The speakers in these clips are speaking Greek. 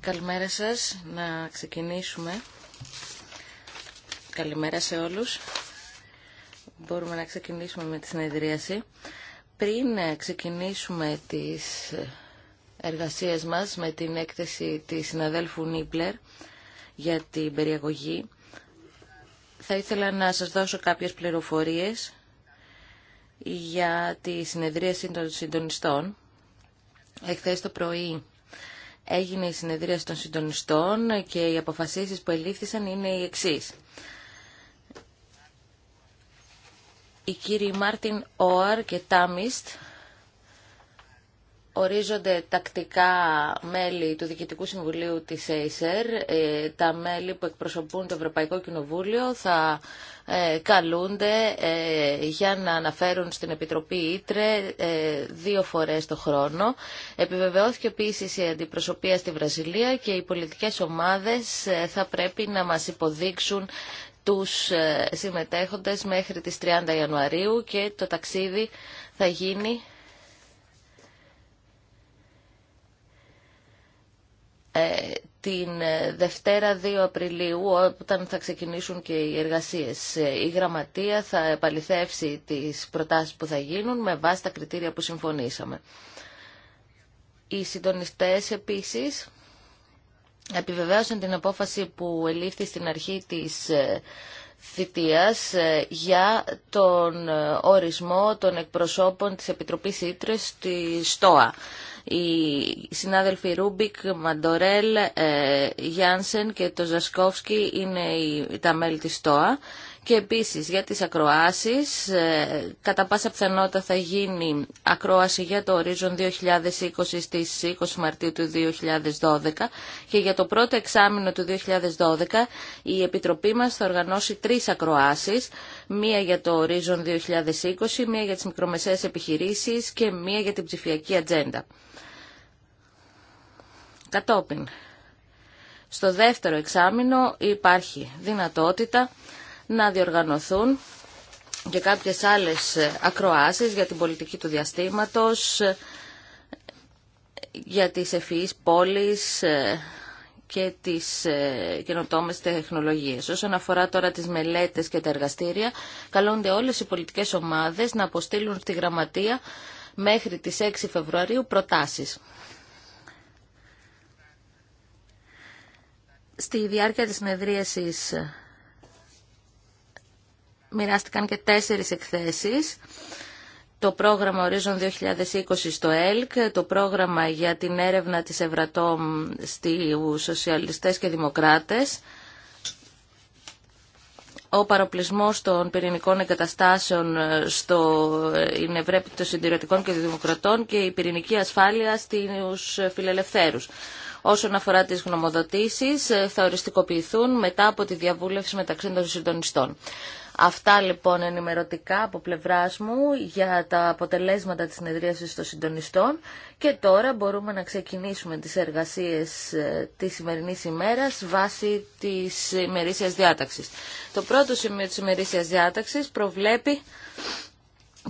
Καλημέρα σας, να ξεκινήσουμε. Καλημέρα σε όλους. Μπορούμε να ξεκινήσουμε με τη συνεδρίαση. Πριν ξεκινήσουμε τις εργασίες μας με την έκθεση της συναδέλφου Νίπλερ για την περιαγωγή, θα ήθελα να σας δώσω κάποιες πληροφορίες για τη συνεδρίαση των συντονιστών Εχθές το πρωί έγινε η συνεδρίαση των συντονιστών και οι αποφασίσεις που ελήφθησαν είναι οι εξής. Οι κύριοι Μάρτιν Όαρ και Τάμιστ ορίζονται τακτικά μέλη του Διοικητικού Συμβουλίου της ΕΙΣΕΡ. Τα μέλη που εκπροσωπούν το Ευρωπαϊκό Κοινοβούλιο θα ε, καλούνται ε, για να αναφέρουν στην Επιτροπή Ήτρε ε, δύο φορές το χρόνο. Επιβεβαιώθηκε επίση η αντιπροσωπεία στη Βραζιλία και οι πολιτικές ομάδες θα πρέπει να μας υποδείξουν τους συμμετέχοντες μέχρι τις 30 Ιανουαρίου και το ταξίδι θα γίνει Ε, την ε, Δευτέρα 2 Απριλίου όταν θα ξεκινήσουν και οι εργασίες. Ε, η Γραμματεία θα επαληθεύσει τις προτάσεις που θα γίνουν με βάση τα κριτήρια που συμφωνήσαμε. Οι συντονιστές επίσης επιβεβαίωσαν την απόφαση που ελήφθη στην αρχή της θητείας για τον ορισμό των εκπροσώπων της Επιτροπής Ήτρες στη ΣΤΟΑ. Οι συνάδελφοι Ρούμπικ, Μαντορέλ, ε, Γιάνσεν και το Ζασκόφσκι είναι τα μέλη της ΣΤΟΑ. Και επίσης για τις ακροάσεις, ε, κατά πάσα πιθανότητα θα γίνει ακρόαση για το ορίζον 2020 στις 20 Μαρτίου του 2012 και για το πρώτο εξάμεινο του 2012 η Επιτροπή μας θα οργανώσει τρεις ακροάσεις, μία για το ορίζον 2020, μία για τις μικρομεσαίες επιχειρήσεις και μία για την ψηφιακή ατζέντα. Κατόπιν, στο δεύτερο εξάμεινο υπάρχει δυνατότητα να διοργανωθούν και κάποιες άλλες ακροάσεις για την πολιτική του διαστήματος, για τις ευφυείς πόλεις ε, και τις ε, καινοτόμες τεχνολογίες. Όσον αφορά τώρα τις μελέτες και τα εργαστήρια, καλούνται όλες οι πολιτικές ομάδες να αποστείλουν στη Γραμματεία μέχρι τις 6 Φεβρουαρίου προτάσεις. Στη διάρκεια της συνεδρίασης μοιράστηκαν και τέσσερις εκθέσεις. Το πρόγραμμα Horizon 2020 στο ΕΛΚ, το πρόγραμμα για την έρευνα της Ευρατόμ στους σοσιαλιστές και δημοκράτες, ο παροπλισμός των πυρηνικών εγκαταστάσεων στο Ινευρέπη των Συντηρητικών και Δημοκρατών και η πυρηνική ασφάλεια στους φιλελευθέρους. Όσον αφορά τις γνωμοδοτήσεις, θα οριστικοποιηθούν μετά από τη διαβούλευση μεταξύ των συντονιστών. Αυτά λοιπόν ενημερωτικά από πλευρά μου για τα αποτελέσματα της συνεδρίασης των συντονιστών και τώρα μπορούμε να ξεκινήσουμε τις εργασίες ε, της σημερινής ημέρας βάσει της ημερήσιας διάταξης. Το πρώτο σημείο της ημερήσιας διάταξης προβλέπει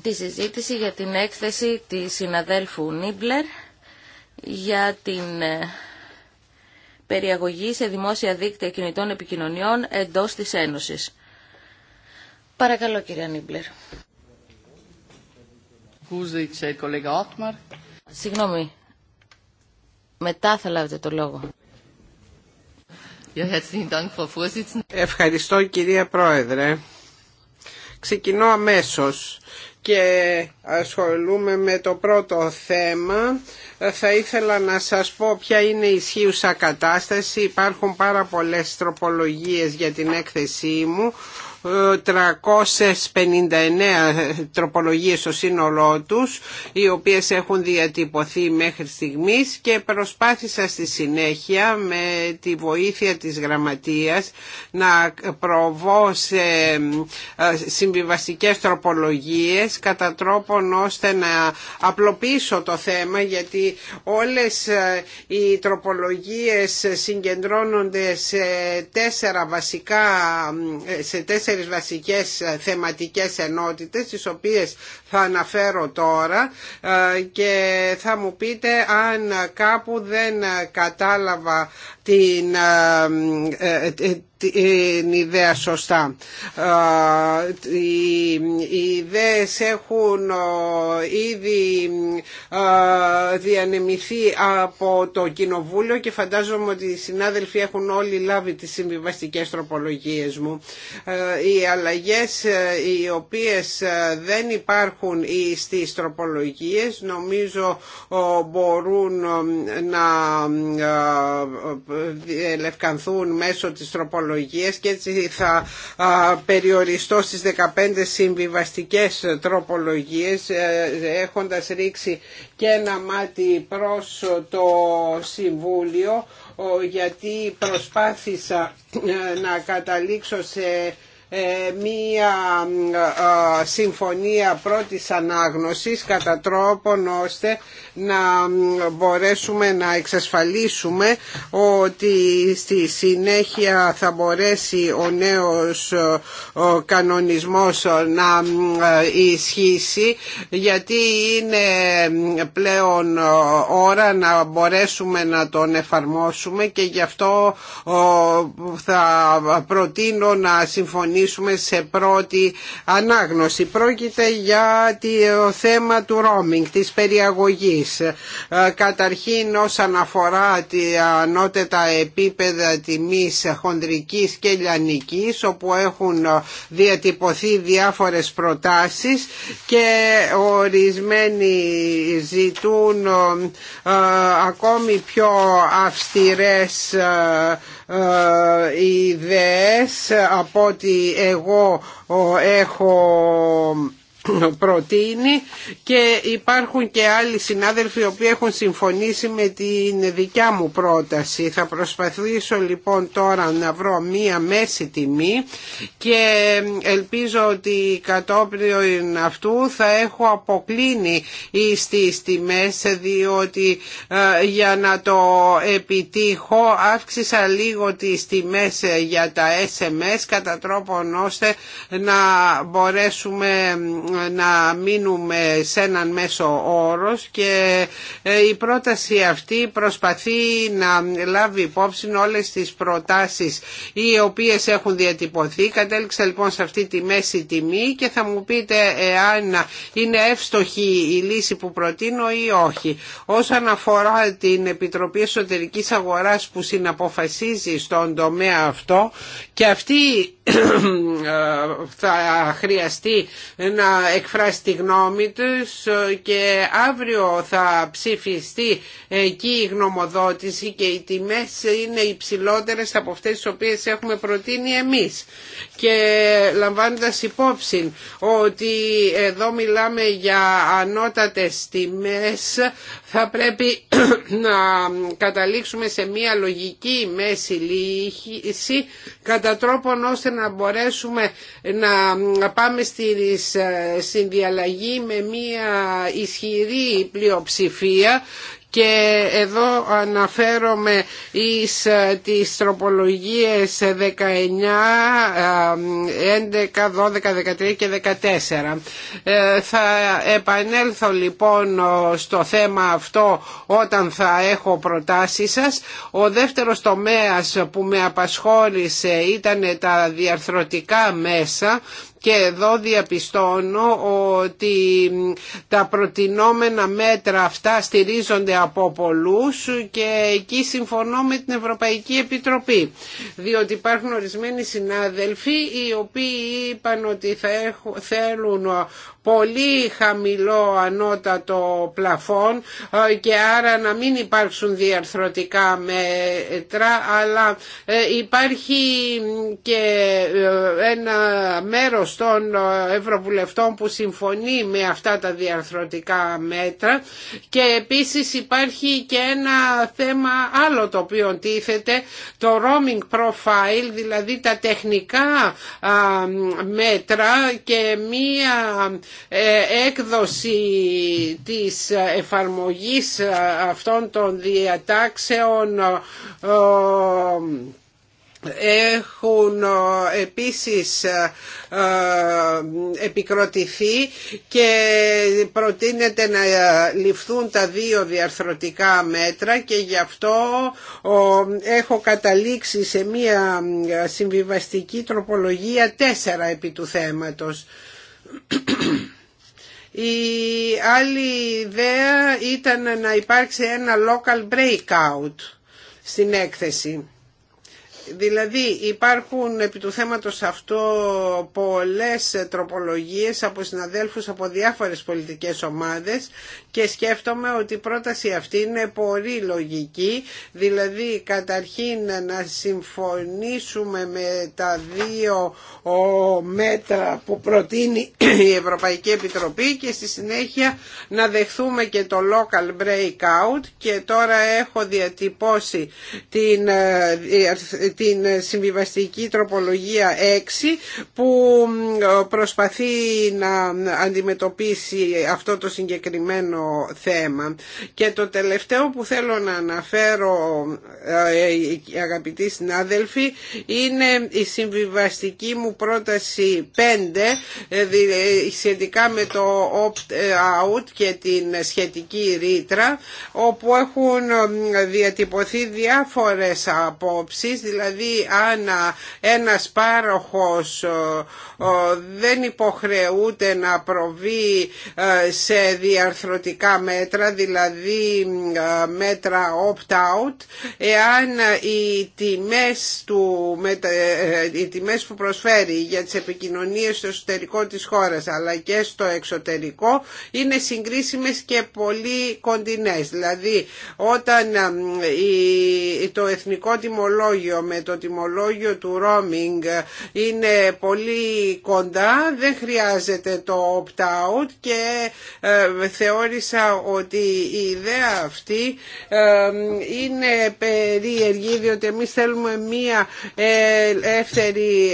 τη συζήτηση για την έκθεση της συναδέλφου Νίμπλερ για την ε, περιαγωγή σε δημόσια δίκτυα κινητών επικοινωνιών εντός της Ένωσης. Παρακαλώ κύριε Νίμπλερ. Συγγνώμη. Μετά θα λάβετε το λόγο. Ευχαριστώ κυρία Πρόεδρε. Ξεκινώ αμέσως και ασχολούμαι με το πρώτο θέμα. Θα ήθελα να σας πω ποια είναι η ισχύουσα κατάσταση. Υπάρχουν πάρα πολλές τροπολογίες για την έκθεσή μου 359 τροπολογίες στο σύνολό τους οι οποίες έχουν διατυπωθεί μέχρι στιγμής και προσπάθησα στη συνέχεια με τη βοήθεια της γραμματείας να προβώ σε ε, συμβιβαστικές τροπολογίες κατά τρόπον ώστε να απλοποιήσω το θέμα γιατί όλες ε, οι τροπολογίες συγκεντρώνονται σε τέσσερα βασικά ε, σε τέσσερα τέσσερις βασικές ε, θεματικές ενότητες τις οποίες θα αναφέρω τώρα ε, και θα μου πείτε αν κάπου δεν κατάλαβα ε, ε, ε, την, ιδέα σωστά. Οι ιδέες έχουν ήδη διανεμηθεί από το Κοινοβούλιο και φαντάζομαι ότι οι συνάδελφοι έχουν όλοι λάβει τις συμβιβαστικές τροπολογίες μου. Οι αλλαγές οι οποίες δεν υπάρχουν στις τροπολογίες νομίζω μπορούν να λευκανθούν μέσω της τροπολογίας και έτσι θα περιοριστώ στις 15 συμβιβαστικές τροπολογίες ε, έχοντας ρίξει και ένα μάτι προς το Συμβούλιο γιατί προσπάθησα ε, να καταλήξω σε ε, μία ε, ε, συμφωνία πρώτης ανάγνωσης κατά τρόπον ώστε να μπορέσουμε να εξασφαλίσουμε ότι στη συνέχεια θα μπορέσει ο νέος ο κανονισμός να ισχύσει γιατί είναι πλέον ώρα να μπορέσουμε να τον εφαρμόσουμε και γι' αυτό θα προτείνω να συμφωνήσουμε σε πρώτη ανάγνωση. Πρόκειται για το ε, θέμα του roaming, της περιαγωγής. Ε, καταρχήν όσον αφορά τα ανώτερα επίπεδα τιμής χοντρικής και λιανικής όπου έχουν ε, διατυπωθεί διάφορες προτάσεις και ορισμένοι ζητούν ακόμη πιο αυστηρές ε, ιδέες από ότι εγώ ε, έχω προτείνει και υπάρχουν και άλλοι συνάδελφοι που έχουν συμφωνήσει με την δικιά μου πρόταση. Θα προσπαθήσω λοιπόν τώρα να βρω μία μέση τιμή και ελπίζω ότι κατόπιν αυτού θα έχω αποκλίνει τις τιμές διότι ε, για να το επιτύχω αύξησα λίγο τις τιμές ε, για τα SMS κατά τρόπον ώστε να μπορέσουμε να μείνουμε σε έναν μέσο όρος και ε, η πρόταση αυτή προσπαθεί να λάβει υπόψη όλες τις προτάσεις οι οποίες έχουν διατυπωθεί. Κατέληξα λοιπόν σε αυτή τη μέση τιμή και θα μου πείτε εάν είναι εύστοχη η λύση που προτείνω ή όχι. Όσον αφορά την Επιτροπή Εσωτερικής Αγοράς που συναποφασίζει στον τομέα αυτό και αυτή θα χρειαστεί να εκφράσει τη γνώμη τους και αύριο θα ψηφιστεί εκεί η γνωμοδότηση και οι τιμές είναι υψηλότερες από αυτές τις οποίες έχουμε προτείνει εμείς. Και λαμβάνοντας υπόψη ότι εδώ μιλάμε για ανώτατες τιμές θα πρέπει να καταλήξουμε σε μία λογική μέση λύση κατά τρόπον ώστε να μπορέσουμε να πάμε στις ε, συνδιαλλαγή με μια ισχυρή πλειοψηφία και εδώ αναφέρομαι εις ε, τις τροπολογίες 19, 11, 12, 13 και 14. Ε, θα επανέλθω λοιπόν ε, στο θέμα αυτό όταν θα έχω προτάσεις σας. Ο δεύτερος τομέας που με απασχόλησε ήταν τα διαρθρωτικά μέσα και εδώ διαπιστώνω ότι τα προτινόμενα μέτρα αυτά στηρίζονται από πολλούς και εκεί συμφωνώ με την Ευρωπαϊκή Επιτροπή. Διότι υπάρχουν ορισμένοι συνάδελφοι οι οποίοι είπαν ότι θα έχουν, θέλουν πολύ χαμηλό ανώτατο πλαφόν ε, και άρα να μην υπάρξουν διαρθρωτικά μέτρα αλλά ε, υπάρχει και ε, ένα μέρος των Ευρωβουλευτών που συμφωνεί με αυτά τα διαρθρωτικά μέτρα και επίσης υπάρχει και ένα θέμα άλλο το οποίο τίθεται το roaming profile δηλαδή τα τεχνικά μέτρα και μία ε, έκδοση της εφαρμογής αυτών των διατάξεων ε, έχουν ε, επίσης επικροτηθεί και προτείνεται να ληφθούν τα δύο διαρθρωτικά μέτρα και γι' αυτό έχω καταλήξει σε μία συμβιβαστική τροπολογία τέσσερα επί του θέματος. Η άλλη ιδέα ήταν να υπάρξει ένα local breakout στην έκθεση. Δηλαδή υπάρχουν επί του θέματος αυτό πολλές τροπολογίες από συναδέλφους από διάφορες πολιτικές ομάδες και σκέφτομαι ότι η πρόταση αυτή είναι πολύ λογική, δηλαδή καταρχήν να συμφωνήσουμε με τα δύο μέτρα που προτείνει η Ευρωπαϊκή Επιτροπή και στη συνέχεια να δεχθούμε και το local breakout και τώρα έχω διατυπώσει την, ε, την συμβιβαστική τροπολογία 6 που προσπαθεί να αντιμετωπίσει αυτό το συγκεκριμένο θέμα και το τελευταίο που θέλω να αναφέρω ε, αγαπητοί συνάδελφοι είναι η συμβιβαστική μου πρόταση 5 ε, ε, σχετικά με το opt-out και την σχετική ρήτρα όπου έχουν διατυπωθεί διάφορες απόψεις δηλαδή αν ένας πάροχος δεν υποχρεούται να προβεί σε διαρθρωτικά καμετρα μετρα μέτρα, δηλαδή μέτρα opt-out, εάν οι τιμές, του, ε, ε, οι τιμές που προσφέρει για τις επικοινωνίες στο εσωτερικό της χώρας αλλά και στο εξωτερικό είναι συγκρίσιμες και πολύ κοντινές. Δηλαδή όταν το εθνικό τιμολόγιο με το τιμολόγιο του roaming είναι πολύ κοντά δεν χρειάζεται το opt-out και ε, θεώρησε ότι η ιδέα αυτή ε, είναι περίεργη διότι εμείς θέλουμε μία ε, ελεύθερη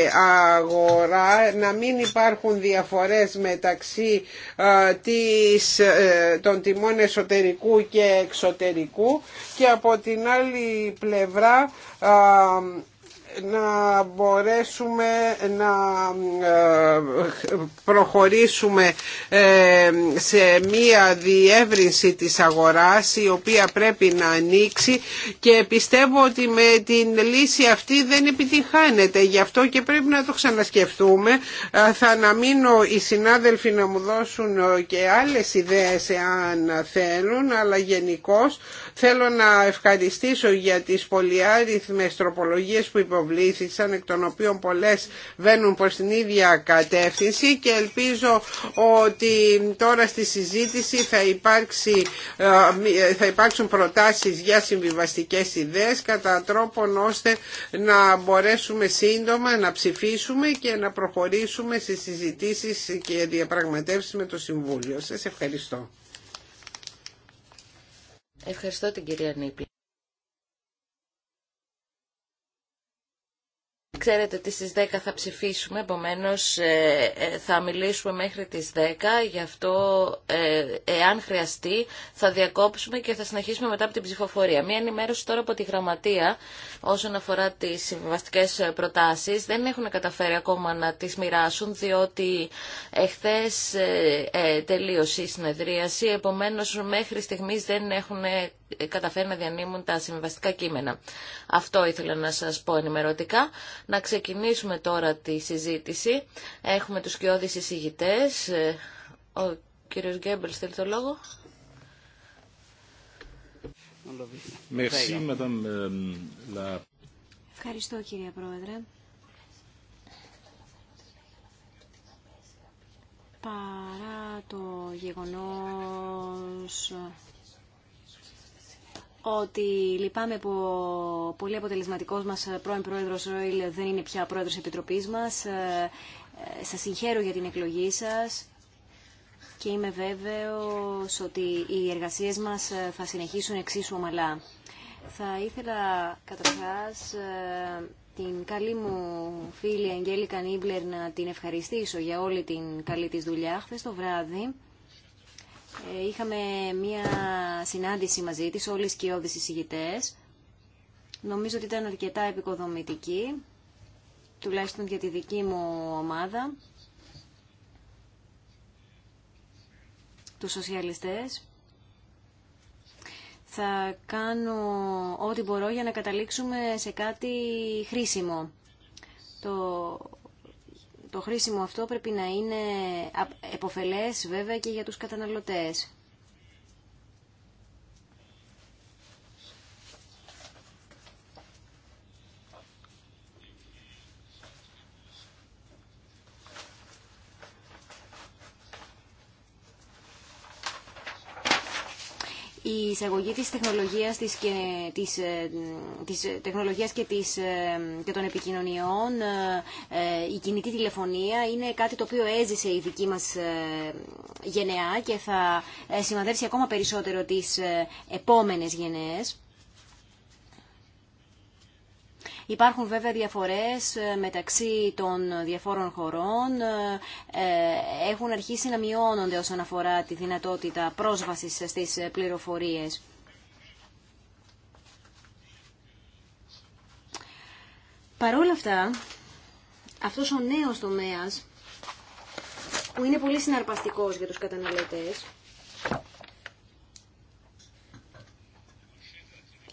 αγορά να μην υπάρχουν διαφορές μεταξύ ε, της, των τιμών εσωτερικού και εξωτερικού και από την άλλη πλευρά να μπορέσουμε να ε, προχωρήσουμε ε, σε μία διεύρυνση της αγοράς η οποία πρέπει να ανοίξει και πιστεύω ότι με την λύση αυτή δεν επιτυχάνεται γι' αυτό και πρέπει να το ξανασκεφτούμε ε, θα αναμείνω οι συνάδελφοι να μου δώσουν και άλλες ιδέες εάν θέλουν αλλά γενικώ Θέλω να ευχαριστήσω για τις πολυάριθμες τροπολογίες που υποβλήθησαν, εκ των οποίων πολλές βαίνουν προς την ίδια κατεύθυνση και ελπίζω ότι τώρα στη συζήτηση θα, υπάρξει, ε, θα υπάρξουν προτάσεις για συμβιβαστικές ιδέες κατά τρόπον ώστε να μπορέσουμε σύντομα να ψηφίσουμε και να προχωρήσουμε σε συζητήσεις και διαπραγματεύσεις με το Συμβούλιο. Σας ευχαριστώ. Ευχαριστώ την κυρία Νίπλη. Ξέρετε ότι στις 10 θα ψηφίσουμε, επομένως ε, ε, θα μιλήσουμε μέχρι τις 10, γι' αυτό ε, εάν χρειαστεί θα διακόψουμε και θα συνεχίσουμε μετά από την ψηφοφορία. Μία ενημέρωση τώρα από τη Γραμματεία όσον αφορά τις συμβαστικές προτάσεις. Δεν έχουν καταφέρει ακόμα να τις μοιράσουν, διότι εχθές τελείωσε η συνεδρίαση, επομένως μέχρι στιγμής δεν έχουν καταφέρει να διανύμουν τα συμβαστικά κείμενα. Αυτό ήθελα να σας πω ενημερωτικά. Να ξεκινήσουμε τώρα τη συζήτηση. Έχουμε τους κοιόδης εισηγητές. Ο κύριος Γκέμπελς θέλει το λόγο. Euh, Ευχαριστώ κύριε Πρόεδρε. Παρά το γεγονός ότι λυπάμαι που ο πολύ αποτελεσματικός μας πρώην πρόεδρος Ρόιλ δεν είναι πια πρόεδρος επιτροπής μας. Ε, ε, σας συγχαίρω για την εκλογή σας και είμαι βέβαιος ότι οι εργασίες μας ε, θα συνεχίσουν εξίσου ομαλά. Θα ήθελα καταρχάς την καλή μου φίλη Αγγέλη Κανίμπλερ να την ευχαριστήσω για όλη την καλή της δουλειά χθες το βράδυ. Ε, είχαμε μία συνάντηση μαζί της, όλοι οι σκιώδεις εισηγητές. Νομίζω ότι ήταν αρκετά επικοδομητική, τουλάχιστον για τη δική μου ομάδα, τους σοσιαλιστές. Θα κάνω ό,τι μπορώ για να καταλήξουμε σε κάτι χρήσιμο. Το το χρήσιμο αυτό πρέπει να είναι επωφελές βέβαια και για τους καταναλωτές. η εισαγωγή της τεχνολογίας, της και, της, ε, τεχνολογίας και, της, ε, και των επικοινωνιών, ε, η κινητή τηλεφωνία είναι κάτι το οποίο έζησε η δική μας γενεά και θα σημαδέψει ακόμα περισσότερο τις επόμενες γενναίες. Υπάρχουν βέβαια διαφορές ε, μεταξύ των διαφόρων χωρών. Ε, ε, έχουν αρχίσει να μειώνονται όσον αφορά τη δυνατότητα πρόσβασης στις πληροφορίες. Παρόλα αυτά, αυτός ο νέος τομέας που είναι πολύ συναρπαστικός για τους καταναλωτές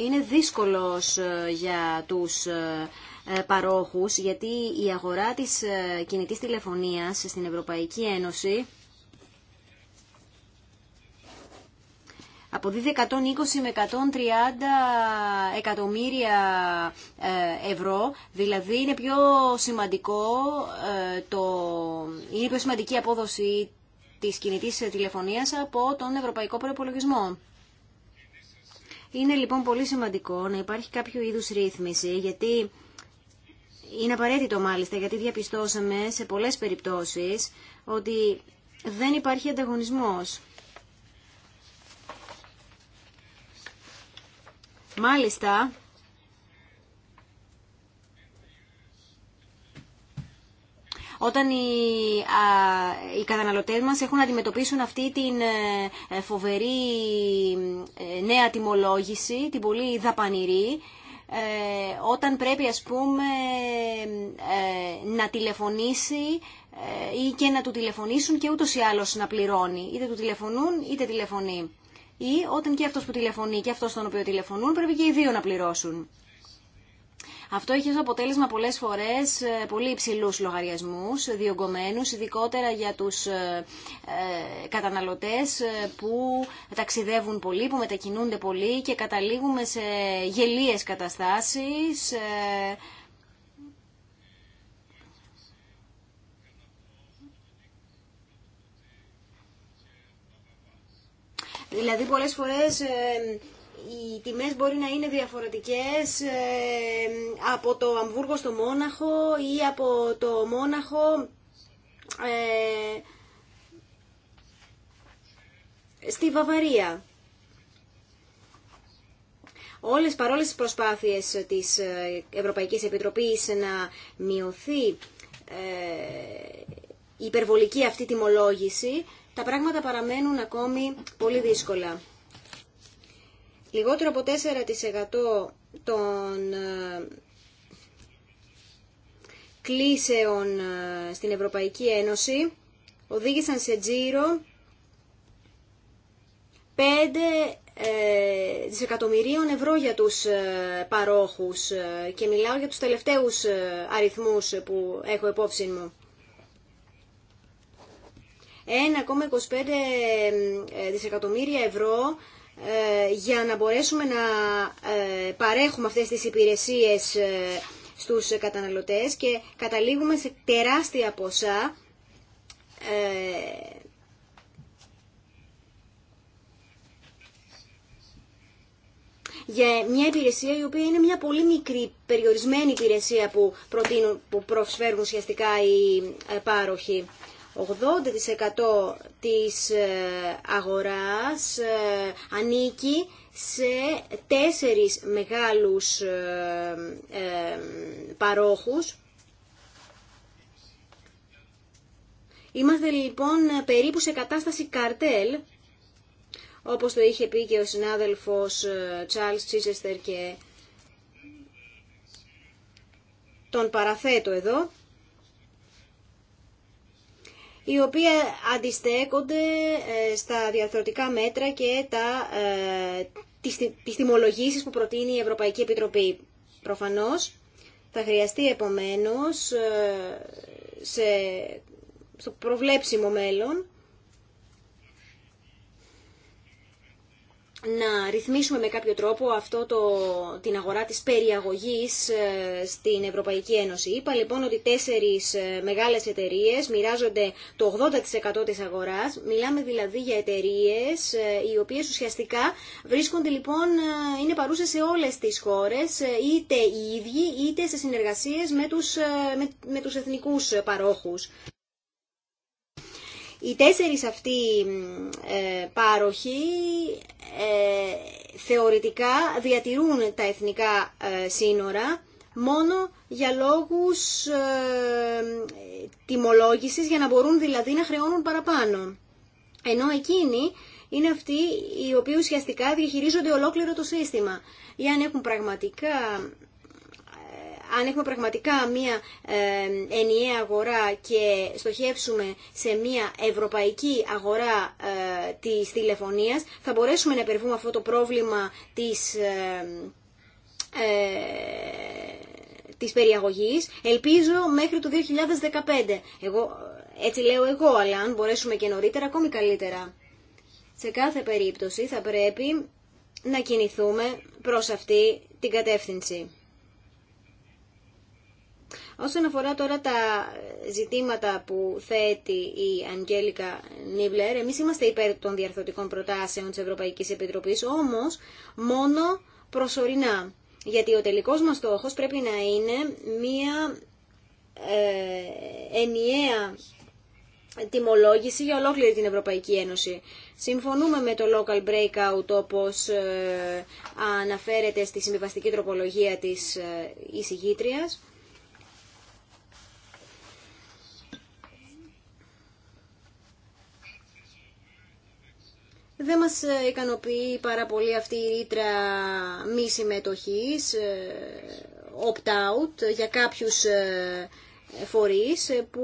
είναι δύσκολος ε, για τους ε, ε, παρόχους γιατί η αγορά της κινητής τηλεφωνίας στην Ευρωπαϊκή Ένωση αποδίδει 120 με 130 εκατομμύρια ευρώ, δηλαδή είναι πιο σημαντικό το, είναι πιο σημαντική απόδοση της κινητής τηλεφωνίας από τον ευρωπαϊκό προπολογισμό. Είναι λοιπόν πολύ σημαντικό να υπάρχει κάποιο είδους ρύθμιση, γιατί είναι απαραίτητο μάλιστα, γιατί διαπιστώσαμε σε πολλές περιπτώσεις ότι δεν υπάρχει ανταγωνισμός. Μάλιστα, όταν οι, οι καταναλωτές μας έχουν να αντιμετωπίσουν αυτή την ε, ε, φοβερή ε, νέα τιμολόγηση, την πολύ δαπανηρή, όταν πρέπει ας πούμε να τηλεφωνήσει ή και να του τηλεφωνήσουν και ούτως ή άλλως να πληρώνει. Είτε του τηλεφωνούν είτε τηλεφωνεί. Ή όταν και αυτός που τηλεφωνεί και αυτός τον οποίο τηλεφωνούν πρέπει και οι δύο να πληρώσουν. Αυτό έχει ως αποτέλεσμα πολλές φορές ε, πολύ υψηλούς λογαριασμούς, διωγγωμένους, ειδικότερα για τους ε, ε, καταναλωτές που ταξιδεύουν πολύ, που μετακινούνται πολύ και καταλήγουμε σε γελίες καταστάσεις, Δηλαδή πολλές φορές οι τιμές μπορεί να είναι διαφορετικές ε, από το Αμβούργο στο Μόναχο ή από το Μόναχο ε, στη Βαβαρία. Όλες παρόλες τις προσπάθειες της ε, Ευρωπαϊκής Επιτροπής να μειωθεί η υπερβολική αυτή τιμολόγηση, τα πράγματα παραμένουν ακόμη πολύ δύσκολα. Λιγότερο από 4% των ε, κλίσεων ε, στην Ευρωπαϊκή Ένωση οδήγησαν σε τζίρο 5 ε, δισεκατομμυρίων ευρώ για τους παρόχους και μιλάω για τους τελευταίους αριθμούς που έχω υπόψη μου. 1,25 δισεκατομμύρια ευρώ ε, για να μπορέσουμε να ε, παρέχουμε αυτές τις υπηρεσίες ε, στους καταναλωτές και καταλήγουμε σε τεράστια ποσά για μια υπηρεσία η οποία είναι μια πολύ μικρή περιορισμένη υπηρεσία που, που προσφέρουν ουσιαστικά οι πάροχοι. 80% της ε, αγοράς ε, ανήκει σε τέσσερις μεγάλους ε, παρόχους. Είμαστε λοιπόν περίπου σε κατάσταση καρτέλ, όπως το είχε πει και ο συνάδελφος Charles Chichester και τον παραθέτω εδώ οι οποίοι αντιστέκονται ε, στα διαρθρωτικά μέτρα και τα, ε, τις τιμολογήσεις που προτείνει η Ευρωπαϊκή Επιτροπή. Προφανώς θα χρειαστεί επομένως ε, σε, στο προβλέψιμο μέλλον να ρυθμίσουμε με κάποιο τρόπο αυτό το, την αγορά της περιαγωγής ε, στην Ευρωπαϊκή Ένωση. Είπα λοιπόν ότι τέσσερις ε, μεγάλες εταιρείες μοιράζονται το 80% της αγοράς. Μιλάμε δηλαδή για εταιρείες ε, οι οποίες ουσιαστικά βρίσκονται λοιπόν, είναι παρούσες σε όλες τις χώρες, είτε οι ίδιοι είτε σε συνεργασίες με τους, με, με τους εθνικούς παρόχους. Οι τέσσερις αυτοί ε, πάροχοι ε, θεωρητικά διατηρούν τα εθνικά ε, σύνορα μόνο για λόγους τιμολόγησης, για να μπορούν δηλαδή να χρεώνουν παραπάνω. Ενώ εκείνοι είναι αυτοί οι οποίοι ουσιαστικά διαχειρίζονται ολόκληρο το σύστημα. Ή αν έχουν πραγματικά αν έχουμε πραγματικά μία ενιαία αγορά και στοχεύσουμε σε μία ευρωπαϊκή αγορά ε, της τηλεφωνίας, θα μπορέσουμε να υπερβούμε αυτό το πρόβλημα της ε, της περιαγωγής, ελπίζω μέχρι το 2015. Εγώ, έτσι λέω εγώ, αλλά αν μπορέσουμε και νωρίτερα, ακόμη καλύτερα. Σε κάθε περίπτωση θα πρέπει να κινηθούμε προς αυτή την κατεύθυνση. Όσον αφορά τώρα τα ζητήματα που θέτει η Αγγέλικα Νίβλερ, εμείς είμαστε υπέρ των διαρθωτικών προτάσεων της Ευρωπαϊκής Επιτροπής, όμως μόνο προσωρινά. Γιατί ο τελικός μας στόχο πρέπει να είναι μία ε, ενιαία τιμολόγηση για ολόκληρη την Ευρωπαϊκή Ένωση. Συμφωνούμε με το local breakout όπως ε, αναφέρεται στη συμβιβαστική τροπολογία της ε, Δεν μας ε, ικανοποιεί πάρα πολύ αυτή η ρήτρα μη συμμετοχη opt ε, opt-out για κάποιους ε, φορείς που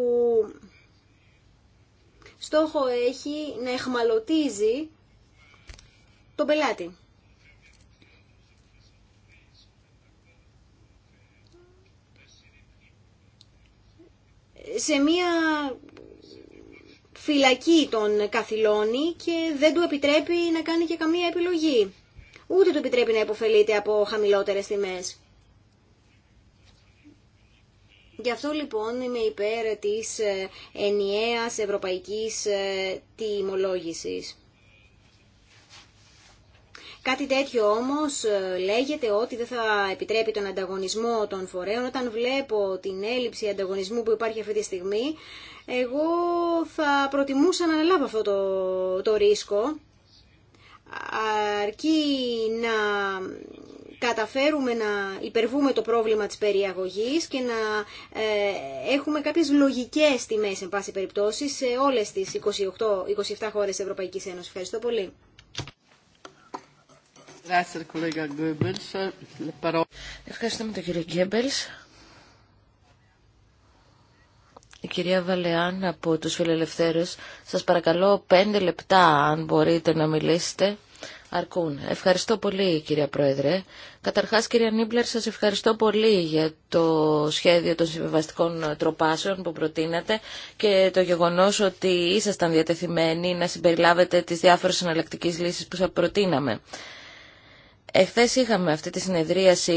στόχο έχει να εχμαλωτίζει τον πελάτη. σε μία φυλακή τον καθυλώνει και δεν του επιτρέπει να κάνει και καμία επιλογή. Ούτε του επιτρέπει να υποφελείται από χαμηλότερες τιμές. Γι' αυτό λοιπόν είμαι υπέρ της ε, ενιαίας ευρωπαϊκής ε, τιμολόγησης. Κάτι τέτοιο όμως ε, λέγεται ότι δεν θα επιτρέπει τον ανταγωνισμό των φορέων. Όταν βλέπω την έλλειψη ανταγωνισμού που υπάρχει αυτή τη στιγμή, εγώ θα προτιμούσα να αναλάβω αυτό το, το ρίσκο, αρκεί να καταφέρουμε να υπερβούμε το πρόβλημα της περιαγωγής και να ε, έχουμε κάποιες λογικές τιμές, εν πάση περιπτώσει, σε όλες τις 28, 27 χώρες της Ευρωπαϊκής Ένωσης. Ευχαριστώ πολύ. Ευχαριστούμε τον κύριο Γκέμπελς. Η κυρία Βαλεάν από τους Φιλελευθέρους, σας παρακαλώ πέντε λεπτά αν μπορείτε να μιλήσετε. Αρκούν. Ευχαριστώ πολύ κυρία Πρόεδρε. Καταρχάς κυρία Νίμπλερ σας ευχαριστώ πολύ για το σχέδιο των συμβιβαστικών τροπάσεων που προτείνατε και το γεγονός ότι ήσασταν διατεθειμένοι να συμπεριλάβετε τις διάφορες συναλλακτικές λύσεις που σας προτείναμε. Εχθέ είχαμε αυτή τη συνεδρίαση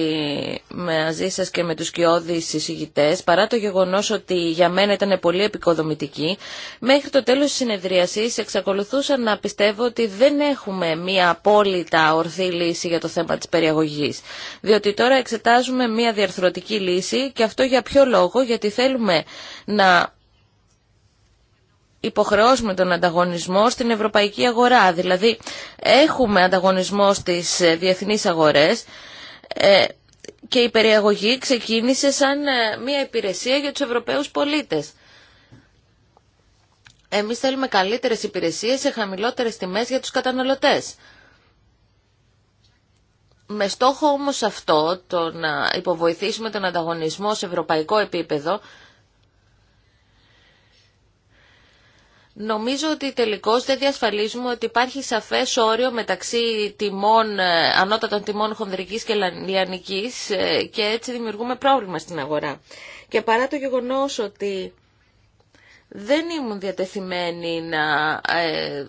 μαζί σα και με τους κοιόδης συζητητέ. παρά το γεγονός ότι για μένα ήταν πολύ επικοδομητική. Μέχρι το τέλος τη συνεδρίασης εξακολουθούσα να πιστεύω ότι δεν έχουμε μία απόλυτα ορθή λύση για το θέμα της περιαγωγή, Διότι τώρα εξετάζουμε μία διαρθρωτική λύση και αυτό για ποιο λόγο, γιατί θέλουμε να υποχρεώσουμε τον ανταγωνισμό στην ευρωπαϊκή αγορά. Δηλαδή έχουμε ανταγωνισμό στις ε, διεθνείς αγορές ε, και η περιαγωγή ξεκίνησε σαν ε, μια υπηρεσία για τους Ευρωπαίους πολίτες. Εμείς θέλουμε καλύτερες υπηρεσίες σε χαμηλότερες τιμές για τους καταναλωτές. Με στόχο όμως αυτό, το να υποβοηθήσουμε τον ανταγωνισμό σε ευρωπαϊκό επίπεδο, Νομίζω ότι τελικώς δεν διασφαλίζουμε ότι υπάρχει σαφές όριο μεταξύ τιμών, ε, ανώτατων τιμών χονδρικής και λιανικής ε, και έτσι δημιουργούμε πρόβλημα στην αγορά. Και παρά το γεγονός ότι δεν ήμουν διατεθειμένη να ε,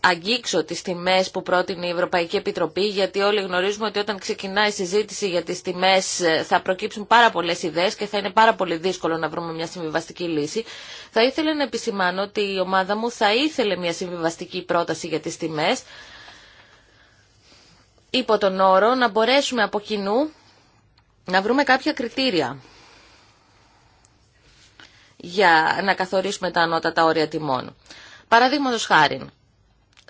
αγγίξω τις τιμές που πρότεινε η Ευρωπαϊκή Επιτροπή γιατί όλοι γνωρίζουμε ότι όταν ξεκινάει η συζήτηση για τις τιμές ε, θα προκύψουν πάρα πολλές ιδέες και θα είναι πάρα πολύ δύσκολο να βρούμε μια συμβιβαστική λύση. Θα ήθελα να επισημάνω ότι η ομάδα μου θα ήθελε μια συμβιβαστική πρόταση για τις τιμές υπό τον όρο να μπορέσουμε από κοινού να βρούμε κάποια κριτήρια για να καθορίσουμε τα ανώτατα όρια τιμών. Παραδείγματο χάρη,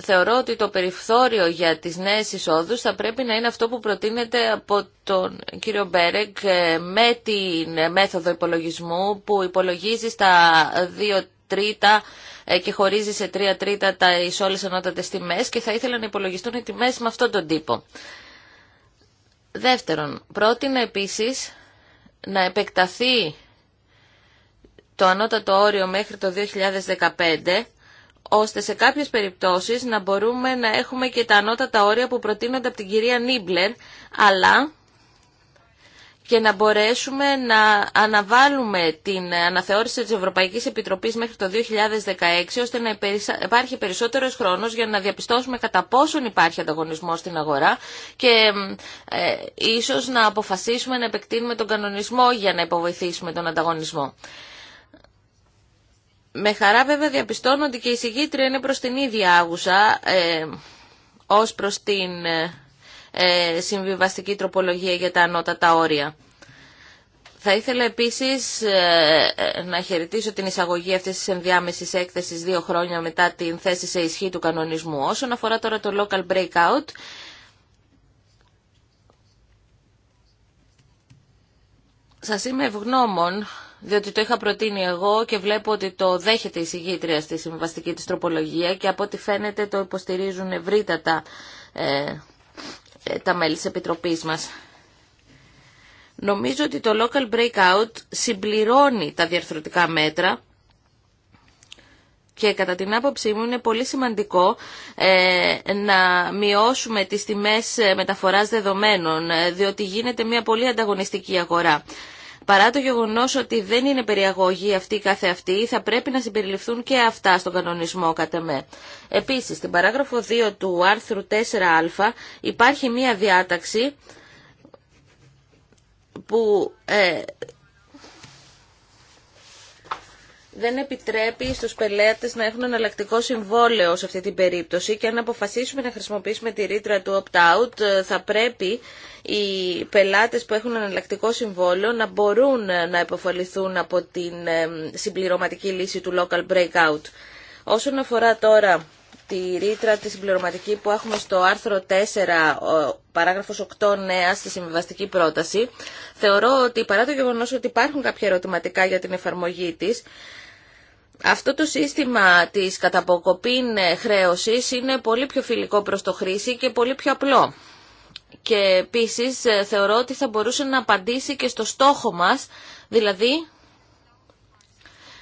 θεωρώ ότι το περιθώριο για τις νέες εισόδους θα πρέπει να είναι αυτό που προτείνεται από τον κύριο Μπέρεκ ε, με την μέθοδο υπολογισμού που υπολογίζει στα 2 τρίτα ε, και χωρίζει σε 3 τρίτα τα εισόλες ανώτατες τιμές και θα ήθελα να υπολογιστούν οι τιμές με αυτόν τον τύπο. Δεύτερον, πρότεινα επίσης να επεκταθεί το ανώτατο όριο μέχρι το 2015 ώστε σε κάποιες περιπτώσεις να μπορούμε να έχουμε και τα ανώτατα όρια που προτείνονται από την κυρία Νίμπλερ, αλλά και να μπορέσουμε να αναβάλουμε την αναθεώρηση της Ευρωπαϊκής Επιτροπής μέχρι το 2016, ώστε να υπάρχει περισσότερος χρόνος για να διαπιστώσουμε κατά πόσον υπάρχει ανταγωνισμό στην αγορά και ε, ίσως να αποφασίσουμε να επεκτείνουμε τον κανονισμό για να υποβοηθήσουμε τον ανταγωνισμό. Με χαρά βέβαια διαπιστώνω ότι και η συγγήτρια είναι προς την ίδια άγουσα ε, ως προς την ε, συμβιβαστική τροπολογία για τα ανώτατα όρια. Θα ήθελα επίσης ε, να χαιρετήσω την εισαγωγή αυτής της ενδιάμεσης έκθεσης δύο χρόνια μετά την θέση σε ισχύ του κανονισμού. Όσον αφορά τώρα το local breakout, σας είμαι ευγνώμων διότι το είχα προτείνει εγώ και βλέπω ότι το δέχεται η συγγήτρια στη συμβαστική της τροπολογία και από ό,τι φαίνεται το υποστηρίζουν ευρύτατα ε, ε, τα μέλη της Επιτροπής μας. Νομίζω ότι το local breakout συμπληρώνει τα διαρθρωτικά μέτρα και κατά την άποψή μου είναι πολύ σημαντικό ε, να μειώσουμε τις τιμές μεταφοράς δεδομένων, ε, διότι γίνεται μια πολύ ανταγωνιστική αγορά. Παρά το γεγονό ότι δεν είναι περιαγωγή αυτή καθε αυτή, θα πρέπει να συμπεριληφθούν και αυτά στον κανονισμό κατά με. Επίσης, στην παράγραφο 2 του άρθρου 4α υπάρχει μία διάταξη που ε, δεν επιτρέπει στους πελέτες να έχουν εναλλακτικό συμβόλαιο σε αυτή την περίπτωση και αν αποφασίσουμε να χρησιμοποιήσουμε τη ρήτρα του opt-out θα πρέπει οι πελάτες που έχουν εναλλακτικό συμβόλαιο να μπορούν να υποφαληθούν από την συμπληρωματική λύση του local breakout. Όσον αφορά τώρα τη ρήτρα τη συμπληρωματική που έχουμε στο άρθρο 4, παράγραφος 8 νέα στη συμβιβαστική πρόταση, θεωρώ ότι παρά το γεγονός ότι υπάρχουν κάποια ερωτηματικά για την εφαρμογή της, αυτό το σύστημα της καταποκοπήν ε, χρέωσης είναι πολύ πιο φιλικό προς το χρήση και πολύ πιο απλό. Και επίσης ε, θεωρώ ότι θα μπορούσε να απαντήσει και στο στόχο μας, δηλαδή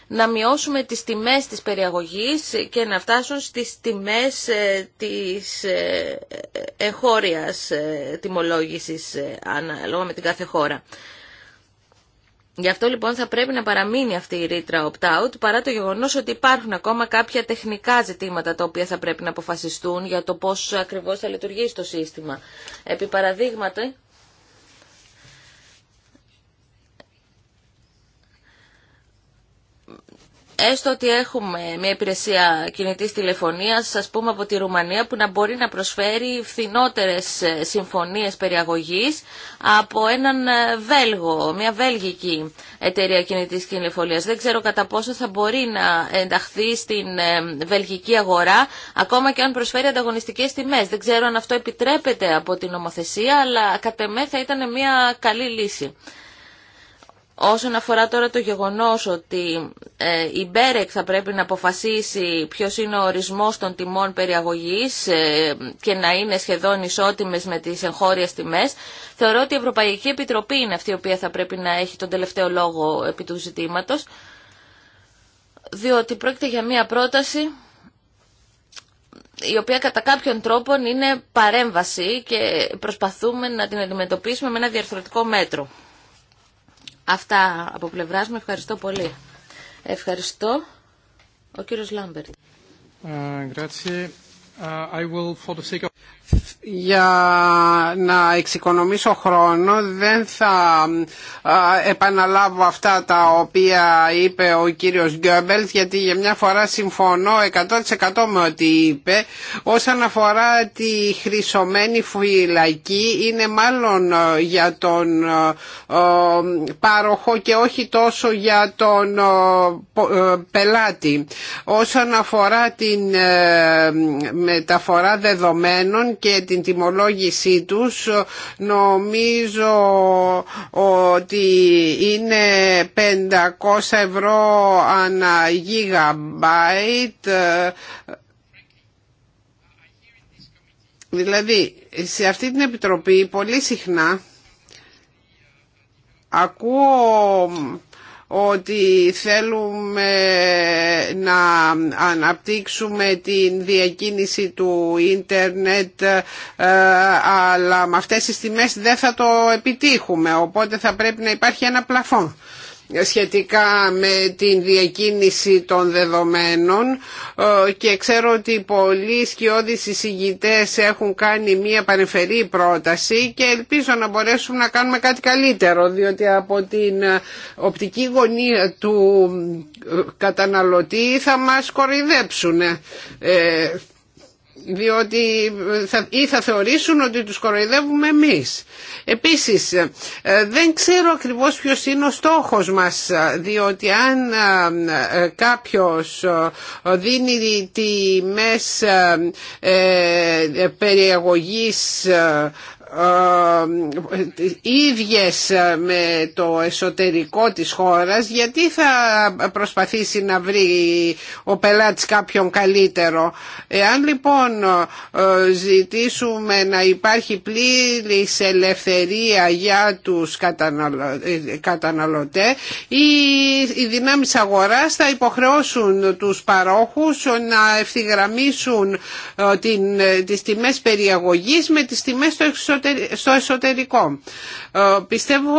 να μειώσουμε τις τιμές της περιαγωγής και να φτάσουν στις τιμές ε, της εγχώριας τιμολόγησης ανάλογα με την κάθε χώρα. Γι' αυτό λοιπόν θα πρέπει να παραμείνει αυτή η ρήτρα opt-out παρά το γεγονός ότι υπάρχουν ακόμα κάποια τεχνικά ζητήματα τα οποία θα πρέπει να αποφασιστούν για το πώς ακριβώς θα λειτουργήσει το σύστημα. Επί έστω ότι έχουμε μια υπηρεσία κινητής τηλεφωνίας, ας πούμε από τη Ρουμανία, που να μπορεί να προσφέρει φθηνότερες ε, συμφωνίες περιαγωγής από έναν ε, Βέλγο, μια βέλγικη εταιρεία κινητής τηλεφωνίας. Δεν ξέρω κατά πόσο θα μπορεί να ενταχθεί στην ε, βελγική αγορά, ακόμα και αν προσφέρει ανταγωνιστικές τιμές. Δεν ξέρω αν αυτό επιτρέπεται από την νομοθεσία, αλλά κατ' εμέ θα ήταν μια καλή λύση. Όσον αφορά τώρα το γεγονός ότι ε, η Μπέρεκ θα πρέπει να αποφασίσει ποιος είναι ο ορισμός των τιμών περιαγωγής ε, και να είναι σχεδόν ισότιμες με τις εγχώριες τιμές, θεωρώ ότι η Ευρωπαϊκή Επιτροπή είναι αυτή η οποία θα πρέπει να έχει τον τελευταίο λόγο επί του ζητήματος, διότι πρόκειται για μια πρόταση η οποία κατά κάποιον τρόπο είναι παρέμβαση και προσπαθούμε να την αντιμετωπίσουμε με ένα διαρθρωτικό μέτρο. Αυτά από πλευράς μου. Ευχαριστώ πολύ. Ευχαριστώ. Ο κύριος Λάμπερτ. Ε, ε, για να εξοικονομήσω χρόνο δεν θα επαναλάβω αυτά τα οποία είπε ο κύριος Γκέμπελτ γιατί για μια φορά συμφωνώ 100% με ό,τι είπε όσον αφορά τη χρυσομένη φυλακή είναι μάλλον για τον πάροχο και όχι τόσο για τον πελάτη όσον αφορά την ε, μεταφορά δεδομένων και την τιμολόγησή τους νομίζω ότι είναι 500 ευρώ ανά γιγαμπάιτ δηλαδή σε αυτή την επιτροπή πολύ συχνά ακούω ότι θέλουμε να αναπτύξουμε την διακίνηση του ίντερνετ ε, αλλά με αυτές τις τιμές δεν θα το επιτύχουμε οπότε θα πρέπει να υπάρχει ένα πλαφόν σχετικά με την διακίνηση των δεδομένων ε, και ξέρω ότι πολλοί σκιώδεις εισηγητές έχουν κάνει μια πανεφερή πρόταση και ελπίζω να μπορέσουμε να κάνουμε κάτι καλύτερο διότι από την ε, οπτική γωνία του ε, καταναλωτή θα μας κοροϊδέψουν διότι θα, ή θα θεωρήσουν ότι τους κοροϊδεύουμε εμείς. Επίσης, ε, δεν ξέρω ακριβώς ποιος είναι ο στόχος μας, ε, διότι αν ε, κάποιος δίνει τιμές περιαγωγής ε, ε, ίδιες ε, με το εσωτερικό της χώρας γιατί θα προσπαθήσει να βρει ο πελάτης κάποιον καλύτερο. Εάν λοιπόν ζητήσουμε να υπάρχει πλήρης ελευθερία για τους καταναλωτές οι δυνάμεις αγοράς θα υποχρεώσουν τους παρόχους να ευθυγραμμίσουν τις τιμές περιαγωγής με τις τιμές στο εξωτερικό στο εσωτερικό. Ε, πιστεύω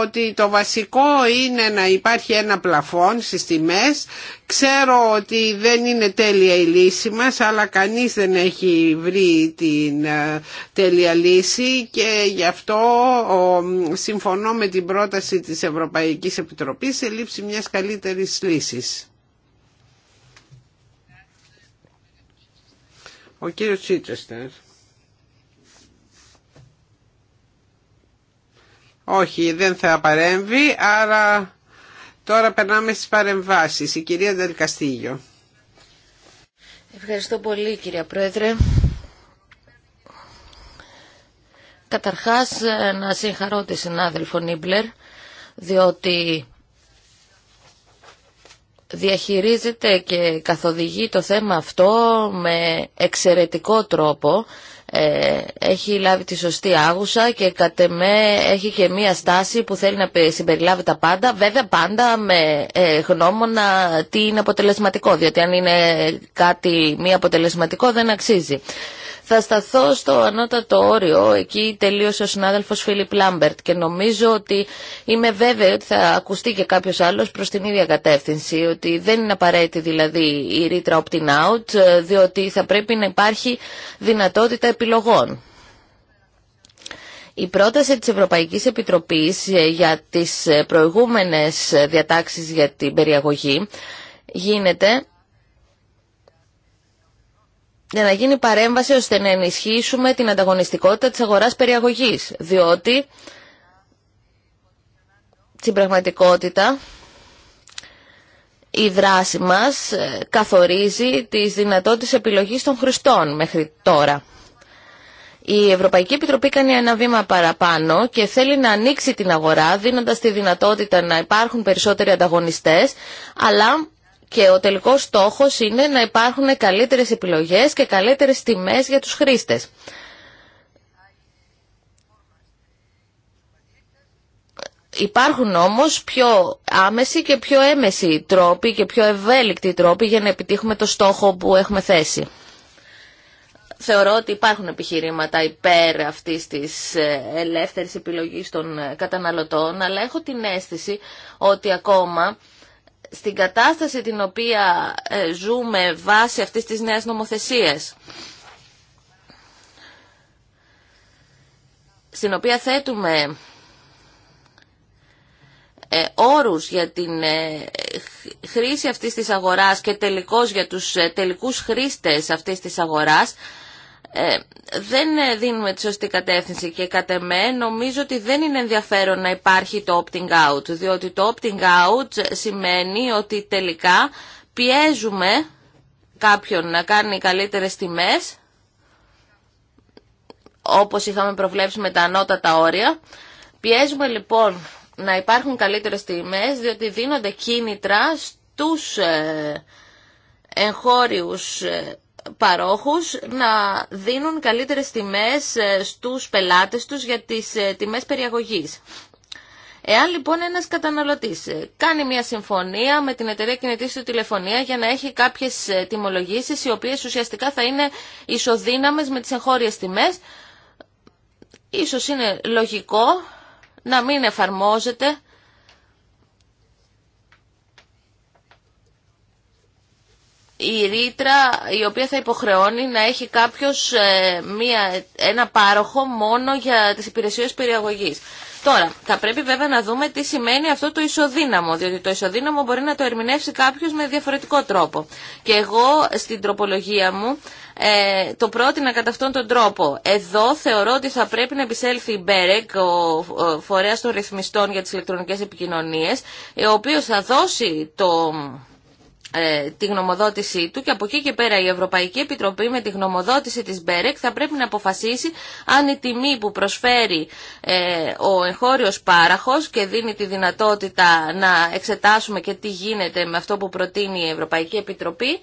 ότι το βασικό είναι να υπάρχει ένα πλαφόν στις τιμές. Ξέρω ότι δεν είναι τέλεια η λύση μας, αλλά κανείς δεν έχει βρει την ε, τέλεια λύση και γι' αυτό συμφωνώ με την πρόταση της Ευρωπαϊκής Επιτροπής σε λήψη μιας καλύτερης λύσης. Ο κύριος Τσίτσεστερ. Όχι, δεν θα παρέμβει, άρα τώρα περνάμε στις παρεμβάσεις. Η κυρία Δελκαστήγιο. Ευχαριστώ πολύ κυρία Πρόεδρε. Καταρχάς να συγχαρώ τη συνάδελφο Νίμπλερ, διότι διαχειρίζεται και καθοδηγεί το θέμα αυτό με εξαιρετικό τρόπο ε, έχει λάβει τη σωστή άγουσα και κατ' εμέ έχει και μία στάση που θέλει να συμπεριλάβει τα πάντα, βέβαια πάντα με ε, γνώμονα τι είναι αποτελεσματικό, διότι αν είναι κάτι μη αποτελεσματικό δεν αξίζει. Θα σταθώ στο ανώτατο όριο, εκεί τελείωσε ο συνάδελφος Φίλιπ Λάμπερτ και νομίζω ότι είμαι βέβαιη ότι θα ακουστεί και κάποιο άλλος προ την ίδια κατεύθυνση, ότι δεν είναι απαραίτητη δηλαδή η ρήτρα opt-out, διότι θα πρέπει να υπάρχει δυνατότητα επιλογών. Η πρόταση της Ευρωπαϊκής Επιτροπής ε, για τις ε, προηγούμενες ε, διατάξεις για την περιαγωγή γίνεται για να γίνει παρέμβαση ώστε να ενισχύσουμε την ανταγωνιστικότητα της αγοράς περιαγωγής, διότι στην πραγματικότητα η δράση μας ε, καθορίζει τις δυνατότητες επιλογής των χρηστών μέχρι τώρα. Η Ευρωπαϊκή Επιτροπή κάνει ένα βήμα παραπάνω και θέλει να ανοίξει την αγορά δίνοντας τη δυνατότητα να υπάρχουν περισσότεροι ανταγωνιστές αλλά και ο τελικός στόχος είναι να υπάρχουν καλύτερες επιλογές και καλύτερες τιμές για τους χρήστες. Υπάρχουν όμως πιο άμεση και πιο έμεση τρόποι και πιο ευέλικτοι τρόποι για να επιτύχουμε το στόχο που έχουμε θέσει. Θεωρώ ότι υπάρχουν επιχειρήματα υπέρ αυτής της ε, ελεύθερης επιλογής των καταναλωτών, αλλά έχω την αίσθηση ότι ακόμα στην κατάσταση την οποία ε, ζούμε βάσει αυτής της νέας νομοθεσίας, στην οποία θέτουμε ε, όρους για την ε, χρήση αυτής της αγοράς και τελικώς για τους τελικούς χρήστες αυτής της αγοράς, ε, δεν ε, δίνουμε τη σωστή κατεύθυνση και κατ' εμέ νομίζω ότι δεν είναι ενδιαφέρον να υπάρχει το opting out, διότι το opting out σημαίνει ότι τελικά πιέζουμε κάποιον να κάνει καλύτερες τιμές, όπως είχαμε προβλέψει με τα ανώτατα όρια. Πιέζουμε λοιπόν να υπάρχουν καλύτερες τιμές, διότι δίνονται κίνητρα στους ε, εγχώριους παρόχους να δίνουν καλύτερες τιμές ε, στους πελάτες τους για τις ε, τιμές περιαγωγής. Εάν λοιπόν ένας καταναλωτής ε, κάνει μια συμφωνία με την εταιρεία κινητής του τηλεφωνία για να έχει κάποιες τιμολογήσεις οι οποίες ουσιαστικά θα είναι ισοδύναμες με τις εγχώριες τιμές, ίσως είναι λογικό να μην εφαρμόζεται η ρήτρα η οποία θα υποχρεώνει να έχει κάποιος ε, μία, ένα πάροχο μόνο για τις υπηρεσίες περιαγωγής. Τώρα, θα πρέπει βέβαια να δούμε τι σημαίνει αυτό το ισοδύναμο, διότι το ισοδύναμο μπορεί να το ερμηνεύσει κάποιος με διαφορετικό τρόπο. Και εγώ στην τροπολογία μου ε, το πρότεινα κατά αυτόν τον τρόπο. Εδώ θεωρώ ότι θα πρέπει να επισέλθει η Μπέρεκ, ο φορέας των ρυθμιστών για τις ηλεκτρονικές επικοινωνίες, ο οποίος θα δώσει το ε, τη γνωμοδότησή του και από εκεί και πέρα η Ευρωπαϊκή Επιτροπή με τη γνωμοδότηση της Μπέρεκ θα πρέπει να αποφασίσει αν η τιμή που προσφέρει ε, ο εγχώριος πάραχος και δίνει τη δυνατότητα να εξετάσουμε και τι γίνεται με αυτό που προτείνει η Ευρωπαϊκή Επιτροπή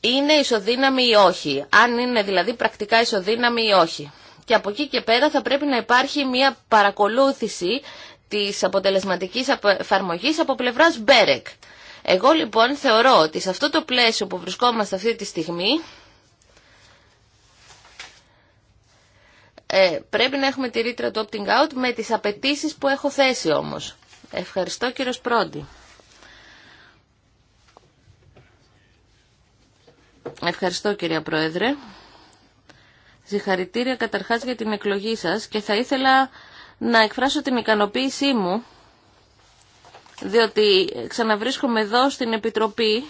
είναι ισοδύναμη ή όχι, αν είναι δηλαδή πρακτικά ισοδύναμη ή όχι και από εκεί και πέρα θα πρέπει να υπάρχει μια παρακολούθηση της αποτελεσματικής εφαρμογή από πλευράς Μπέρεκ. Εγώ λοιπόν θεωρώ ότι σε αυτό το πλαίσιο που βρισκόμαστε αυτή τη στιγμή ε, πρέπει να έχουμε τη ρήτρα του opting out με τις απαιτήσει που έχω θέσει όμως. Ευχαριστώ κύριο Πρόντι. Ευχαριστώ κυρία Πρόεδρε. Συγχαρητήρια καταρχάς για την εκλογή σας και θα ήθελα να εκφράσω την ικανοποίησή μου διότι ξαναβρίσκομαι εδώ στην Επιτροπή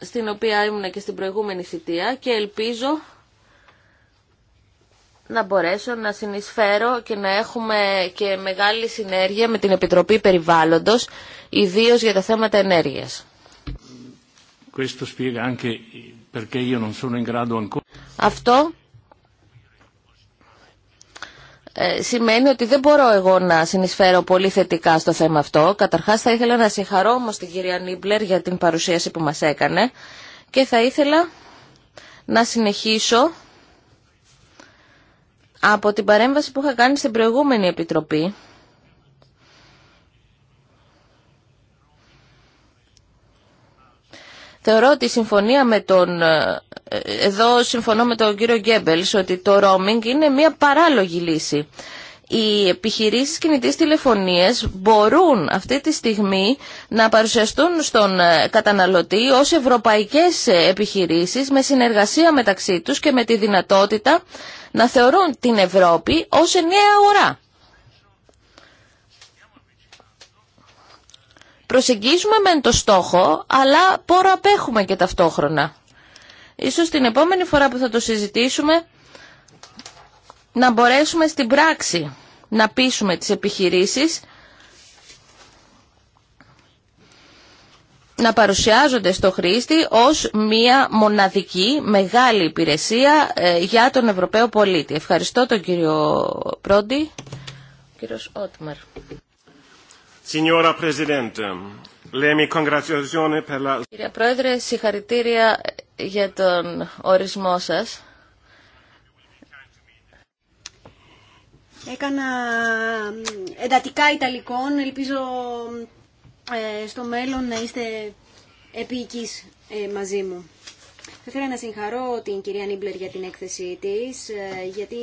στην οποία ήμουν και στην προηγούμενη θητεία και ελπίζω να μπορέσω να συνεισφέρω και να έχουμε και μεγάλη συνέργεια με την Επιτροπή Περιβάλλοντος, ιδίως για τα θέματα ενέργειας. Questo αυτό ε, σημαίνει ότι δεν μπορώ εγώ να συνεισφέρω πολύ θετικά στο θέμα αυτό. Καταρχάς θα ήθελα να συγχαρώ όμως την κυρία Νίμπλερ για την παρουσίαση που μας έκανε και θα ήθελα να συνεχίσω από την παρέμβαση που είχα κάνει στην προηγούμενη επιτροπή Θεωρώ ότι η συμφωνία με τον... Ε, εδώ συμφωνώ με τον κύριο Γκέμπελς ότι το roaming είναι μια παράλογη λύση. Οι επιχειρήσεις κινητής τηλεφωνίας μπορούν αυτή τη στιγμή να παρουσιαστούν στον ε, καταναλωτή ως ευρωπαϊκές ε, επιχειρήσεις με συνεργασία μεταξύ τους και με τη δυνατότητα να θεωρούν την Ευρώπη ως νέα αγορά. προσεγγίζουμε μεν το στόχο, αλλά πόρο απέχουμε και ταυτόχρονα. Ίσως την επόμενη φορά που θα το συζητήσουμε, να μπορέσουμε στην πράξη να πείσουμε τις επιχειρήσεις να παρουσιάζονται στο χρήστη ως μία μοναδική μεγάλη υπηρεσία ε, για τον Ευρωπαίο πολίτη. Ευχαριστώ τον κύριο Πρόντι, Κύριε Πρόεδρε, συγχαρητήρια για τον ορισμό σας. Έκανα εντατικά Ιταλικών, ελπίζω ε, στο μέλλον να είστε ε, μαζί μου. Θα ήθελα να συγχαρώ την κυρία Νίμπλερ για την έκθεσή της, ε, γιατί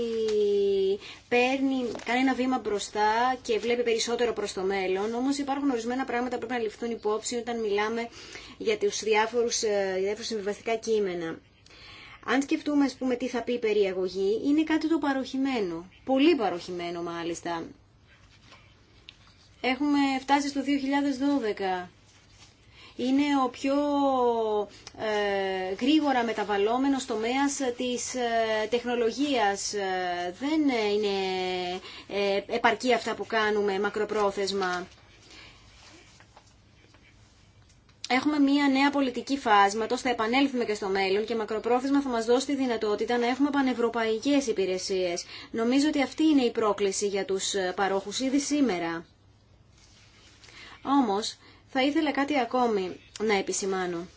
παίρνει, κάνει ένα βήμα μπροστά και βλέπει περισσότερο προς το μέλλον, όμως υπάρχουν ορισμένα πράγματα που πρέπει να ληφθούν υπόψη όταν μιλάμε για τους διάφορους, ε, διάφορους συμβιβαστικά κείμενα. Αν σκεφτούμε, ας πούμε, τι θα πει η περιαγωγή, είναι κάτι το παροχημένο. Πολύ παροχημένο, μάλιστα. Έχουμε φτάσει στο 2012 είναι ο πιο ε, γρήγορα μεταβαλλόμενος τομέας της ε, τεχνολογίας. Ε, δεν είναι επαρκή αυτά που κάνουμε μακροπρόθεσμα. Έχουμε μία νέα πολιτική φάσματο, θα επανέλθουμε και στο μέλλον και μακροπρόθεσμα θα μας δώσει τη δυνατότητα να έχουμε πανευρωπαϊκές υπηρεσίες. Νομίζω ότι αυτή είναι η πρόκληση για τους παρόχους ήδη σήμερα. Όμως... Θα ήθελα κάτι ακόμη να επισημάνω.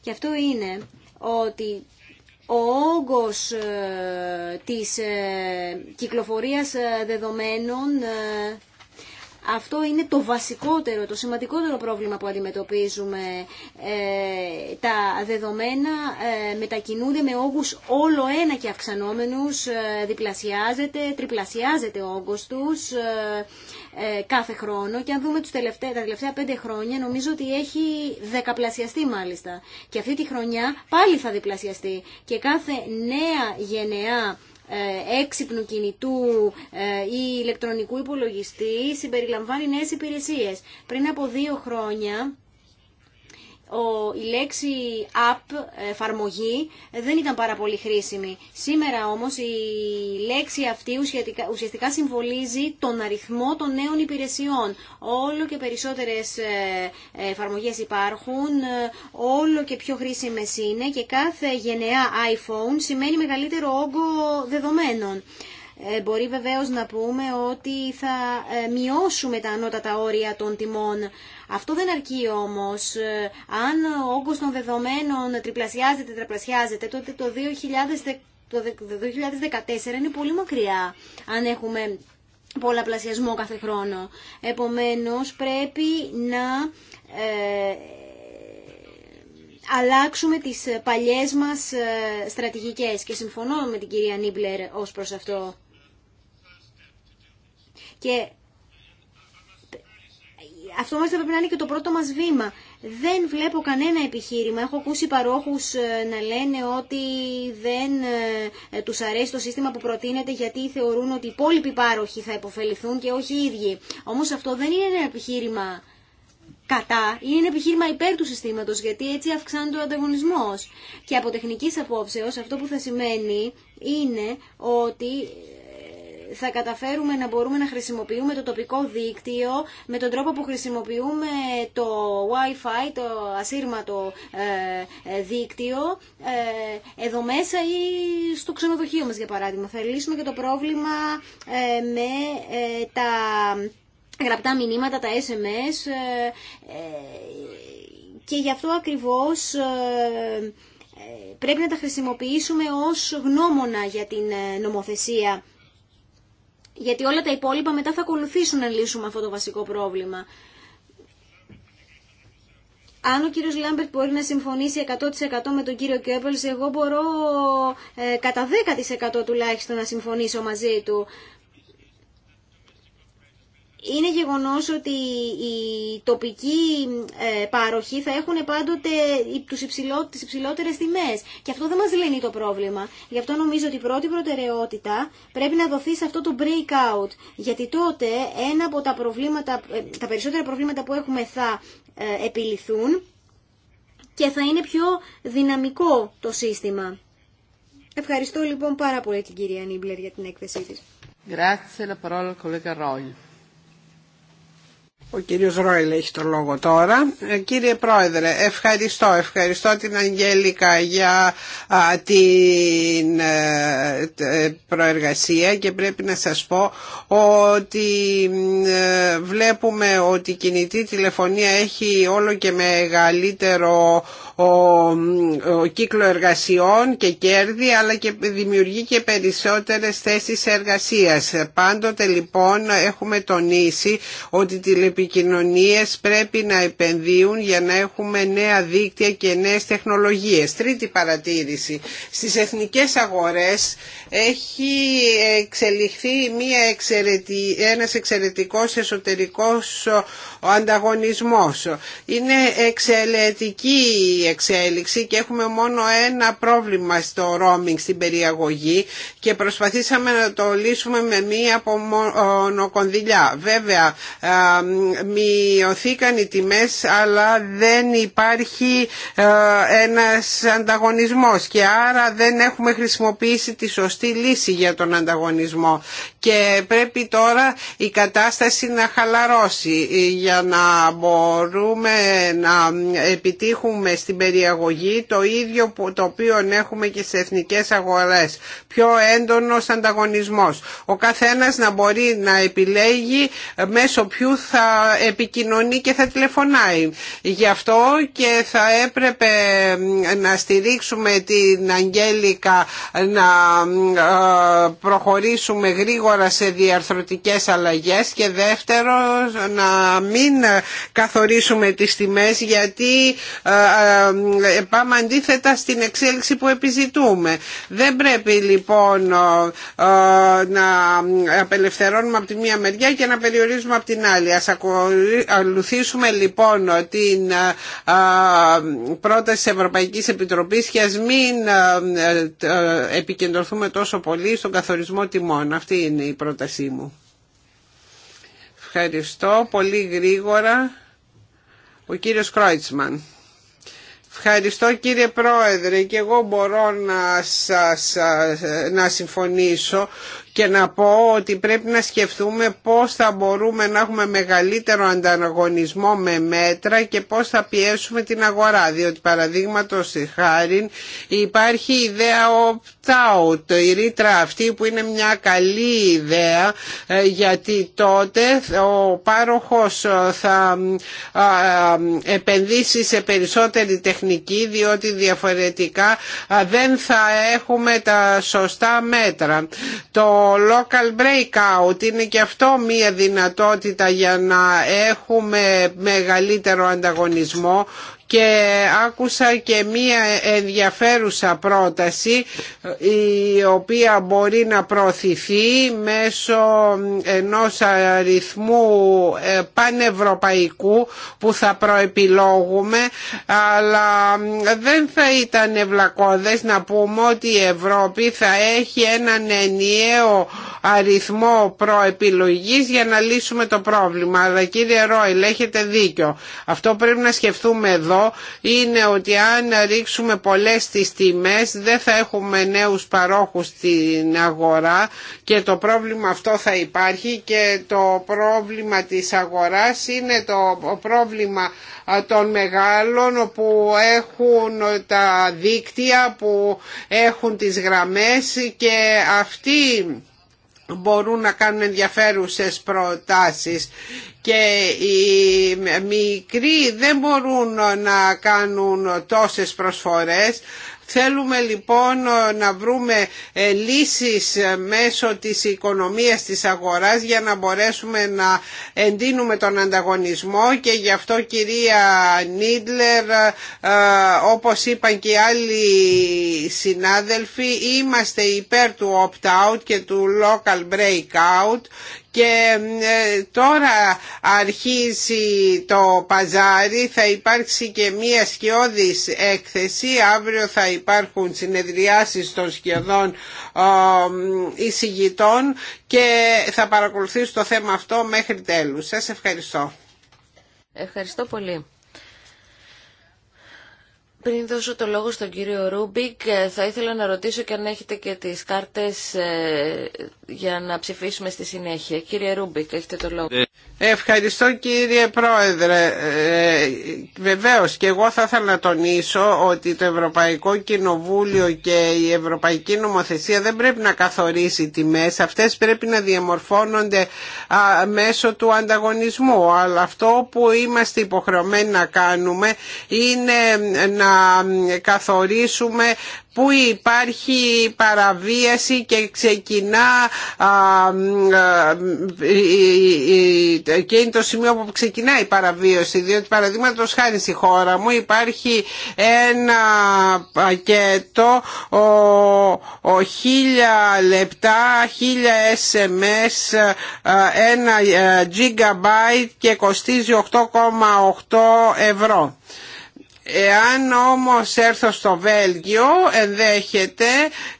Και αυτό είναι ότι ο όγκος ε, της ε, κυκλοφορίας ε, δεδομένων αυτό είναι το βασικότερο, το σημαντικότερο πρόβλημα που αντιμετωπίζουμε. Ε, τα δεδομένα ε, μετακινούνται με όγκους όλο ένα και αυξανόμενους, ε, διπλασιάζεται, τριπλασιάζεται ο όγκος τους ε, ε, κάθε χρόνο και αν δούμε τους τελευταί, τα τελευταία πέντε χρόνια νομίζω ότι έχει δεκαπλασιαστεί μάλιστα. Και αυτή τη χρονιά πάλι θα διπλασιαστεί και κάθε νέα γενεά ε, έξυπνου κινητού ε, ή ηλεκτρονικού υπολογιστή συμπεριλαμβάνει νέες υπηρεσίες. Πριν από δύο χρόνια ο, η λέξη app, εφαρμογή, ε, δεν ήταν πάρα πολύ χρήσιμη. Σήμερα όμως η λέξη αυτή ουσιαστικά, ουσιαστικά συμβολίζει τον αριθμό των νέων υπηρεσιών. Όλο και περισσότερες ε, εφαρμογές υπάρχουν, ε, όλο και πιο χρήσιμες είναι και κάθε γενεά iPhone σημαίνει μεγαλύτερο όγκο δεδομένων. Μπορεί βεβαίως να πούμε ότι θα μειώσουμε τα ανώτατα όρια των τιμών αυτό δεν αρκεί όμως. Ε, αν ο όγκος των δεδομένων τριπλασιάζεται, τετραπλασιάζεται, τότε το το 2014 είναι πολύ μακριά αν έχουμε πολλαπλασιασμό κάθε χρόνο. Επομένως πρέπει να ε, αλλάξουμε τις παλιές μας ε, στρατηγικές και συμφωνώ με την κυρία Νίμπλερ ως προς αυτό. Και αυτό μας θα πρέπει να είναι και το πρώτο μας βήμα. Δεν βλέπω κανένα επιχείρημα. Έχω ακούσει παρόχους ε, να λένε ότι δεν ε, ε, τους αρέσει το σύστημα που προτείνεται γιατί θεωρούν ότι οι υπόλοιποι πάροχοι θα υποφεληθούν και όχι οι ίδιοι. Όμως αυτό δεν είναι ένα επιχείρημα κατά, είναι ένα επιχείρημα υπέρ του συστήματος, γιατί έτσι αυξάνεται ο ανταγωνισμός. Και από τεχνικής απόψεως αυτό που θα σημαίνει είναι ότι θα καταφέρουμε να μπορούμε να χρησιμοποιούμε το τοπικό δίκτυο με τον τρόπο που χρησιμοποιούμε το Wi-Fi, το ασύρματο ε, ε, δίκτυο, ε, εδώ μέσα ή στο ξενοδοχείο μας για παράδειγμα. Θα λύσουμε και το πρόβλημα με τα γραπτά μηνύματα, τα SMS και γι' αυτό ακριβώς πρέπει να τα χρησιμοποιήσουμε ως γνώμονα για την νομοθεσία γιατί όλα τα υπόλοιπα μετά θα ακολουθήσουν να λύσουμε αυτό το βασικό πρόβλημα. Αν ο κύριος Λάμπερτ μπορεί να συμφωνήσει 100% με τον κύριο Κέμπελς, εγώ μπορώ ε, κατά 10% τουλάχιστον να συμφωνήσω μαζί του είναι γεγονός ότι οι τοπικοί ε, παροχοί θα έχουν πάντοτε τους υψηλό, τις υψηλότερες τιμές. Και αυτό δεν μας λύνει το πρόβλημα. Γι' αυτό νομίζω ότι η πρώτη προτεραιότητα πρέπει να δοθεί σε αυτό το breakout. Γιατί τότε ένα από τα, προβλήματα, ε, τα περισσότερα προβλήματα που έχουμε θα ε, επιληθούν και θα είναι πιο δυναμικό το σύστημα. Ευχαριστώ λοιπόν πάρα πολύ την κυρία Νίμπλερ για την έκθεσή της. Grazie, la parola al collega ο κύριος Ρόιλ έχει το λόγο τώρα. Ε, κύριε Πρόεδρε, ευχαριστώ. Ευχαριστώ την Αγγέλικα για την ε, ε, προεργασία και πρέπει να σας πω ότι βλέπουμε ότι η κινητή τηλεφωνία έχει όλο και μεγαλύτερο ο κύκλο εργασιών και κέρδη αλλά και δημιουργεί και περισσότερες θέσεις εργασίας. Πάντοτε λοιπόν έχουμε τονίσει ότι οι τηλεπικοινωνίες πρέπει να επενδύουν για να έχουμε νέα δίκτυα και νέες τεχνολογίες. Τρίτη παρατήρηση. Στις εθνικές αγορές έχει εξελιχθεί μια εξαιρετη... ένας εξαιρετικός εσωτερικός ανταγωνισμός. Είναι εξαιρετική εξέλιξη και έχουμε μόνο ένα πρόβλημα στο roaming στην περιαγωγή και προσπαθήσαμε να το λύσουμε με μία από μονοκονδυλιά. Βέβαια μειωθήκαν οι τιμές αλλά δεν υπάρχει ένας ανταγωνισμός και άρα δεν έχουμε χρησιμοποιήσει τη σωστή λύση για τον ανταγωνισμό και πρέπει τώρα η κατάσταση να χαλαρώσει για να μπορούμε να επιτύχουμε στην το ίδιο το οποίο έχουμε και σε εθνικές αγορές. Πιο έντονος ανταγωνισμός. Ο καθένας να μπορεί να επιλέγει μέσω ποιου θα επικοινωνεί και θα τηλεφωνάει. Γι' αυτό και θα έπρεπε να στηρίξουμε την Αγγέλικα να ε, προχωρήσουμε γρήγορα σε διαρθρωτικές αλλαγές και δεύτερο να μην καθορίσουμε τις τιμές γιατί ε, ε, πάμε αντίθετα στην εξέλιξη που επιζητούμε. Δεν πρέπει λοιπόν να απελευθερώνουμε από τη μία μεριά και να περιορίζουμε από την άλλη. Ας ακολουθήσουμε λοιπόν την ε, ε, πρόταση της Ευρωπαϊκής Επιτροπής και ας μην επικεντρωθούμε τόσο πολύ στον καθορισμό τιμών. Αυτή είναι η πρότασή μου. Ευχαριστώ πολύ γρήγορα. Ο κύριος Κρόιτσμαν. Ευχαριστώ κύριε Πρόεδρε και εγώ μπορώ να, σας, να συμφωνήσω και να πω ότι πρέπει να σκεφτούμε πώς θα μπορούμε να έχουμε μεγαλύτερο ανταγωνισμό με μέτρα και πώς θα πιέσουμε την αγορά. Διότι παραδείγματο χάρη υπάρχει η ιδέα opt-out, η ρήτρα αυτή που είναι μια καλή ιδέα ε, γιατί τότε ο πάροχος θα ε, ε, επενδύσει σε περισσότερη τεχνική διότι διαφορετικά δεν θα έχουμε τα σωστά μέτρα. Το local breakout είναι και αυτό μία δυνατότητα για να έχουμε μεγαλύτερο ανταγωνισμό και άκουσα και μία ενδιαφέρουσα πρόταση η οποία μπορεί να προωθηθεί μέσω ενός αριθμού ε, πανευρωπαϊκού που θα προεπιλόγουμε αλλά δεν θα ήταν ευλακώδες να πούμε ότι η Ευρώπη θα έχει έναν ενιαίο αριθμό προεπιλογής για να λύσουμε το πρόβλημα αλλά κύριε Ρόιλ έχετε δίκιο αυτό πρέπει να σκεφτούμε εδώ είναι ότι αν ρίξουμε πολλές τις τιμές δεν θα έχουμε νέους παρόχους στην αγορά και το πρόβλημα αυτό θα υπάρχει και το πρόβλημα της αγοράς είναι το πρόβλημα των μεγάλων που έχουν τα δίκτυα, που έχουν τις γραμμές και αυτοί μπορούν να κάνουν ενδιαφέρουσες προτάσεις και οι μικροί δεν μπορούν να κάνουν τόσες προσφορές Θέλουμε λοιπόν ε, να βρούμε ε, λύσεις ε, μέσω της οικονομίας της αγοράς για να μπορέσουμε να εντείνουμε τον ανταγωνισμό και γι' αυτό κυρία Νίτλερ όπως είπαν και οι άλλοι συνάδελφοι είμαστε υπέρ του opt-out και του local breakout και ε, τώρα αρχίζει το παζάρι, θα υπάρξει και μία σκιώδης έκθεση, αύριο θα υπάρχουν συνεδριάσεις των σκιωδών ε, εισηγητών και θα παρακολουθήσω το θέμα αυτό μέχρι τέλους. Σας ευχαριστώ. Ευχαριστώ πολύ. Πριν δώσω το λόγο στον κύριο Ρούμπικ, ε, θα ήθελα να ρωτήσω και αν έχετε και τις κάρτες ε, για να ψηφίσουμε στη συνέχεια. Κύριε Ρούμπικ, έχετε το λόγο. Ε, Ευχαριστώ κύριε Πρόεδρε. Ε, βεβαίως και εγώ θα ήθελα να τονίσω ότι το Ευρωπαϊκό Κοινοβούλιο και η Ευρωπαϊκή Νομοθεσία δεν πρέπει να καθορίσει τιμές. Αυτές πρέπει να διαμορφώνονται μέσω του ανταγωνισμού. Αλλά αυτό που είμαστε υποχρεωμένοι να κάνουμε είναι να καθορίσουμε που υπάρχει παραβίαση και ξεκινά και είναι το σημείο που ξεκινά η παραβίαση διότι παραδείγματο χάρη στη χώρα μου υπάρχει ένα πακέτο ο, χίλια λεπτά, χίλια SMS, ένα ε, gigabyte και κοστίζει 8,8 ευρώ. Εάν όμως έρθω στο Βέλγιο ενδέχεται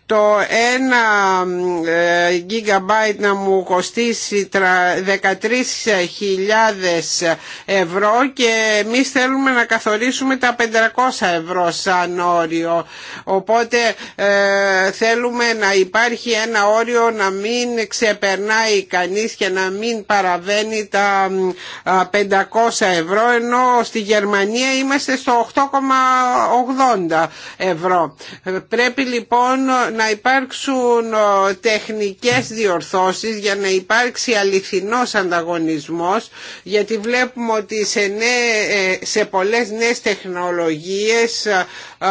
το ένα ε, gigabyte να μου κοστίσει 13.000 ευρώ και εμεί θέλουμε να καθορίσουμε τα 500 ευρώ σαν όριο. Οπότε ε, θέλουμε να υπάρχει ένα όριο να μην ξεπερνάει κανείς και να μην παραβαίνει τα 500 ε, ευρώ ενώ στη Γερμανία είμαστε στο 8,80 ευρώ. Πρέπει λοιπόν να υπάρξουν τεχνικές διορθώσεις για να υπάρξει αληθινός ανταγωνισμός γιατί βλέπουμε ότι σε, νέ, ε, σε πολλές νέες τεχνολογίες ε, ε,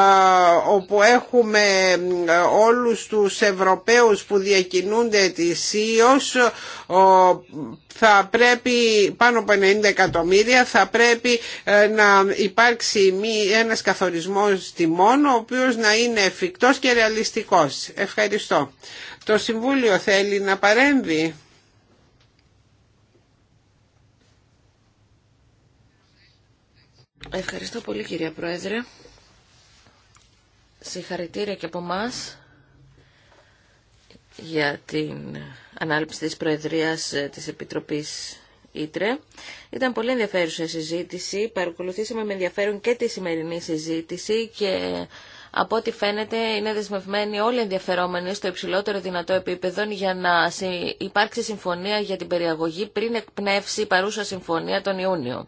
όπου έχουμε όλους τους Ευρωπαίους που διακινούνται ΙΟΣ θα πρέπει πάνω από 90 εκατομμύρια θα πρέπει ε, να υπάρξει ένας καθορισμός τιμών ο οποίος να είναι εφικτός και ρεαλιστικός. Ευχαριστώ. Το Συμβούλιο θέλει να παρέμβει. Ευχαριστώ πολύ κυρία Πρόεδρε. Συγχαρητήρια και από εμάς για την ανάληψη της Προεδρίας ε, της Επιτροπής Ήτρε. Ήταν πολύ ενδιαφέρουσα συζήτηση. Παρακολουθήσαμε με ενδιαφέρον και τη σημερινή συζήτηση και από ό,τι φαίνεται είναι δεσμευμένοι όλοι ενδιαφερόμενοι στο υψηλότερο δυνατό επίπεδο για να υπάρξει συμφωνία για την περιαγωγή πριν εκπνεύσει η παρούσα συμφωνία τον Ιούνιο.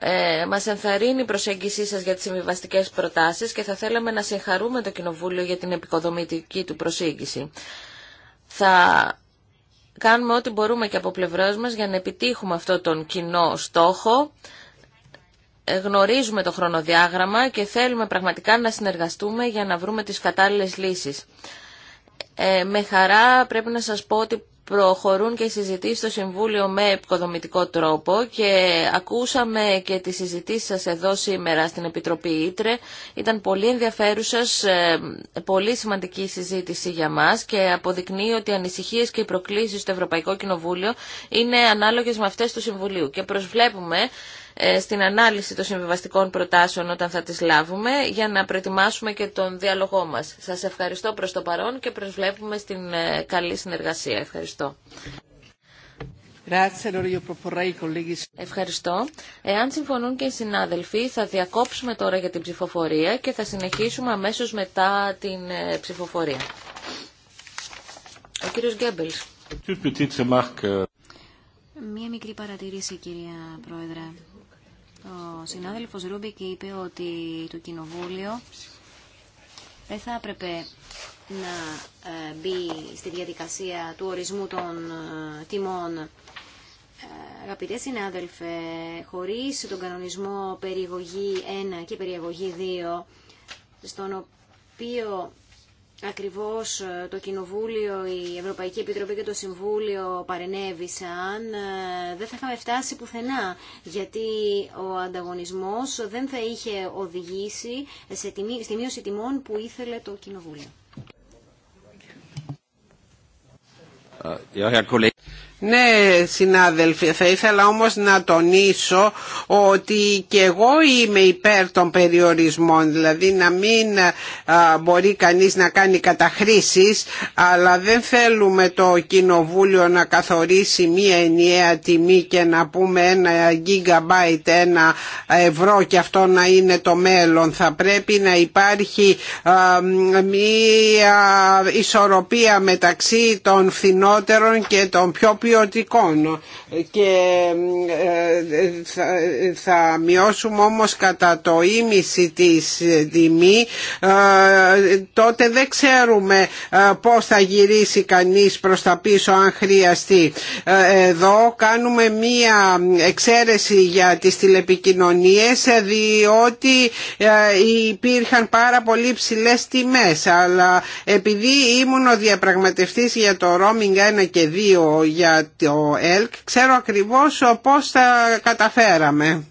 Ε, μας ενθαρρύνει η προσέγγισή σας για τις συμβιβαστικέ προτάσεις και θα θέλαμε να συγχαρούμε το Κοινοβούλιο για την επικοδομητική του προσέγγιση. Θα κάνουμε ό,τι μπορούμε και από πλευρά μας για να επιτύχουμε αυτό τον κοινό στόχο. Ε, γνωρίζουμε το χρονοδιάγραμμα και θέλουμε πραγματικά να συνεργαστούμε για να βρούμε τις κατάλληλες λύσεις. Ε, με χαρά πρέπει να σας πω ότι προχωρούν και οι συζητήσεις στο Συμβούλιο με επικοδομητικό τρόπο και ακούσαμε και τις συζητήσεις σας εδώ σήμερα στην Επιτροπή Ήτρε. Ήταν πολύ ενδιαφέρουσας, ε, πολύ σημαντική συζήτηση για μας και αποδεικνύει ότι οι ανησυχίες και οι προκλήσεις στο Ευρωπαϊκό Κοινοβούλιο είναι ανάλογες με αυτές του Συμβουλίου και προσβλέπουμε ε, στην ανάλυση των συμβιβαστικών προτάσεων όταν θα τις λάβουμε για να προετοιμάσουμε και τον διάλογό μας. Σας ευχαριστώ προς το παρόν και προσβλέπουμε στην ε, καλή συνεργασία. Ευχαριστώ. Ευχαριστώ. Εάν συμφωνούν και οι συνάδελφοι, θα διακόψουμε τώρα για την ψηφοφορία και θα συνεχίσουμε αμέσως μετά την ε, ψηφοφορία. Ο κύριος Γκέμπελς. Euh, Μία μικρή παρατηρήση, κυρία Πρόεδρε. Ο συνάδελφος Ρούμπικ είπε ότι το Κοινοβούλιο δεν θα έπρεπε να ε, μπει στη διαδικασία του ορισμού των ε, τιμών. Ε, Αγαπητέ συνάδελφε, χωρίς τον κανονισμό περιεγωγή 1 και περιεγωγή 2, στον οποίο Ακριβώς το Κοινοβούλιο, η Ευρωπαϊκή Επιτροπή και το Συμβούλιο παρενέβησαν, δεν θα είχαμε φτάσει πουθενά, γιατί ο ανταγωνισμός δεν θα είχε οδηγήσει σε στη μείωση τιμών που ήθελε το Κοινοβούλιο. Ναι συνάδελφοι, θα ήθελα όμως να τονίσω ότι και εγώ είμαι υπέρ των περιορισμών, δηλαδή να μην μπορεί κανείς να κάνει καταχρήσεις, αλλά δεν θέλουμε το Κοινοβούλιο να καθορίσει μία ενιαία τιμή και να πούμε ένα gigabyte, ένα ευρώ και αυτό να είναι το μέλλον. Θα πρέπει να υπάρχει μία ισορροπία μεταξύ των φθηνότερων και των πιο ποιοτικών και ε, θα μειώσουμε όμως κατά το ίμιση της τιμή ε, τότε δεν ξέρουμε ε, πώς θα γυρίσει κανείς προς τα πίσω αν χρειαστεί. Εδώ κάνουμε μία εξαίρεση για τις τηλεπικοινωνίες διότι υπήρχαν πάρα πολύ ψηλές τιμές αλλά επειδή ήμουν ο διαπραγματευτής για το roaming 1 και 2 για το ΕΛΚ ξέρω ακριβώς ε, πώς τα καταφέραμε.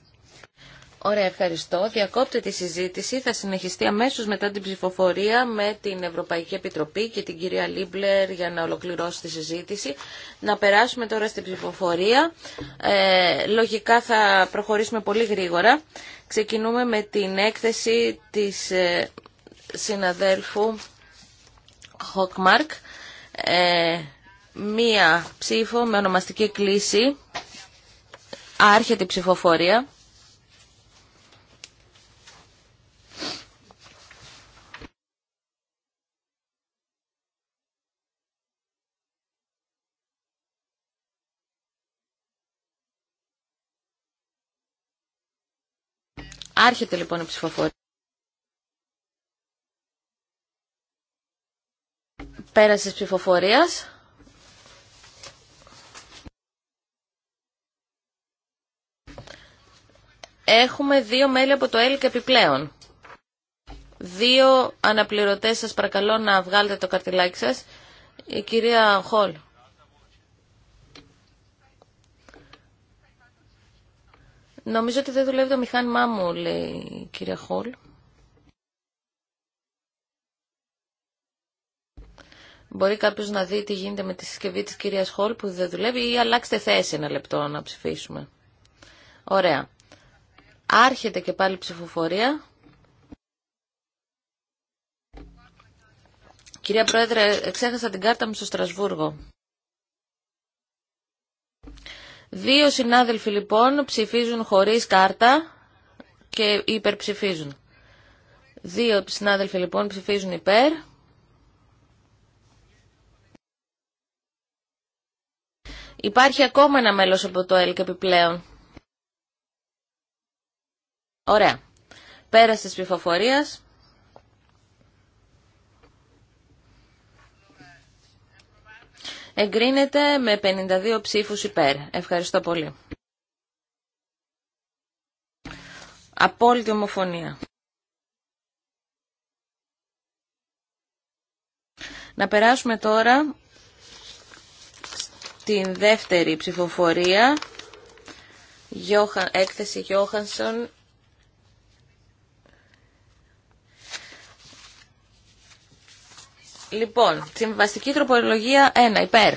Ωραία, ευχαριστώ. Διακόπτε τη συζήτηση. Θα συνεχιστεί αμέσω μετά την ψηφοφορία με την Ευρωπαϊκή Επιτροπή και την κυρία Λίμπλερ για να ολοκληρώσει τη συζήτηση. Να περάσουμε τώρα στην ψηφοφορία. Ε, λογικά θα προχωρήσουμε πολύ γρήγορα. Ξεκινούμε με την έκθεση της ε, συναδέλφου Χοκμάρκ. Ε, μία ψήφο με ονομαστική κλίση. Άρχεται η ψηφοφορία. Άρχεται λοιπόν η ψηφοφορία. Πέρασης ψηφοφορίας. Έχουμε δύο μέλη από το ΕΛΚ επιπλέον. Δύο αναπληρωτές σας παρακαλώ να βγάλετε το καρτιλάκι σας. Η κυρία Χολ. Νομίζω ότι δεν δουλεύει το μηχάνημά μου, λέει η κυρία Χολ. Μπορεί κάποιος να δει τι γίνεται με τη συσκευή της κυρίας Χολ που δεν δουλεύει ή αλλάξτε θέση ένα λεπτό να ψηφίσουμε. Ωραία. Άρχεται και πάλι ψηφοφορία. Κυρία Πρόεδρε, ξέχασα την κάρτα μου στο Στρασβούργο. Δύο συνάδελφοι λοιπόν ψηφίζουν χωρίς κάρτα και υπερψηφίζουν. Δύο συνάδελφοι λοιπόν ψηφίζουν υπέρ. Υπάρχει ακόμα ένα μέλος από το ΕΛΚ επιπλέον. Ωραία. πέρασε τη ψηφοφορίας. Εγκρίνεται με 52 ψήφους υπέρ. Ευχαριστώ πολύ. Απόλυτη ομοφωνία. Να περάσουμε τώρα στην δεύτερη ψηφοφορία. Έκθεση Γιώχανσον Λοιπόν, συμβαστική τροπολογία 1, υπέρ.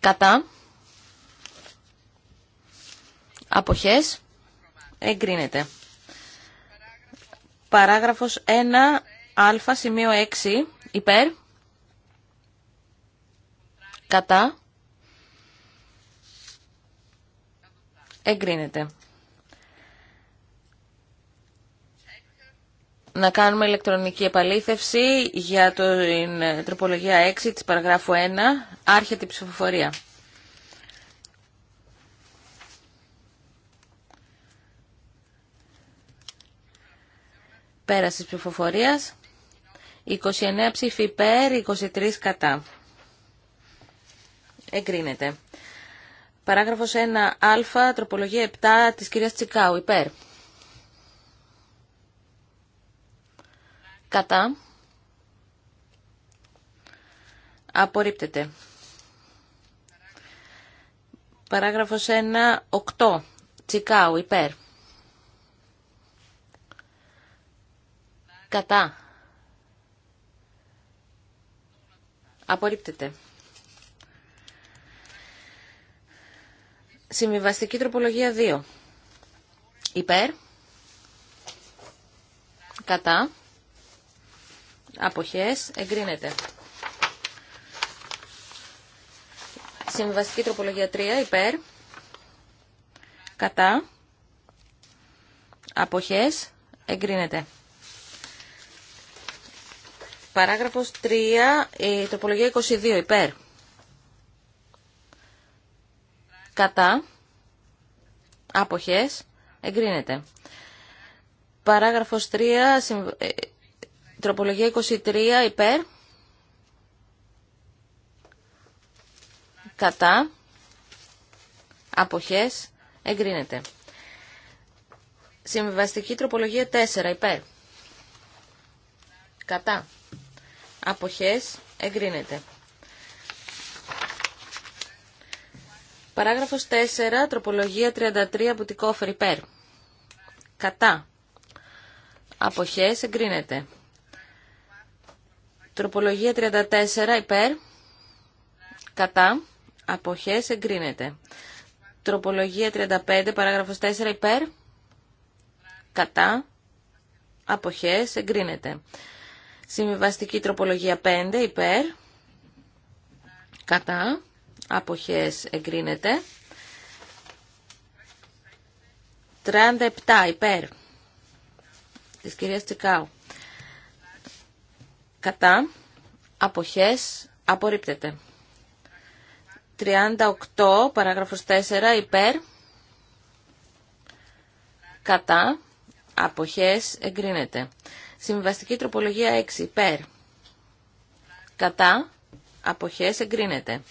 Κατά. Αποχές. Εγκρίνεται. Παράγραφος 1α σημείο 6 υπέρ. Κατά. Εγκρίνεται. να κάνουμε ηλεκτρονική επαλήθευση για την ε, τροπολογία 6 της παραγράφου 1, άρχεται η ψηφοφορία. Πέραση της ψηφοφορίας, 29 ψήφοι υπέρ, 23 κατά. Εγκρίνεται. Παράγραφος 1α, τροπολογία 7 της κυρίας Τσικάου, υπέρ. Κατά. Απορρίπτεται. Παράγραφος 1, 8. Τσικάου, υπέρ. Κατά. Απορρίπτεται. Συμβιβαστική τροπολογία 2. Υπέρ. Κατά. Αποχές. Εγκρίνεται. Συμβαστική τροπολογία 3. Υπέρ. Κατά. Αποχές. Εγκρίνεται. Παράγραφος 3. Η τροπολογία 22. Υπέρ. Κατά. Αποχές. Εγκρίνεται. Παράγραφος 3. Τροπολογία 23 υπέρ. Κατά. Αποχές. Εγκρίνεται. Συμβιβαστική τροπολογία 4 υπέρ. Κατά. Αποχές. Εγκρίνεται. Παράγραφος 4, τροπολογία 33, μπουτικόφερ υπέρ. Κατά. Αποχές εγκρίνεται. Τροπολογία 34 υπέρ. Κατά. Αποχές εγκρίνεται. Τροπολογία 35 παράγραφος 4 υπέρ. Κατά. Αποχές εγκρίνεται. Συμβιβαστική τροπολογία 5 υπέρ. Κατά. Αποχές εγκρίνεται. 37 υπέρ. Της κυρίας Τσικάου κατά, αποχές, απορρίπτεται. 38, παράγραφος 4, υπέρ, κατά, αποχές, εγκρίνεται. Συμβαστική τροπολογία 6, υπέρ, κατά, αποχές, εγκρίνεται.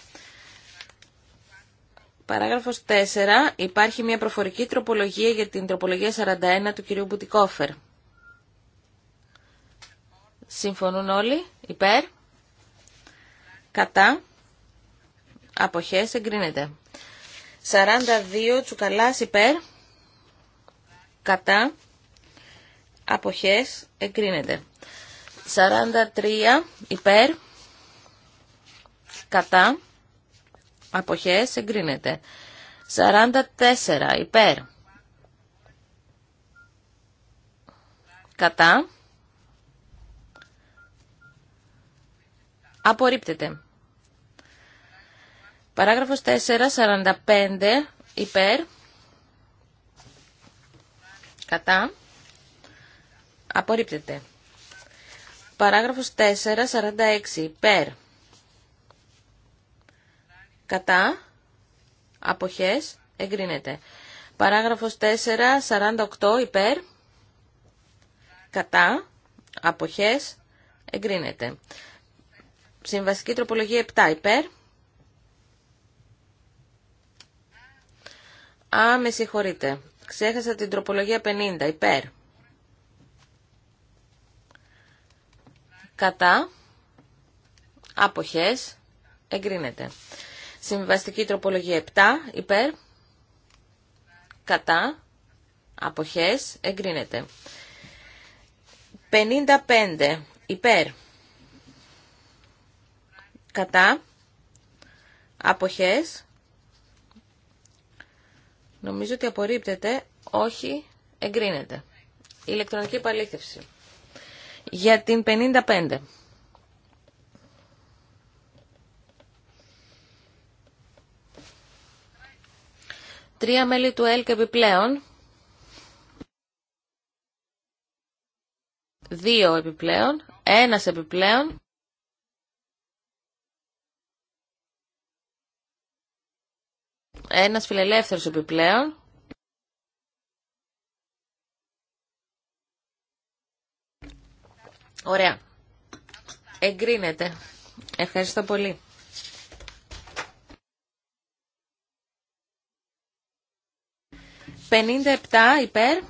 Παράγραφος 4. Υπάρχει μια προφορική τροπολογία για την τροπολογία 41 του κυρίου Μπουτικόφερ. Συμφωνούν όλοι. Υπέρ. Κατά. Αποχές εγκρίνεται. 42 τσουκαλάς υπέρ. Κατά. Αποχές εγκρίνεται. 43 υπέρ. Κατά. Αποχές εγκρίνεται. 44 υπέρ. Κατά. Απορρίπτεται. Παράγραφος 4, 45, υπέρ, κατά, απορρίπτεται. Παράγραφος 4, 46, υπέρ, κατά, αποχές, εγκρίνεται. Παράγραφος 4, 48, υπέρ, κατά, αποχές, εγκρίνεται. Συμβαστική τροπολογία 7 υπέρ. Α, με συγχωρείτε. Ξέχασα την τροπολογία 50 υπέρ. Κατά. Αποχές. Εγκρίνεται. Συμβαστική τροπολογία 7 υπέρ. Κατά. Αποχές. Εγκρίνεται. 55 υπέρ κατά, αποχές, νομίζω ότι απορρίπτεται, όχι, εγκρίνεται. Ηλεκτρονική επαλήθευση. Για την 55. Τρία μέλη του ΕΛΚ επιπλέον. Δύο επιπλέον. Ένας επιπλέον. Ένας φιλελεύθερος επιπλέον. Ωραία. Εγκρίνεται. Ευχαριστώ πολύ. Πενήντα επτά υπέρ.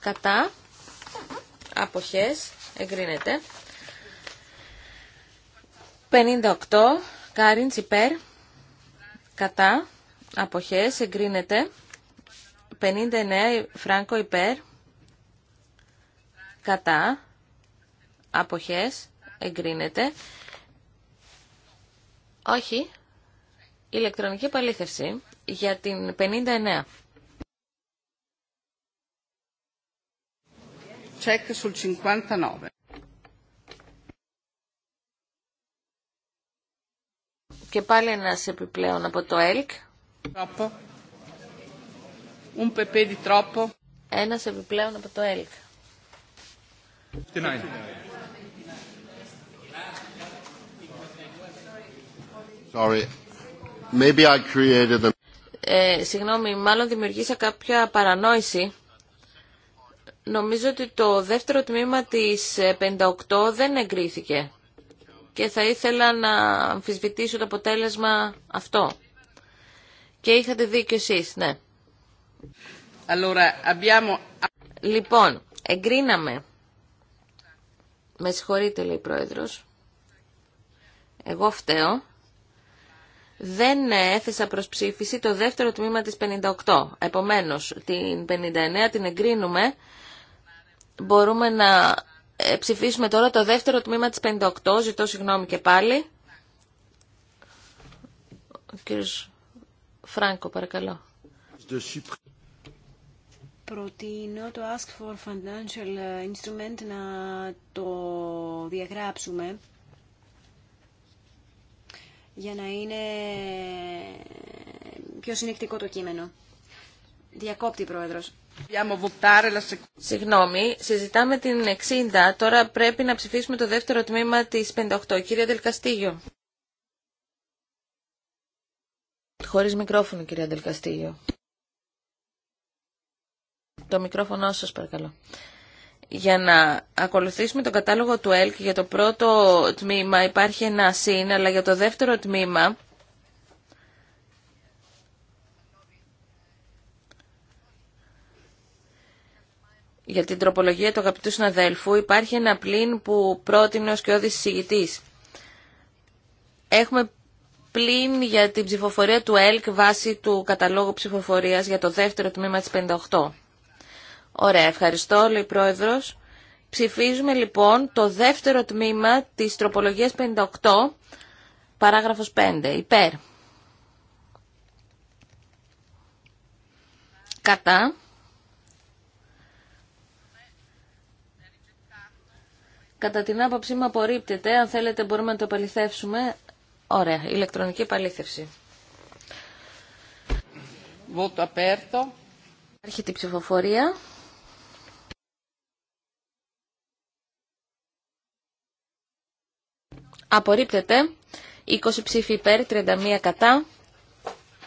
Κατά. Αποχές. Εγκρίνεται. Πενήντα οκτώ Κάριν, υπέρ, κατά, αποχές, εγκρίνεται. 59 Φράνκο, υπέρ, κατά, αποχές, εγκρίνεται. Όχι, ηλεκτρονική επαλήθευση για την 59. Check sul 59. Και πάλι ένα επιπλέον από το ΕΛΚ. Ένα επιπλέον από το ΕΛΚ. Sorry. Maybe I created them. Ε, συγγνώμη, μάλλον δημιουργήσα κάποια παρανόηση. Νομίζω ότι το δεύτερο τμήμα της 58 δεν εγκρίθηκε και θα ήθελα να αμφισβητήσω το αποτέλεσμα αυτό. Και είχατε δίκιο εσείς, ναι. Λοιπόν, εγκρίναμε. Με συγχωρείτε, λέει η Πρόεδρος. Εγώ φταίω. Δεν έθεσα προς ψήφιση το δεύτερο τμήμα της 58. Επομένως, την 59 την εγκρίνουμε. Μπορούμε να ε, ψηφίσουμε τώρα το δεύτερο τμήμα της 58. Ζητώ συγγνώμη και πάλι. Ο κύριος Φράνκο, παρακαλώ. Προτείνω το Ask for Financial Instrument να το διαγράψουμε για να είναι πιο συνεκτικό το κείμενο. Διακόπτη, Πρόεδρος. Συγγνώμη, συζητάμε την 60. Τώρα πρέπει να ψηφίσουμε το δεύτερο τμήμα της 58. Κύριε Δελκαστήγιο. Χωρίς μικρόφωνο, κυρία Δελκαστήγιο. Το μικρόφωνο σας παρακαλώ. Για να ακολουθήσουμε τον κατάλογο του ΕΛΚ για το πρώτο τμήμα υπάρχει ένα συν, αλλά για το δεύτερο τμήμα για την τροπολογία του αγαπητού συναδέλφου υπάρχει ένα πλήν που πρότεινε ο σκιώδης συζητητής. Έχουμε πλήν για την ψηφοφορία του ΕΛΚ βάσει του καταλόγου ψηφοφορίας για το δεύτερο τμήμα της 58. Ωραία, ευχαριστώ, λέει Πρόεδρος. Ψηφίζουμε λοιπόν το δεύτερο τμήμα της τροπολογίας 58, παράγραφος 5, υπέρ. Κατά. Κατά την άποψή μου απορρίπτεται. Αν θέλετε μπορούμε να το επαληθεύσουμε. Ωραία. Ηλεκτρονική επαλήθευση. Βότο απέρτο. Άρχεται η ψηφοφορία. Απορρίπτεται. 20 ψήφοι υπέρ, 31 κατά.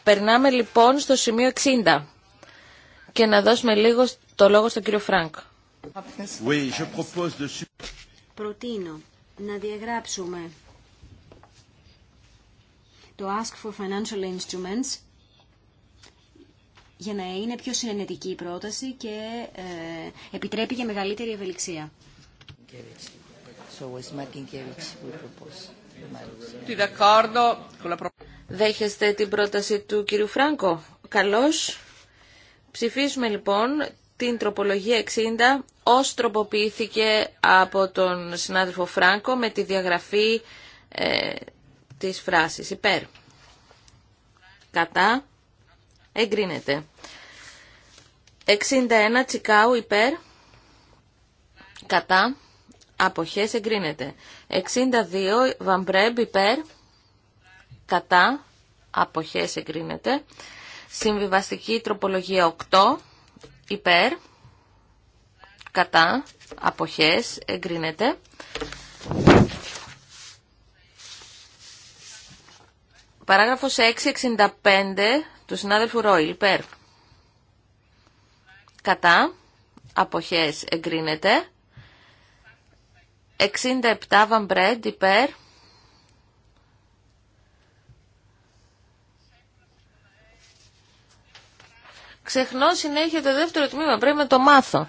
Περνάμε λοιπόν στο σημείο 60 και να δώσουμε λίγο το λόγο στον κύριο Φρανκ προτείνω να διαγράψουμε το Ask for Financial Instruments για να είναι πιο συνενετική η πρόταση και ε, επιτρέπει για μεγαλύτερη ευελιξία. Δέχεστε την πρόταση του κύριου Φράγκο. Καλώς. Ψηφίσουμε λοιπόν την τροπολογία 60 ως τροποποιήθηκε από τον συνάδελφο Φράνκο με τη διαγραφή ε, της φράσης υπέρ. Κατά. Εγκρίνεται. 61 τσικάου υπέρ. Κατά. Αποχές εγκρίνεται. 62 βαμπρέμπ υπέρ. Κατά. Αποχές εγκρίνεται. Συμβιβαστική τροπολογία 8 υπέρ, κατά, αποχές, εγκρίνεται. Παράγραφος 665 του συνάδελφου Ρόιλ, υπέρ. Κατά, αποχές, εγκρίνεται. 67 βαμπρέντ, υπέρ. ξεχνώ συνέχεια το δεύτερο τμήμα. Πρέπει να το μάθω.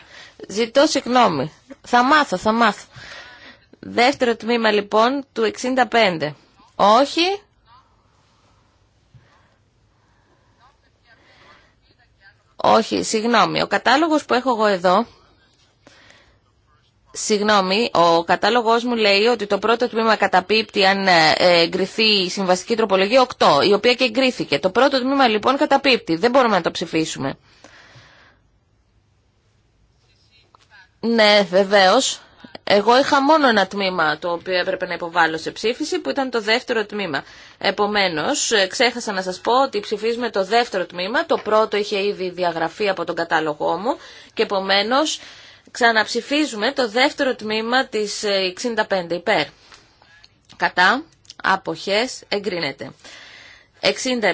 Ζητώ συγγνώμη. Θα μάθω, θα μάθω. Δεύτερο τμήμα λοιπόν του 65. Όχι. Όχι, συγγνώμη. Ο κατάλογος που έχω εγώ εδώ Συγγνώμη, ο κατάλογος μου λέει ότι το πρώτο τμήμα καταπίπτει αν ε, εγκριθεί η συμβαστική τροπολογία 8, η οποία και εγκρίθηκε. Το πρώτο τμήμα λοιπόν καταπίπτει. Δεν μπορούμε να το ψηφίσουμε. Ναι, βεβαίως. Εγώ είχα μόνο ένα τμήμα το οποίο έπρεπε να υποβάλω σε ψήφιση που ήταν το δεύτερο τμήμα. Επομένως, ε, ξέχασα να σας πω ότι ψηφίζουμε το δεύτερο τμήμα. Το πρώτο είχε ήδη διαγραφεί από τον κατάλογό μου και επομένως Ξαναψηφίζουμε το δεύτερο τμήμα της 65 ε, υπέρ. Κατά, αποχές, εγκρίνεται. 67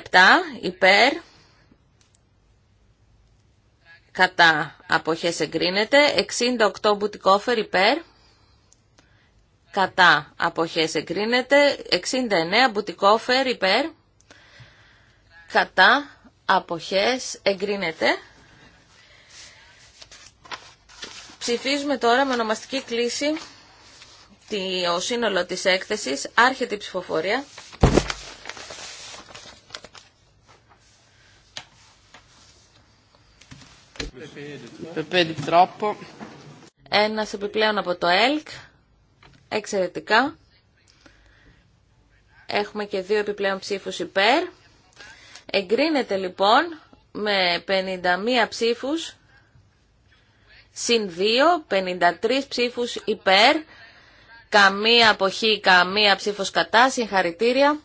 υπέρ, κατά, αποχές, εγκρίνεται. 68 μπουτικόφερ υπέρ, κατά, αποχές, εγκρίνεται. 69 μπουτικόφερ υπέρ, κατά, αποχές, εγκρίνεται. Ψηφίζουμε τώρα με ονομαστική κλίση το σύνολο της έκθεσης. Άρχεται η ψηφοφορία. Ένας επιπλέον από το ΕΛΚ. Εξαιρετικά. Έχουμε και δύο επιπλέον ψήφους υπέρ. Εγκρίνεται λοιπόν με 51 ψήφους συν 2, 53 ψήφους υπέρ, καμία αποχή, καμία ψήφος κατά, συγχαρητήρια.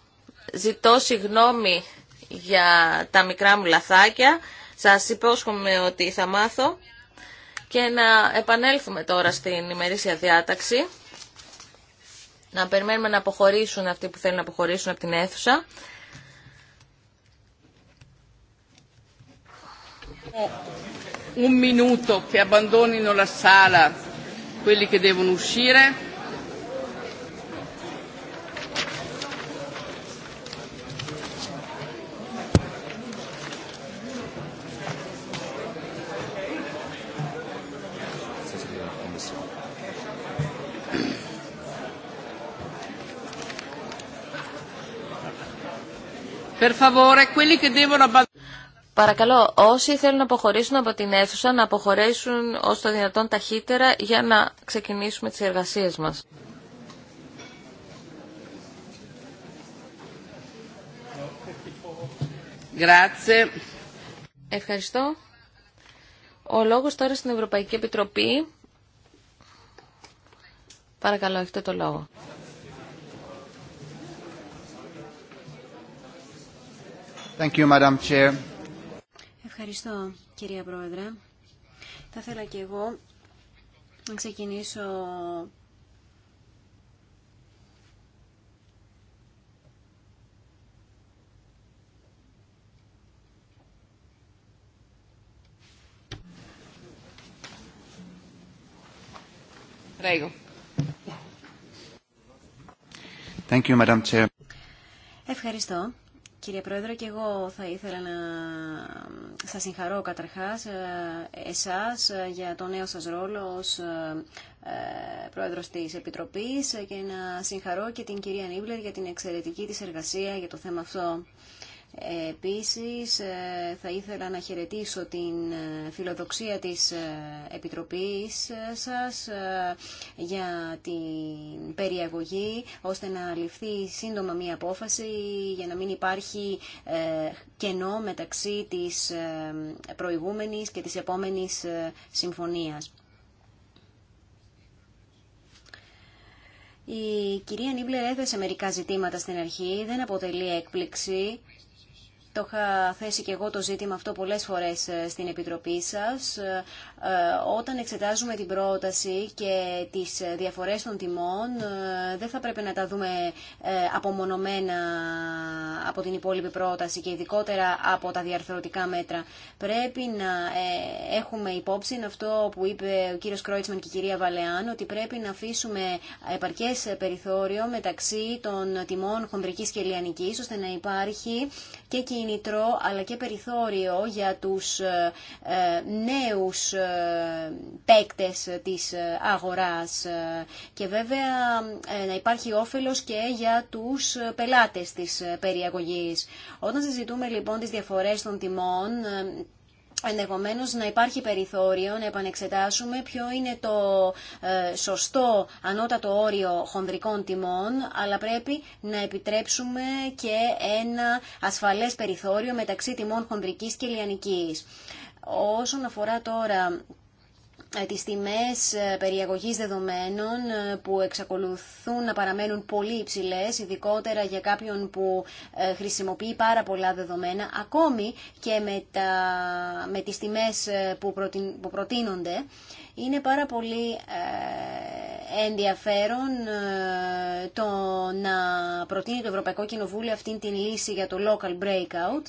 Ζητώ συγγνώμη για τα μικρά μου λαθάκια, σας υπόσχομαι ότι θα μάθω. Και να επανέλθουμε τώρα στην ημερήσια διάταξη. Να περιμένουμε να αποχωρήσουν αυτοί που θέλουν να αποχωρήσουν από την αίθουσα. Ε, un minuto che abbandonino la sala quelli che devono uscire. Per favore, quelli che devono abbandonare Παρακαλώ, όσοι θέλουν να αποχωρήσουν από την αίθουσα, να αποχωρήσουν όσο το δυνατόν ταχύτερα για να ξεκινήσουμε τις εργασίες μας. Ευχαριστώ. Ο λόγος τώρα στην Ευρωπαϊκή Επιτροπή. Παρακαλώ, έχετε το λόγο. Thank you, Madam Chair. Ευχαριστώ, κυρία Πρόεδρε. Θα ήθελα και εγώ να ξεκινήσω Thank you, Madam Chair. Ευχαριστώ. Κύριε Πρόεδρε, και εγώ θα ήθελα να ε, σα συγχαρώ καταρχά ε, εσάς ε, για το νέο σας ρόλο ω, πρόεδρο της Επιτροπής και να συγχαρώ και την κυρία Νίμπλερ για την εξαιρετική τη εργασία για το θέμα αυτό. Επίσης, ε, θα ήθελα να χαιρετήσω την ε, φιλοδοξία της ε, Επιτροπής σας για την περιαγωγή, ώστε να ληφθεί σύντομα μία απόφαση για να μην υπάρχει κενό μεταξύ της προηγούμενης και της επόμενης συμφωνίας. Η κυρία Νίμπλερ έθεσε μερικά ζητήματα στην αρχή, δεν αποτελεί έκπληξη. Το είχα θέσει και εγώ το ζήτημα αυτό πολλές φορές ε, στην Επιτροπή σας. Ε, ε, όταν εξετάζουμε την πρόταση και τις διαφορές των τιμών, δεν θα πρέπει να τα δούμε απομονωμένα από την υπόλοιπη πρόταση και ειδικότερα από τα διαρθρωτικά μέτρα. Πρέπει να έχουμε υπόψη αυτό που είπε ο κύριος Κρόιτσμαν και η κυρία Βαλεάν, ότι πρέπει να αφήσουμε επαρκές περιθώριο μεταξύ των τιμών χονδρικής και λιανικής, ώστε να υπάρχει και κίνητρο αλλά και περιθώριο για τους ε, ε, νέους ε, παίκτες της αγοράς και βέβαια να υπάρχει όφελος και για τους πελάτες της περιαγωγής. Όταν συζητούμε λοιπόν τις διαφορές των τιμών Ενδεχομένω να υπάρχει περιθώριο να επανεξετάσουμε ποιο είναι το ε, σωστό ανώτατο όριο χονδρικών τιμών, αλλά πρέπει να επιτρέψουμε και ένα ασφαλές περιθώριο μεταξύ τιμών χονδρικής και λιανικής. Όσον αφορά τώρα ε, τις τιμές ε, περιαγωγής δεδομένων ε, που εξακολουθούν να παραμένουν πολύ υψηλές, ειδικότερα για κάποιον που χρησιμοποιεί πάρα πολλά δεδομένα, ακόμη και με, τα, με τις τιμές που, προτείνονται, είναι πάρα πολύ ενδιαφέρον το να προτείνει το Ευρωπαϊκό Κοινοβούλιο αυτήν την λύση για το local breakout,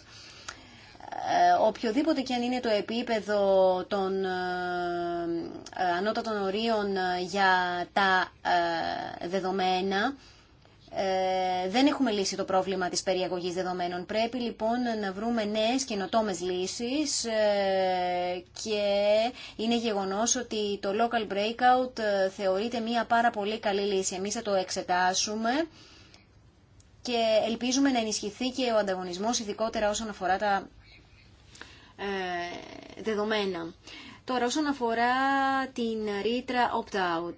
ε, οποιοδήποτε και αν είναι το επίπεδο των ε, ε, ανώτατων ορίων για τα δεδομένα, δεν έχουμε λύσει το πρόβλημα της περιαγωγής δεδομένων. Πρέπει λοιπόν να βρούμε νέες καινοτόμε λύσεις και είναι γεγονός ότι το local breakout θεωρείται μια πάρα πολύ καλή λύση. Εμείς θα το εξετάσουμε και ελπίζουμε να ενισχυθεί και ο ανταγωνισμός, ειδικότερα όσον αφορά τα ε, δεδομένα. Τώρα όσον αφορά την ρήτρα opt-out.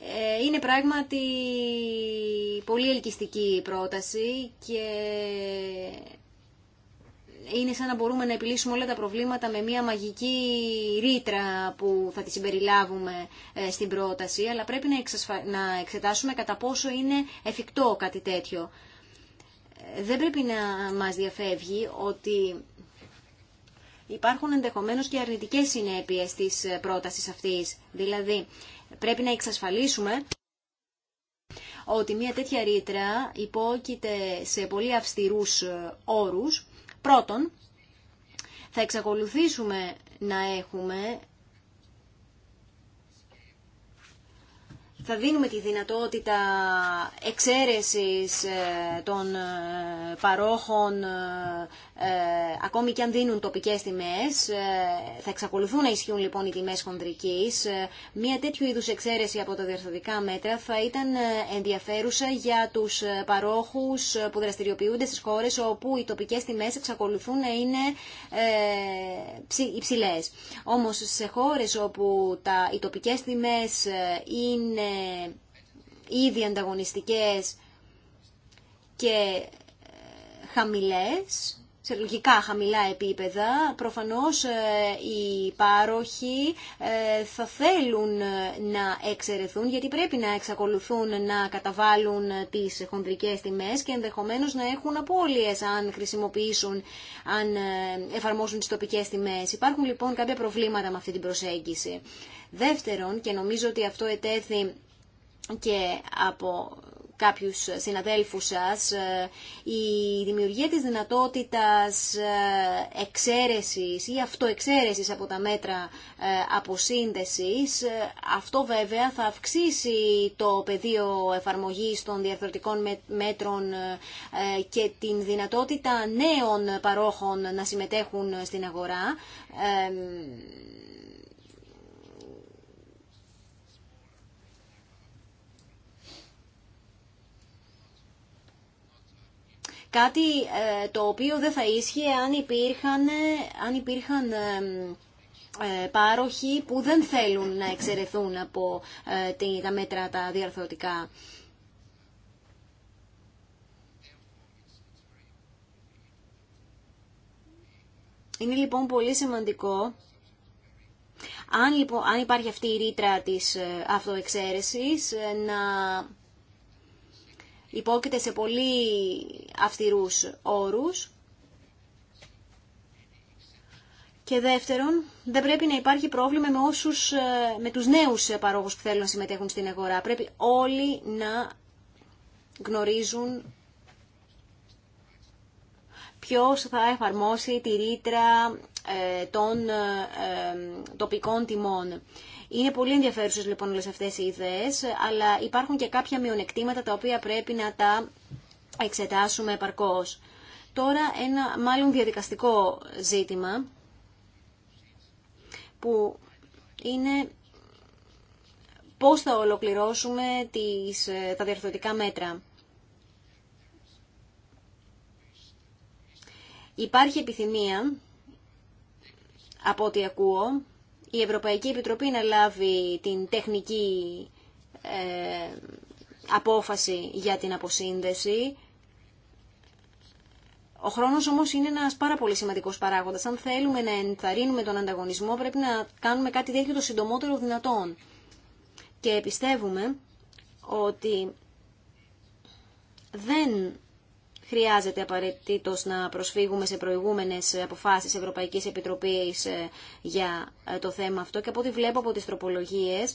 Ε, είναι πράγματι πολύ ελκυστική η πρόταση και είναι σαν να μπορούμε να επιλύσουμε όλα τα προβλήματα με μια μαγική ρήτρα που θα τη συμπεριλάβουμε ε, στην πρόταση, αλλά πρέπει να εξετάσουμε κατά πόσο είναι εφικτό κάτι τέτοιο δεν πρέπει να μας διαφεύγει ότι υπάρχουν ενδεχομένως και αρνητικές συνέπειες της πρότασης αυτής. Δηλαδή, πρέπει να εξασφαλίσουμε ότι μια τέτοια ρήτρα υπόκειται σε πολύ αυστηρούς όρους. Πρώτον, θα εξακολουθήσουμε να έχουμε θα δίνουμε τη δυνατότητα εξαίρεσης ε, των ε, παρόχων ε, ακόμη και αν δίνουν τοπικές τιμές. Θα εξακολουθούν να ισχύουν λοιπόν οι τιμές χονδρικής. Μία τέτοιου είδους εξαίρεση από τα διορθωτικά μέτρα θα ήταν ενδιαφέρουσα για τους παρόχους που δραστηριοποιούνται στις χώρες όπου οι τοπικές τιμές εξακολουθούν να είναι υψηλές. Όμως σε χώρες όπου τα, οι τοπικές τιμές είναι ήδη ανταγωνιστικές και ε, χαμηλές, σε λογικά χαμηλά επίπεδα, προφανώς ε, οι πάροχοι ε, θα θέλουν να εξαιρεθούν γιατί πρέπει να εξακολουθούν να καταβάλουν τις χοντρικές τιμές και ενδεχομένως να έχουν απώλειες αν χρησιμοποιήσουν, αν εφαρμόσουν τις τοπικές τιμές. Υπάρχουν λοιπόν κάποια προβλήματα με αυτή την προσέγγιση. Δεύτερον, και νομίζω ότι αυτό ετέθη και από κάποιους συναδέλφους σας, ε, η δημιουργία της δυνατότητας ε, εξαίρεσης ή αυτοεξαίρεσης από τα μέτρα ε, αποσύνδεσης, αυτό βέβαια θα αυξήσει το πεδίο εφαρμογής των διαρθρωτικών μέτρων και την δυνατότητα νέων παρόχων να συμμετέχουν στην αγορά Κάτι ε, το οποίο δεν θα ίσχυε αν υπήρχαν, ε, αν υπήρχαν ε, πάροχοι που δεν θέλουν να εξαιρεθούν από τα μέτρα τα διαρθρωτικά. Είναι λοιπόν πολύ σημαντικό αν, λοιπόν, αν υπάρχει αυτή η ρήτρα της αυτοεξαίρεσης να υπόκειται σε πολύ αυστηρούς όρους. Και δεύτερον, δεν πρέπει να υπάρχει πρόβλημα με, όσους, ε, με τους νέους παρόγους που θέλουν να συμμετέχουν στην αγορά. Πρέπει όλοι να γνωρίζουν ποιος θα εφαρμόσει τη ρήτρα ε, των ε, τοπικών τιμών. Είναι πολύ ενδιαφέρουσε λοιπόν όλε αυτές οι ιδέες, αλλά υπάρχουν και κάποια μειονεκτήματα τα οποία πρέπει να τα εξετάσουμε επαρκώ. Τώρα ένα μάλλον διαδικαστικό ζήτημα που είναι πώς θα ολοκληρώσουμε τις, τα διαρθρωτικά μέτρα. Υπάρχει επιθυμία, από ό,τι ακούω, η Ευρωπαϊκή Επιτροπή να λάβει την τεχνική ε, απόφαση για την αποσύνδεση. Ο χρόνος όμως είναι ένας πάρα πολύ σημαντικός παράγοντας. Αν θέλουμε να ενθαρρύνουμε τον ανταγωνισμό πρέπει να κάνουμε κάτι τέτοιο το συντομότερο δυνατόν. Και πιστεύουμε ότι δεν χρειάζεται απαραίτητο να προσφύγουμε σε προηγούμενες αποφάσεις Ευρωπαϊκής Επιτροπής ε, για ε, το θέμα αυτό και από ό,τι βλέπω από τι τροπολογίε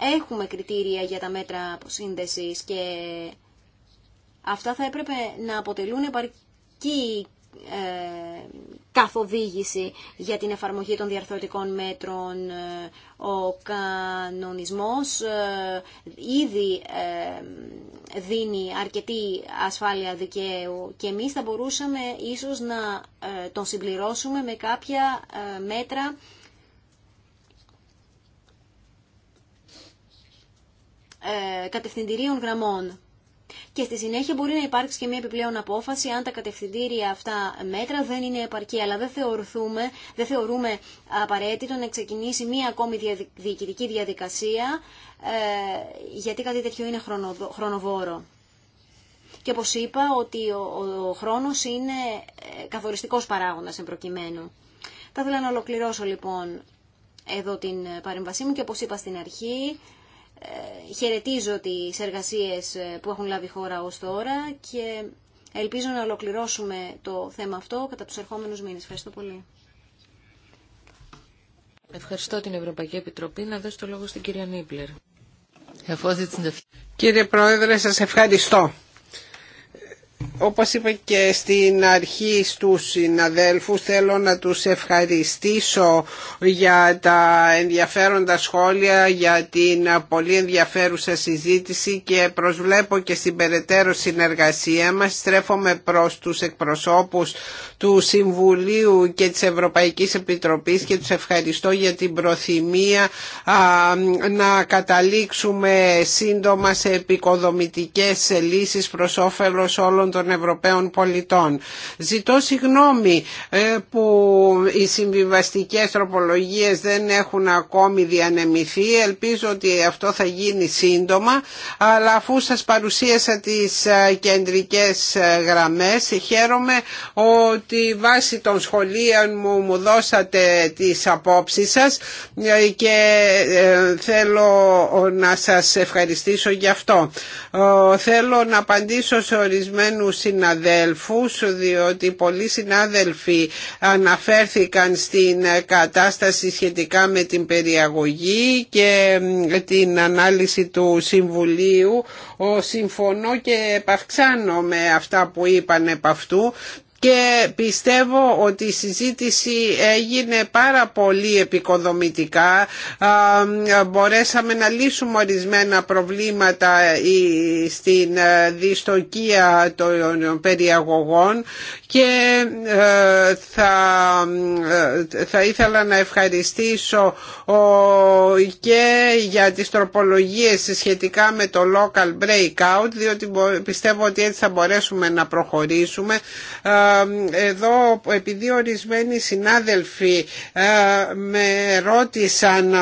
έχουμε κριτήρια για τα μέτρα αποσύνδεσης και αυτά θα έπρεπε να αποτελούν επαρκή ε, καθοδήγηση για την εφαρμογή των διαρθρωτικών μέτρων. Ε, ο κανονισμός ε, ήδη δίνει αρκετή ασφάλεια δικαίου και εμείς θα μπορούσαμε ίσως να τον συμπληρώσουμε με κάποια μέτρα κατευθυντηρίων γραμμών και στη συνέχεια μπορεί να υπάρξει και μια επιπλέον απόφαση αν τα κατευθυντήρια αυτά μέτρα δεν είναι επαρκή. Αλλά δεν, θεωρούμε, δεν θεωρούμε απαραίτητο να ξεκινήσει μια ακόμη διοικητική διαδικασία ε, γιατί κάτι τέτοιο είναι χρονοβόρο. Και όπως είπα ότι ο, ο χρόνος είναι ε, καθοριστικός παράγοντας εν προκειμένου. Θα ήθελα να ολοκληρώσω λοιπόν εδώ την παρέμβασή μου και όπως είπα στην αρχή ε, χαιρετίζω τις εργασίες ε, που έχουν λάβει χώρα ως τώρα και ελπίζω να ολοκληρώσουμε το θέμα αυτό κατά τους ερχόμενους μήνες. Ευχαριστώ πολύ. Ευχαριστώ την Ευρωπαϊκή Επιτροπή. Να δώσω το λόγο στην κυρία Νίπλερ. Κύριε Πρόεδρε, σας ευχαριστώ. Όπως είπα και στην αρχή στους συναδέλφους θέλω να τους ευχαριστήσω για τα ενδιαφέροντα σχόλια, για την πολύ ενδιαφέρουσα συζήτηση και προσβλέπω και στην περαιτέρω συνεργασία μας. Στρέφομαι προς τους εκπροσώπους του Συμβουλίου και της Ευρωπαϊκής Επιτροπής και τους ευχαριστώ για την προθυμία να καταλήξουμε σύντομα σε επικοδομητικές λύσεις προς όφελος όλων των Ευρωπαίων πολιτών. Ζητώ συγγνώμη ε, που οι συμβιβαστικές τροπολογίες δεν έχουν ακόμη διανεμηθεί. Ελπίζω ότι αυτό θα γίνει σύντομα, αλλά αφού σας παρουσίασα τις ε, κεντρικές ε, γραμμές, χαίρομαι ότι βάσει των σχολείων μου μου δώσατε τις απόψεις σας και θέλω να σας ευχαριστήσω γι' αυτό. Θέλω να απαντήσω σε ορισμένους Συναδέλφου, διότι πολλοί συνάδελφοι αναφέρθηκαν στην κατάσταση σχετικά με την περιαγωγή και την ανάλυση του Συμβουλίου. Ο συμφωνώ και επαυξάνω με αυτά που είπαν επ' αυτού και πιστεύω ότι η συζήτηση έγινε πάρα πολύ επικοδομητικά μπορέσαμε να λύσουμε ορισμένα προβλήματα ε, στην ε, δυστοκία των περιαγωγών και ε, θα, θα ήθελα να ευχαριστήσω και για τις τροπολογίες σχετικά με το local breakout διότι πιστεύω ότι έτσι θα μπορέσουμε να προχωρήσουμε εδώ επειδή ορισμένοι συνάδελφοι ε, με ρώτησαν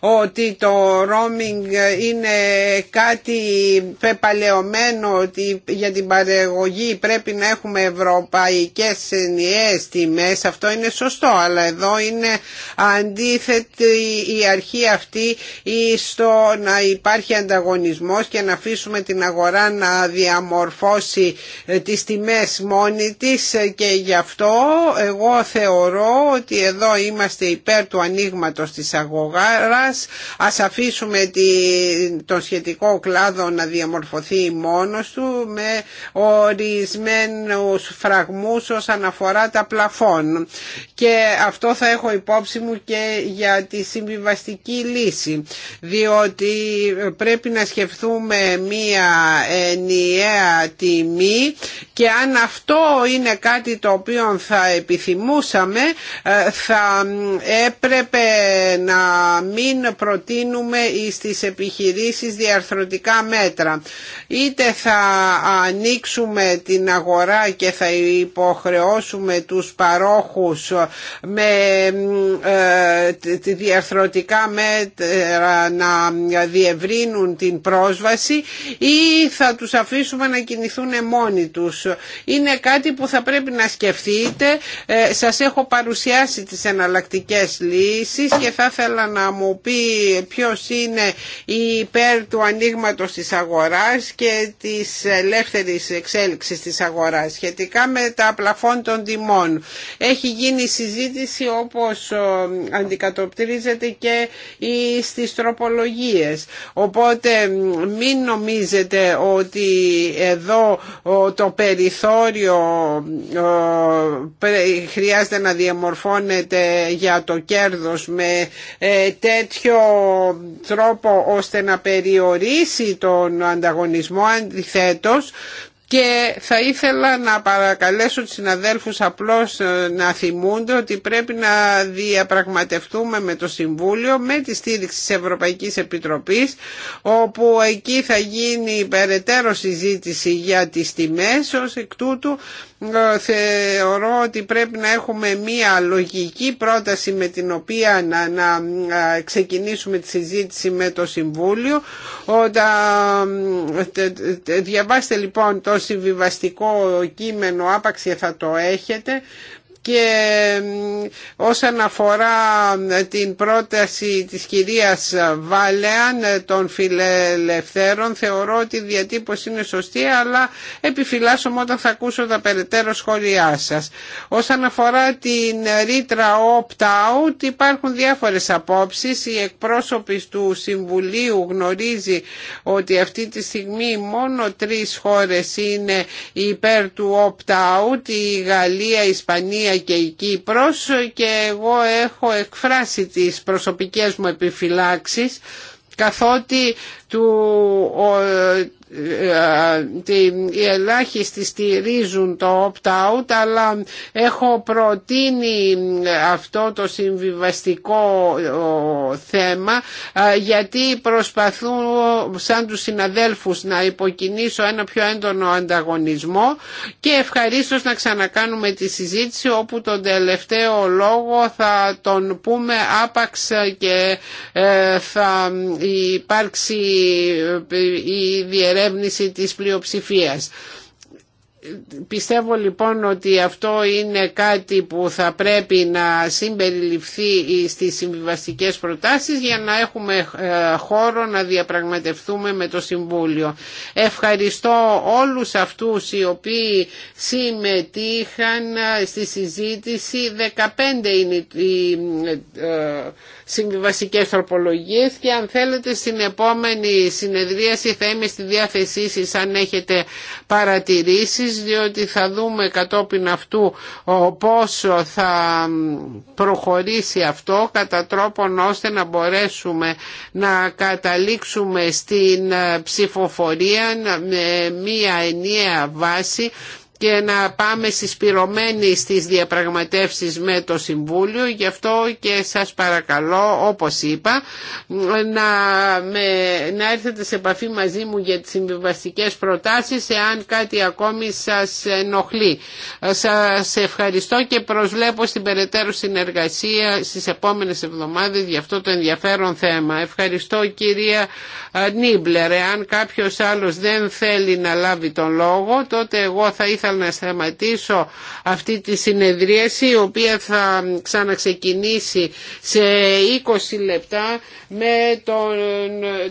ότι το roaming είναι κάτι πεπαλαιωμένο ότι για την παραγωγή πρέπει να έχουμε ευρωπαϊκές ενιαίες τιμές αυτό είναι σωστό αλλά εδώ είναι αντίθετη η αρχή αυτή στο να υπάρχει ανταγωνισμός και να αφήσουμε την αγορά να διαμορφώσει ε, τις τιμές μόνη της και γι' αυτό εγώ θεωρώ ότι εδώ είμαστε υπέρ του ανοίγματο της της ας αφήσουμε τον σχετικό κλάδο να διαμορφωθεί μόνος του με ορισμένους φραγμούς όσον αφορά τα πλαφόν. Και αυτό θα έχω υπόψη μου και για τη συμβιβαστική λύση, διότι πρέπει να σκεφτούμε μία ενιαία τιμή και αν αυτό είναι κάτι το οποίο θα επιθυμούσαμε ε, θα ε, έπρεπε να μην προτείνουμε στις επιχειρήσεις διαρθρωτικά μέτρα. Είτε θα ανοίξουμε την αγορά και θα υποχρεώσουμε τους παρόχους με ε, διαρθρωτικά μέτρα να διευρύνουν την πρόσβαση ή θα τους αφήσουμε να κινηθούν μόνοι τους. Είναι κάτι που θα πρέπει να σκεφτείτε. Ε, σας έχω παρουσιάσει τις εναλλακτικές λύσεις και θα ήθελα να μου πει ποιος είναι υπέρ του ανοίγματο της αγοράς και της ελεύθερης εξέλιξης της αγοράς σχετικά με τα πλαφόν των τιμών. Έχει γίνει συζήτηση όπως ε, αντικατοπτρίζεται και στις τροπολογίες. Οπότε μην νομίζετε ότι εδώ το περιθώριο ε, χρειάζεται να διαμορφώνεται για το κέρδος με ε, τέτοιο τρόπο ώστε να περιορίσει τον ανταγωνισμό αντιθέτως και θα ήθελα να παρακαλέσω τους συναδέλφους απλώς ε, να θυμούνται ότι πρέπει να διαπραγματευτούμε με το Συμβούλιο με τη στήριξη της Ευρωπαϊκής Επιτροπής όπου εκεί θα γίνει περαιτέρω συζήτηση για τις τιμές ως εκ τούτου ε, θεωρώ ότι πρέπει να έχουμε μία λογική πρόταση με την οποία να, ε, ξεκινήσουμε τη συζήτηση με το Συμβούλιο. Όταν, διαβάστε λοιπόν το συμβιβαστικό κείμενο, άπαξε θα το έχετε και όσον αφορά την πρόταση της κυρίας Βάλεαν των φιλελευθέρων θεωρώ ότι η διατύπωση είναι σωστή αλλά επιφυλάσσομαι όταν θα ακούσω τα περαιτέρω σχόλιά σας. Όσον αφορά την ρήτρα opt-out υπάρχουν διάφορες απόψεις. Οι εκπρόσωποι του Συμβουλίου γνωρίζει ότι αυτή τη στιγμή μόνο τρεις χώρες είναι υπέρ του opt-out η Γαλλία, η Ισπανία και η Κύπρος και εγώ έχω εκφράσει τις προσωπικές μου επιφυλάξεις καθότι του ε, ε, ε, οι ελάχιστοι στηρίζουν το opt-out αλλά έχω προτείνει αυτό το συμβιβαστικό θέμα γιατί προσπαθώ σαν τους συναδέλφους να υποκινήσω ένα πιο έντονο ανταγωνισμό και ευχαρίστως να ξανακάνουμε τη συζήτηση όπου τον τελευταίο λόγο θα τον πούμε άπαξ και θα υπάρξει η διερεύνηση της πλειοψηφίας. Πιστεύω λοιπόν ότι αυτό είναι κάτι που θα πρέπει να συμπεριληφθεί στις συμβιβαστικές προτάσεις για να έχουμε ε, χώρο να διαπραγματευτούμε με το Συμβούλιο. Ευχαριστώ όλους αυτούς οι οποίοι συμμετείχαν στη συζήτηση. 15 είναι οι ε, ε, συμβιβασικέ τροπολογίες και αν θέλετε στην επόμενη συνεδρίαση θα είμαι στη διάθεσή σας αν έχετε παρατηρήσεις διότι θα δούμε κατόπιν αυτού πόσο θα προχωρήσει αυτό κατά τρόπον ώστε να μπορέσουμε να καταλήξουμε στην ε, ψηφοφορία ε, με μία ενιαία βάση και να πάμε συσπηρωμένοι στις διαπραγματεύσεις με το Συμβούλιο. Γι' αυτό και σας παρακαλώ, όπως είπα, να, να έρθετε σε επαφή μαζί μου για τις συμβιβαστικές προτάσεις εάν κάτι ακόμη σας ενοχλεί. Σας ευχαριστώ και προσβλέπω στην περαιτέρω συνεργασία στις επόμενες εβδομάδες για αυτό το ενδιαφέρον θέμα. Ευχαριστώ κυρία Νίμπλερ. Εάν κάποιος άλλος δεν θέλει να λάβει τον λόγο, τότε εγώ θα ήθελα ήθελα να σταματήσω αυτή τη συνεδρίαση η οποία θα ξαναξεκινήσει σε 20 λεπτά με τον,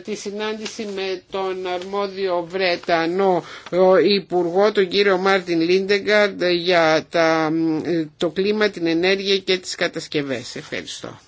τη συνάντηση με τον αρμόδιο Βρετανό Υπουργό, τον κύριο Μάρτιν Λίντεγκαρντ για τα, το κλίμα, την ενέργεια και τις κατασκευές. Ευχαριστώ.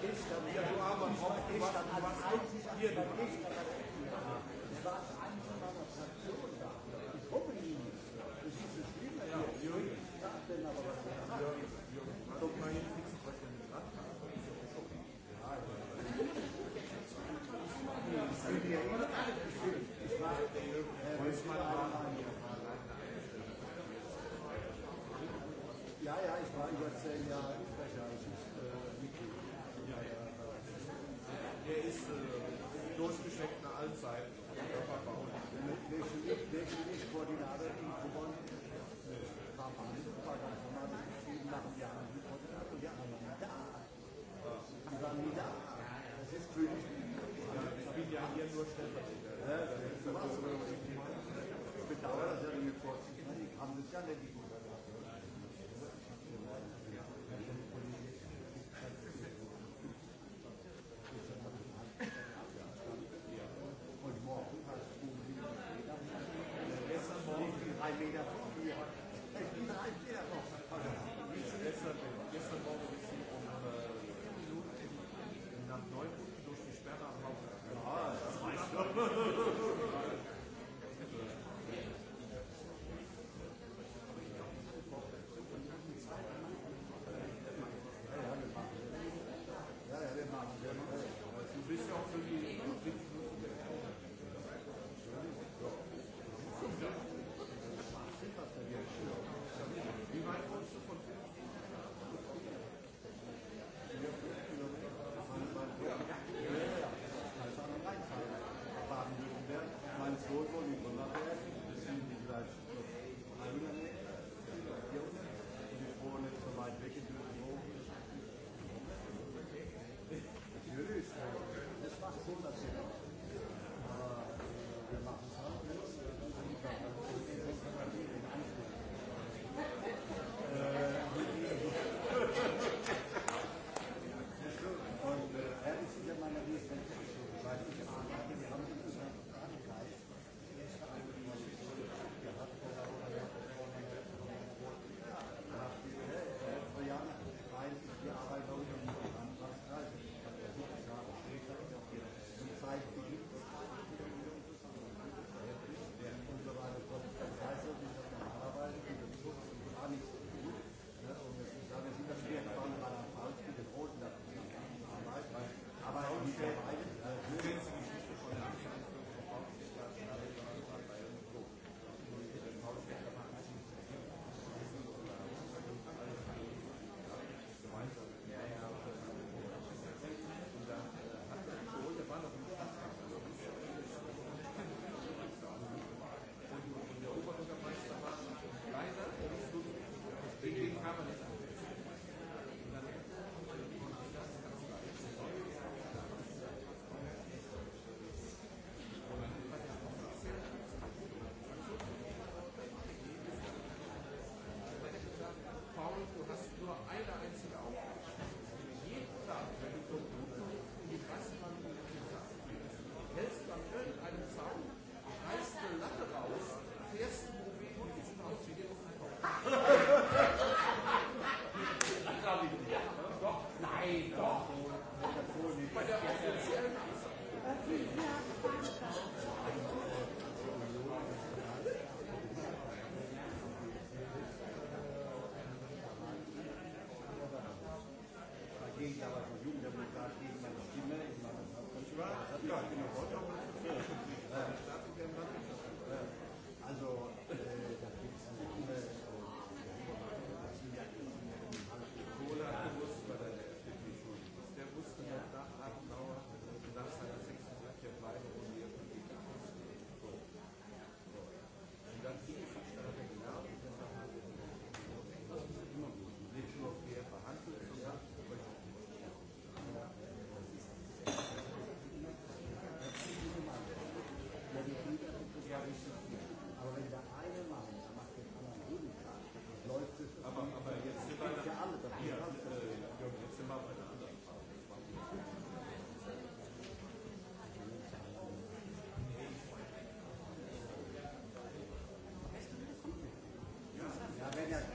gestern, ja, du armer Frau, gestern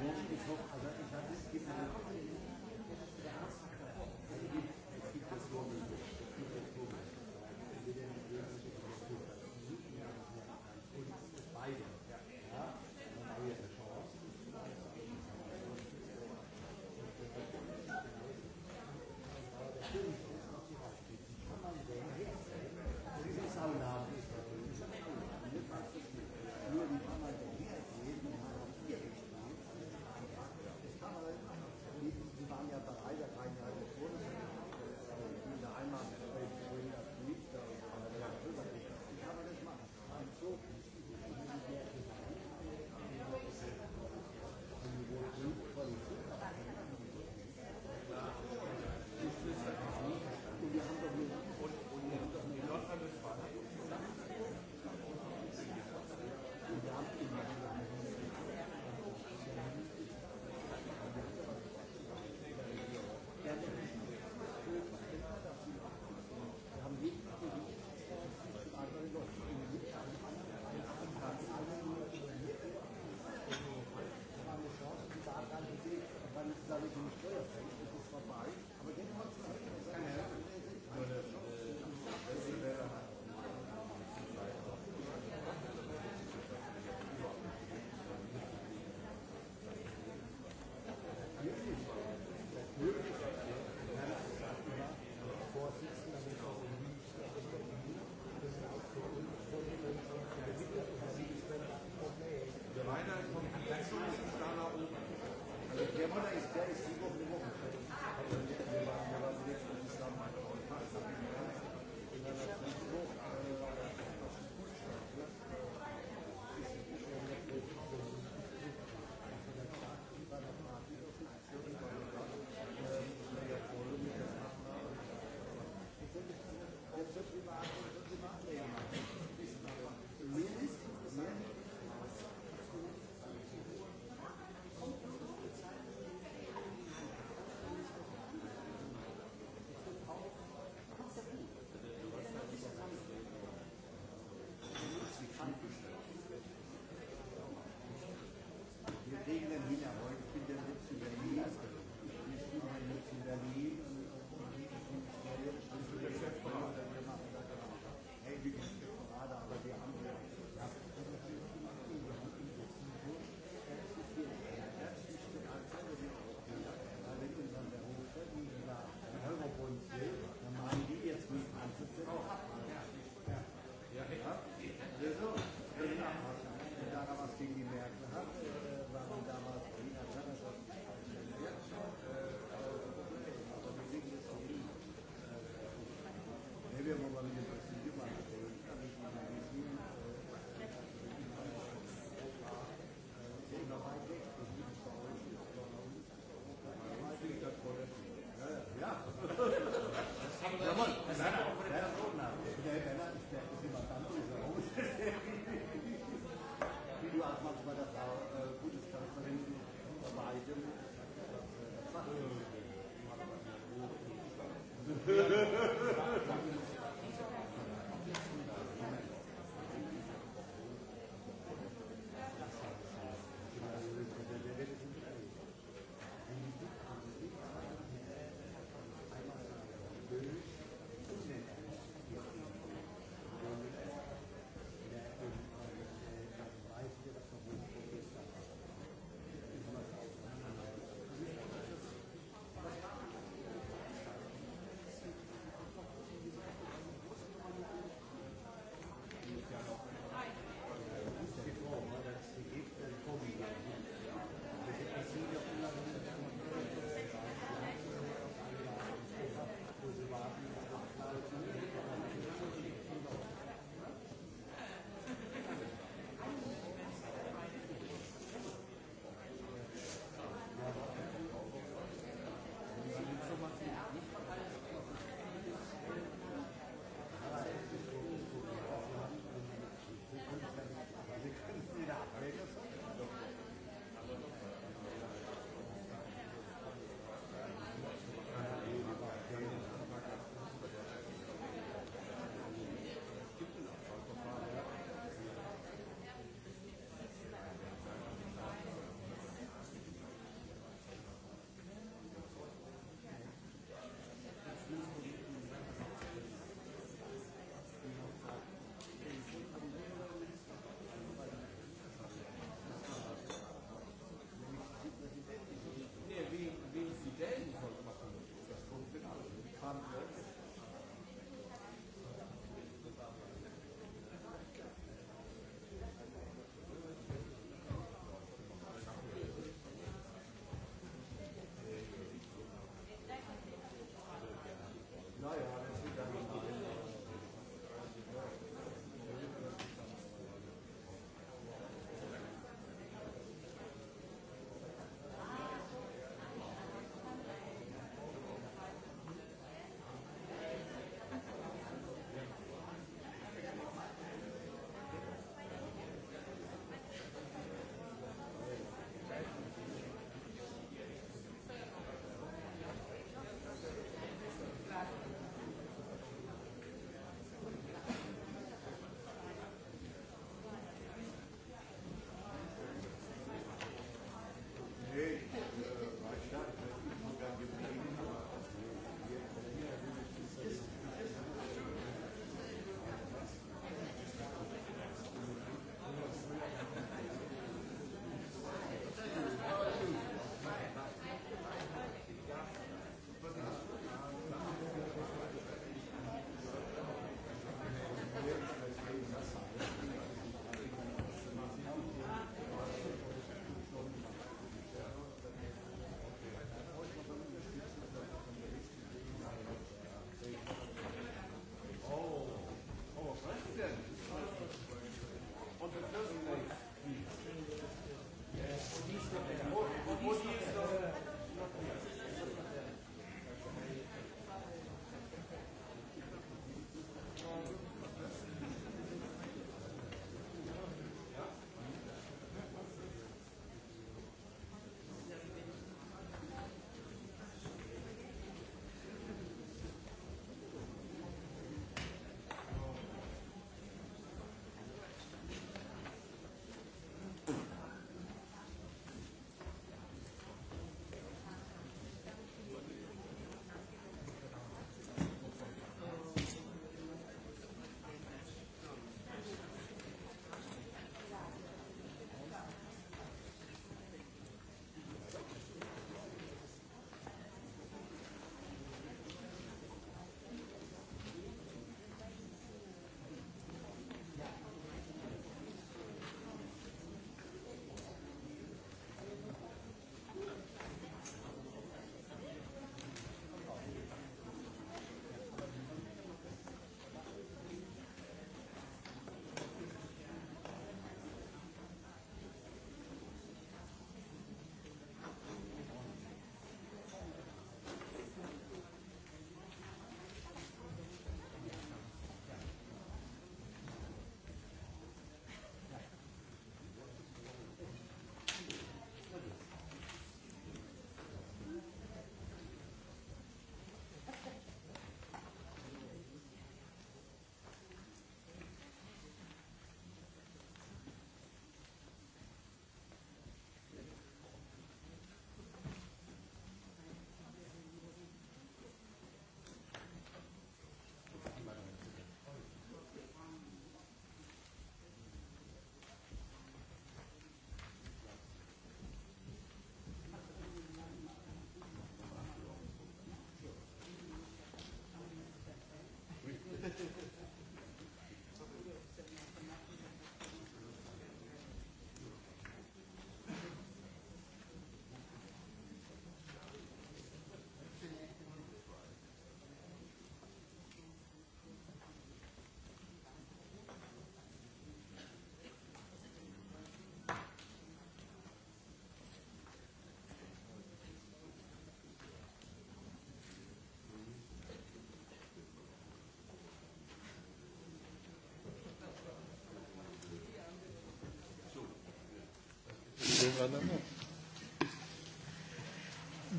μόνο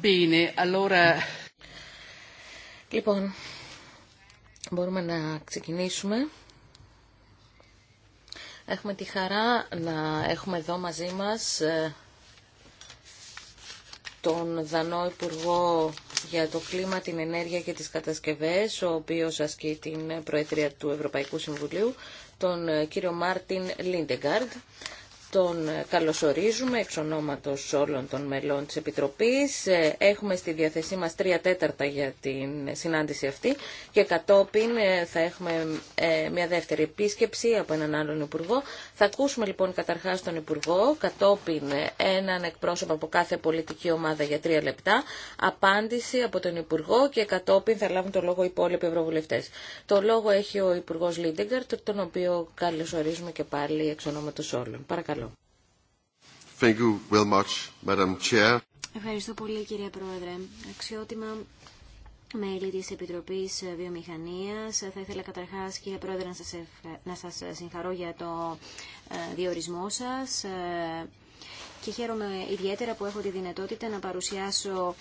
Bene, allora... Λοιπόν, μπορούμε να ξεκινήσουμε. Έχουμε τη χαρά να έχουμε εδώ μαζί μας ε, τον Δανό Υπουργό για το κλίμα, την ενέργεια και τις κατασκευές, ο οποίος ασκεί την Προεδρία του Ευρωπαϊκού Συμβουλίου, τον ε, κύριο Μάρτιν Λίντεγκαρντ. Τον καλωσορίζουμε εξ ονόματος όλων των μελών της Επιτροπής. Ε, έχουμε στη διαθεσή μας τρία τέταρτα για την συνάντηση αυτή και κατόπιν ε, θα έχουμε ε, μια δεύτερη επίσκεψη από έναν άλλον Υπουργό. Θα ακούσουμε λοιπόν καταρχάς τον Υπουργό, κατόπιν έναν εκπρόσωπο από κάθε πολιτική ομάδα για τρία λεπτά, απάντηση από τον Υπουργό και κατόπιν θα λάβουν το λόγο οι υπόλοιποι Ευρωβουλευτές. Το λόγο έχει ο Υπουργός Λίντεγκαρτ, τον οποίο καλωσορίζουμε και πάλι εξ ονόματος όλων. Παρακαλώ. Ευχαριστώ πολύ κύριε Πρόεδρε. Αξιότιμα μέλη της Επιτροπής Βιομηχανίας. Θα ήθελα καταρχάς κύριε Πρόεδρε να σας, να σας συγχαρώ για το ε, διορισμό σας ε, και χαίρομαι ιδιαίτερα που έχω τη δυνατότητα να παρουσιάσω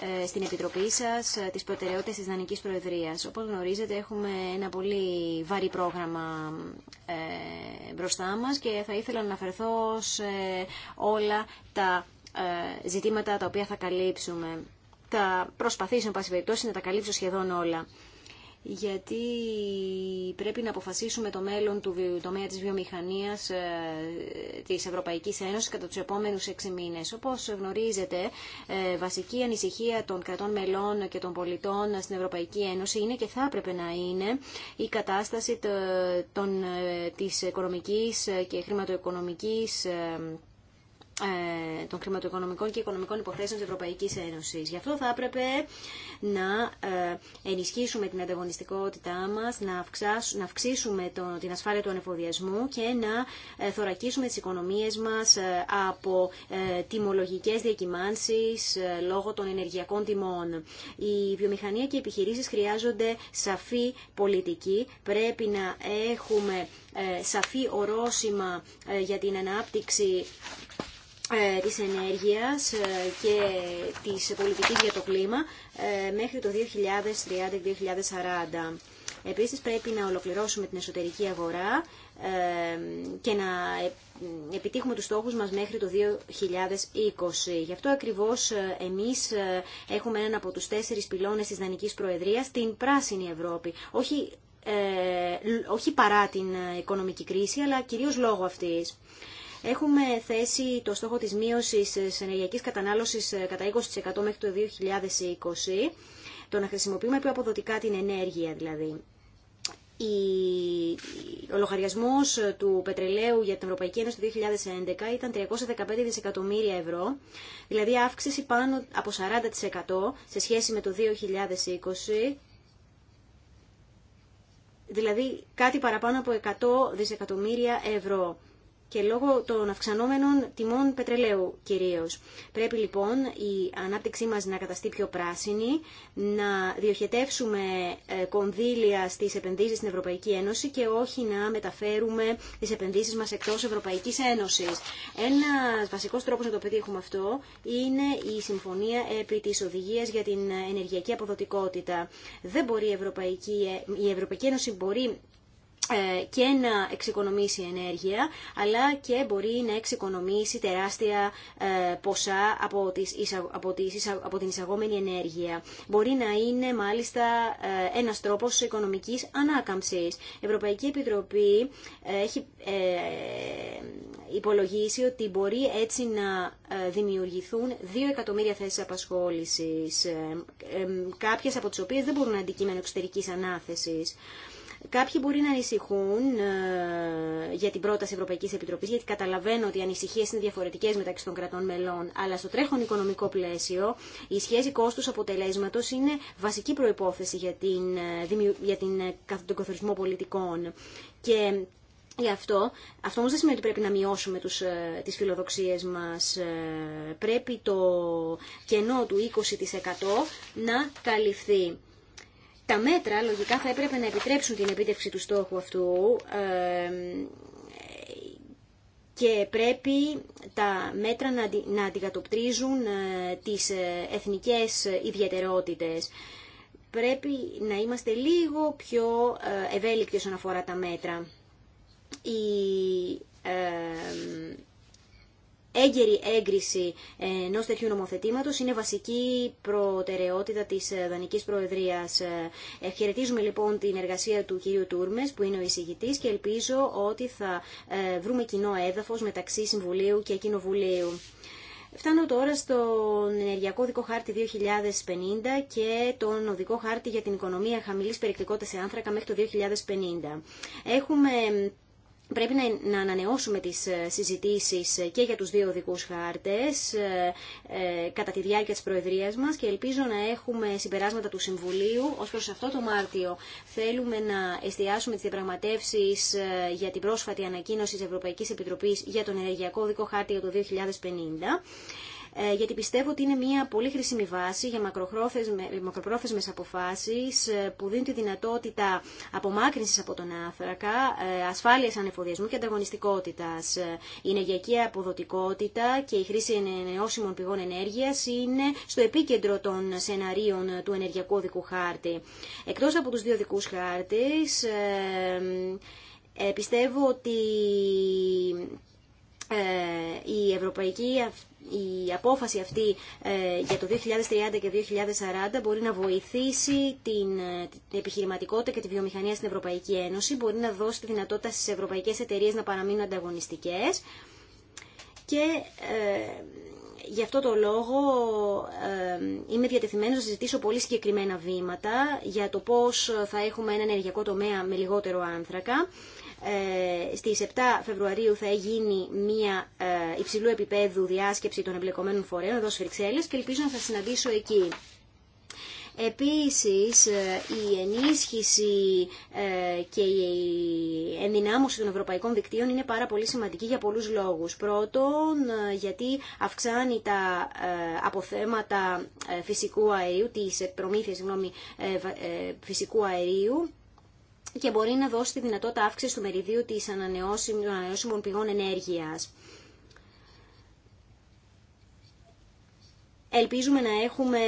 ε, στην Επιτροπή σας ε, τι προτεραιότητε τη Δανική Προεδρίας. Όπως γνωρίζετε έχουμε ένα πολύ βαρύ πρόγραμμα ε, μπροστά μα και θα ήθελα να αναφερθώ σε όλα τα ζητήματα τα οποία θα καλύψουμε. Θα προσπαθήσω, εν πάση περιπτώσει, να τα καλύψω σχεδόν όλα γιατί πρέπει να αποφασίσουμε το μέλλον του τομέα της βιομηχανίας ε, της Ευρωπαϊκής Ένωσης κατά τους επόμενους έξι μήνες. Όπως γνωρίζετε, ε, βασική ανησυχία των κρατών μελών και των πολιτών στην Ευρωπαϊκή Ένωση είναι και θα έπρεπε να είναι η κατάσταση των, ε, της οικονομικής και χρηματοοικονομικής ε, των χρηματοοικονομικών και οικονομικών υποθέσεων της Ευρωπαϊκής Ένωσης. Γι' αυτό θα έπρεπε να ε, ενισχύσουμε την ανταγωνιστικότητά μας, να αυξήσουμε την ασφάλεια του ανεφοδιασμού και να ε, θωρακίσουμε τις οικονομίες μας από τιμολογικές διακυμάνσεις λόγω των ενεργειακών τιμών. Η βιομηχανία και οι επιχειρήσεις χρειάζονται σαφή πολιτική. Πρέπει να έχουμε σαφή ορόσημα για την ανάπτυξη ε, της ενέργειας ε, και της πολιτικής για το κλίμα ε, μέχρι το 2030-2040. Επίσης πρέπει να ολοκληρώσουμε την εσωτερική αγορά και να επιτύχουμε τους στόχους μας μέχρι το 2020. Γι' αυτό ακριβώς εμείς έχουμε έναν από τους τέσσερις πυλώνες της Δανικής Προεδρίας, την Πράσινη Ευρώπη. Όχι, όχι παρά την οικονομική κρίση, αλλά κυρίως λόγω αυτής. Έχουμε θέσει το στόχο της μείωσης της ενεργειακής κατανάλωσης ε, κατά 20% μέχρι το 2020, το να χρησιμοποιούμε πιο αποδοτικά την ενέργεια δηλαδή. Ο λογαριασμός του πετρελαίου για την Ευρωπαϊκή Ένωση το 2011 ήταν 315 δισεκατομμύρια ευρώ, δηλαδή αύξηση πάνω από 40% σε σχέση με το 2020, δηλαδή κάτι παραπάνω από 100 δισεκατομμύρια ευρώ και λόγω των αυξανόμενων τιμών πετρελαίου κυρίως. Πρέπει λοιπόν η ανάπτυξή μας να καταστεί πιο πράσινη, να διοχετεύσουμε ε, κονδύλια στις επενδύσεις στην Ευρωπαϊκή Ένωση και όχι να μεταφέρουμε τις επενδύσεις μας εκτός Ευρωπαϊκής Ένωσης. Ένα βασικός τρόπος να το πετύχουμε αυτό είναι η συμφωνία επί της οδηγίας για την ενεργειακή αποδοτικότητα. Ε, η Ευρωπαϊκή Ένωση μπορεί ε, και να εξοικονομήσει ενέργεια, αλλά και μπορεί να εξοικονομήσει τεράστια ε, ποσά από, τις, από, τις, από την εισαγόμενη ενέργεια. Μπορεί να είναι μάλιστα ε, ένας τρόπος οικονομικής ανάκαμψης. Η Ευρωπαϊκή Επιτροπή έχει υπολογίσει ότι μπορεί έτσι να δημιουργηθούν 2 εκατομμύρια θέσεις απασχόλησης, κάποιες από τις οποίες δεν μπορούν να αντικείμενο εξωτερικής ανάθεσης. Κάποιοι μπορεί να ανησυχούν ε, για την πρόταση Ευρωπαϊκής Επιτροπής, γιατί καταλαβαίνω ότι οι ανησυχίες είναι διαφορετικές μεταξύ των κρατών μελών, αλλά στο τρέχον οικονομικό πλαίσιο η σχέση κόστους αποτελέσματος είναι βασική προϋπόθεση για, την, ε, για την, ε, τον καθορισμό πολιτικών. Και Γι' αυτό, αυτό όμως δεν σημαίνει ότι πρέπει να μειώσουμε τους, τις φιλοδοξίες μας. Πρέπει το κενό του 20% να καλυφθεί. Τα μέτρα λογικά θα έπρεπε να επιτρέψουν την επίτευξη του στόχου αυτού και πρέπει τα μέτρα να αντικατοπτρίζουν ε, τις ε, εθνικές ιδιαιτερότητες. Πρέπει να είμαστε λίγο πιο ε, ευέλικτοι όσον αφορά τα μέτρα. Η έγκαιρη έγκριση ενό τέτοιου νομοθετήματο είναι βασική προτεραιότητα τη Δανική Προεδρία. Ε, Χαιρετίζουμε λοιπόν την εργασία του κ. Τούρμε, που είναι ο εισηγητή, και ελπίζω ότι θα ε, βρούμε κοινό έδαφο μεταξύ Συμβουλίου και Κοινοβουλίου. Φτάνω τώρα στον Ενεργειακό Οδικό Χάρτη 2050 και τον Οδικό Χάρτη για την Οικονομία Χαμηλής Περιεκτικότητας σε Άνθρακα μέχρι το 2050. Έχουμε Πρέπει να ανανεώσουμε τις ε, συζητήσεις ε, και για τους δύο οδικούς χάρτες ε, κατά τη διάρκεια της Προεδρίας μας και ελπίζω να έχουμε συμπεράσματα του Συμβουλίου ως προς αυτό το Μάρτιο. Θέλουμε να εστιάσουμε τις διαπραγματεύσεις για την πρόσφατη ανακοίνωση της Ευρωπαϊκής Επιτροπής για τον Ενεργειακό Οδικό Χάρτη για το 2050 ε, γιατί πιστεύω ότι είναι μια πολύ χρήσιμη βάση για μακροπρόθεσμες αποφάσεις ε, που δίνουν τη δυνατότητα απομάκρυνσης από τον άνθρακα, ε, ασφάλειας ανεφοδιασμού και ανταγωνιστικότητας. Η ενεργειακή αποδοτικότητα και η χρήση ενεώσιμων πηγών ενέργειας είναι στο επίκεντρο των σεναρίων του ενεργειακού οδικού χάρτη. Εκτός από τους δύο δικούς χάρτες, πιστεύω ότι η ευρωπαϊκή η απόφαση αυτή ε, για το 2030 και 2040 μπορεί να βοηθήσει ε, την επιχειρηματικότητα και τη βιομηχανία στην Ευρωπαϊκή Ένωση, μπορεί να δώσει τη δυνατότητα στις ευρωπαϊκές εταιρείες να παραμείνουν ανταγωνιστικές και ε, Γι' αυτό το λόγο ε, είμαι διατεθειμένος να συζητήσω πολύ συγκεκριμένα βήματα για το πώς θα έχουμε ένα ενεργειακό τομέα με λιγότερο άνθρακα. Ε, στις 7 Φεβρουαρίου θα γίνει μια ε, υψηλού επίπεδου διάσκεψη των εμπλεκομένων φορέων εδώ στις Βρυξέλλες και ελπίζω να σας συναντήσω εκεί. Επίσης, ε, η ενίσχυση και η ενδυνάμωση των ευρωπαϊκών δικτύων είναι πάρα πολύ σημαντική για πολλούς λόγους. Πρώτον, γιατί αυξάνει τα αποθέματα φυσικού αερίου, τις προμήθειες φυσικού αερίου, και μπορεί να δώσει τη δυνατότητα αύξηση του μεριδίου της ανανεώσιμων πηγών ενέργειας. Ελπίζουμε να έχουμε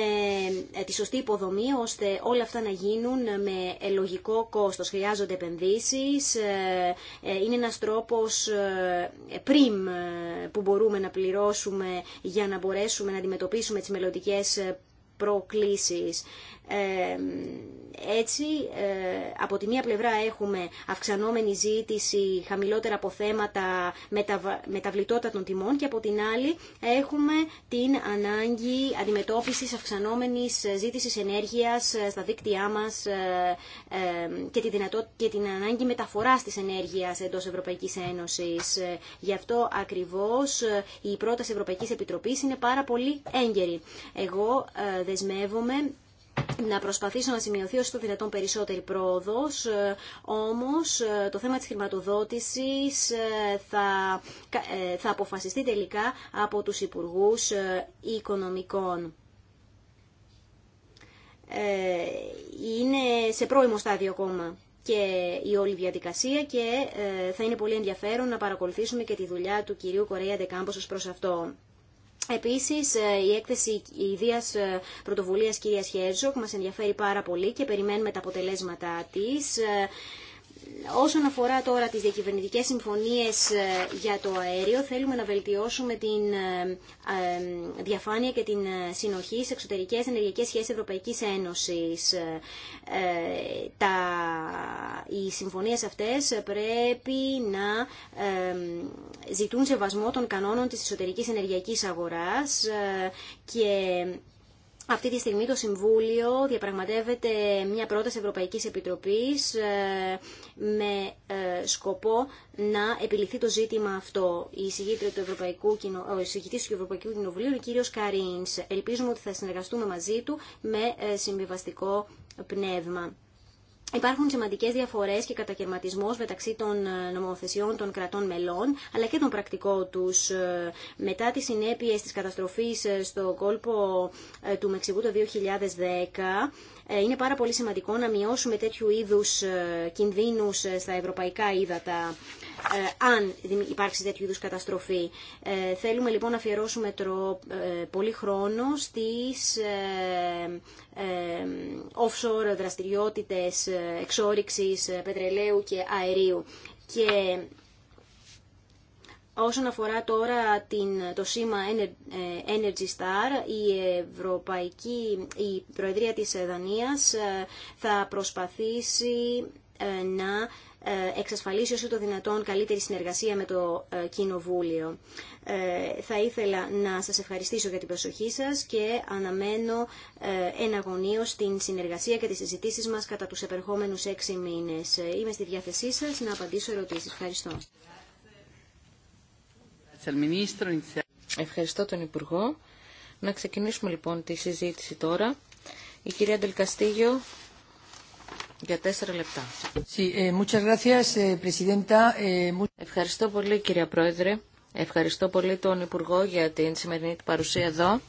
ε, τη σωστή υποδομή ώστε όλα αυτά να γίνουν με λογικό κόστος. Χρειάζονται επενδύσεις, ε, ε, είναι ένας τρόπος πριμ που μπορούμε να πληρώσουμε για να μπορέσουμε να αντιμετωπίσουμε τις μελλοντικέ προκλήσεις έτσι ε, από τη μία πλευρά έχουμε αυξανόμενη ζήτηση, χαμηλότερα αποθέματα, τα μεταβλητότητα των τιμών και από την άλλη έχουμε την ανάγκη αντιμετώπισης αυξανόμενης ζήτησης ενέργειας ε, στα δίκτυά μας ε, και, και την ανάγκη μεταφοράς της ενέργειας εντός Ευρωπαϊκής Ένωσης. Γι' αυτό ακριβώς η πρόταση Ευρωπαϊκής Επιτροπής είναι πάρα πολύ έγκαιρη. Εγώ δεσμεύομαι να προσπαθήσω να σημειωθεί όσο το δυνατόν περισσότερη πρόοδος, ε, όμως ε, το θέμα της χρηματοδότησης ε, θα, θα αποφασιστεί τελικά από τους Υπουργούς Οικονομικών. Είναι σε πρώιμο στάδιο ακόμα και η όλη διαδικασία και θα είναι πολύ ενδιαφέρον να παρακολουθήσουμε και τη δουλειά του κυρίου Κορέα Ντεκάμπος προς αυτό. Επίσης, ε, η έκθεση ιδίας ε, πρωτοβουλίας κυρίας Χέρζοκ μας ενδιαφέρει πάρα πολύ και περιμένουμε τα αποτελέσματά της. Ε, όσον αφορά τώρα τις διακυβερνητικές συμφωνίες ε, για το αέριο, θέλουμε να βελτιώσουμε την ε, ε, διαφάνεια και την συνοχή σε εξωτερικές ενεργειακές σχέσεις Ευρωπαϊκής Ένωσης. Τα... Οι συμφωνίες αυτές πρέπει να ζητούν σεβασμό των κανόνων της εσωτερικής ενεργειακής αγοράς και αυτή τη στιγμή το Συμβούλιο διαπραγματεύεται μια πρόταση Ευρωπαϊκής Επιτροπής ε, με ε, σκοπό να επιληθεί το ζήτημα αυτό. Η εισηγήτρια του Ευρωπαϊκού, ο του Ευρωπαϊκού Κοινοβουλίου είναι ο κύριος Καρίνς. Ελπίζουμε ότι θα συνεργαστούμε μαζί του με ε, συμβιβαστικό πνεύμα. Υπάρχουν σημαντικέ διαφορές και κατακαιρματισμό μεταξύ των ε, νομοθεσιών των κρατών μελών, αλλά και των πρακτικό του. Ε, μετά τι συνέπειες τη καταστροφή ε, στο κόλπο του Μεξικού το 2010, είναι πάρα πολύ σημαντικό να μειώσουμε τέτοιου είδους κινδύνου στα ευρωπαϊκά ύδατα. Ε, αν υπάρξει τέτοιου είδους καταστροφή. Ε, θέλουμε λοιπόν να αφιερώσουμε ε, πολύ χρόνο στις offshore δραστηριότητες εξόριξης πετρελαίου και αερίου. Και Όσον αφορά τώρα την, το σήμα Energy Star, η, Ευρωπαϊκή, η Προεδρία της Δανίας θα προσπαθήσει να ε, εξασφαλίσει όσο το δυνατόν καλύτερη συνεργασία με το ε, Κοινοβούλιο. Ε, θα ήθελα να σας ευχαριστήσω για την προσοχή σας και αναμένω εναγωνίω την συνεργασία και τις συζητήσεις μας κατά τους επερχόμενους έξι μήνες. Είμαι στη διάθεσή σας να απαντήσω ερωτήσεις. Ευχαριστώ. Ευχαριστώ τον Υπουργό. Να ξεκινήσουμε λοιπόν τη συζήτηση τώρα. Η κυρία Ντελκαστίγιο για τέσσερα λεπτά. Ε, ε, ε, Ευχαριστώ πολύ κυρία Πρόεδρε. Ευχαριστώ πολύ τον Υπουργό για την σημερινή του παρουσία εδώ.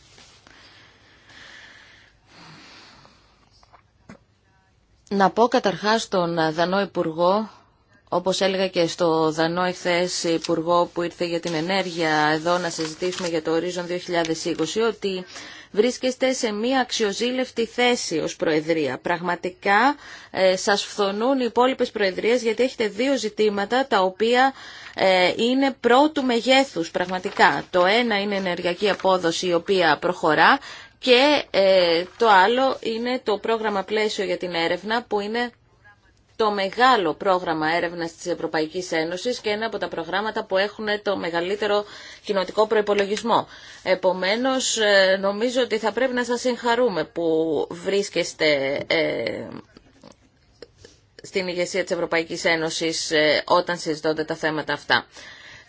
Να πω καταρχάς τον Δανό Υπουργό, όπως έλεγα και στο Δανό εχθές Υπουργό που ήρθε για την ενέργεια εδώ να συζητήσουμε για το ορίζον 2020, ότι βρίσκεστε σε μία αξιοζήλευτη θέση ως Προεδρία. Πραγματικά ε, σας φθονούν οι υπόλοιπε Προεδρίες γιατί έχετε δύο ζητήματα τα οποία ε, είναι πρώτου μεγέθους πραγματικά. Το ένα είναι ενεργειακή απόδοση η οποία προχωρά και ε, το άλλο είναι το πρόγραμμα πλαίσιο για την έρευνα που είναι το μεγάλο πρόγραμμα έρευνας της Ευρωπαϊκής Ένωσης και ένα από τα προγράμματα που έχουν το μεγαλύτερο κοινοτικό προϋπολογισμό. Επομένως, ε, νομίζω ότι θα πρέπει να σας συγχαρούμε που βρίσκεστε ε, στην ηγεσία της Ευρωπαϊκής Ένωσης ε, όταν συζητώνται τα θέματα αυτά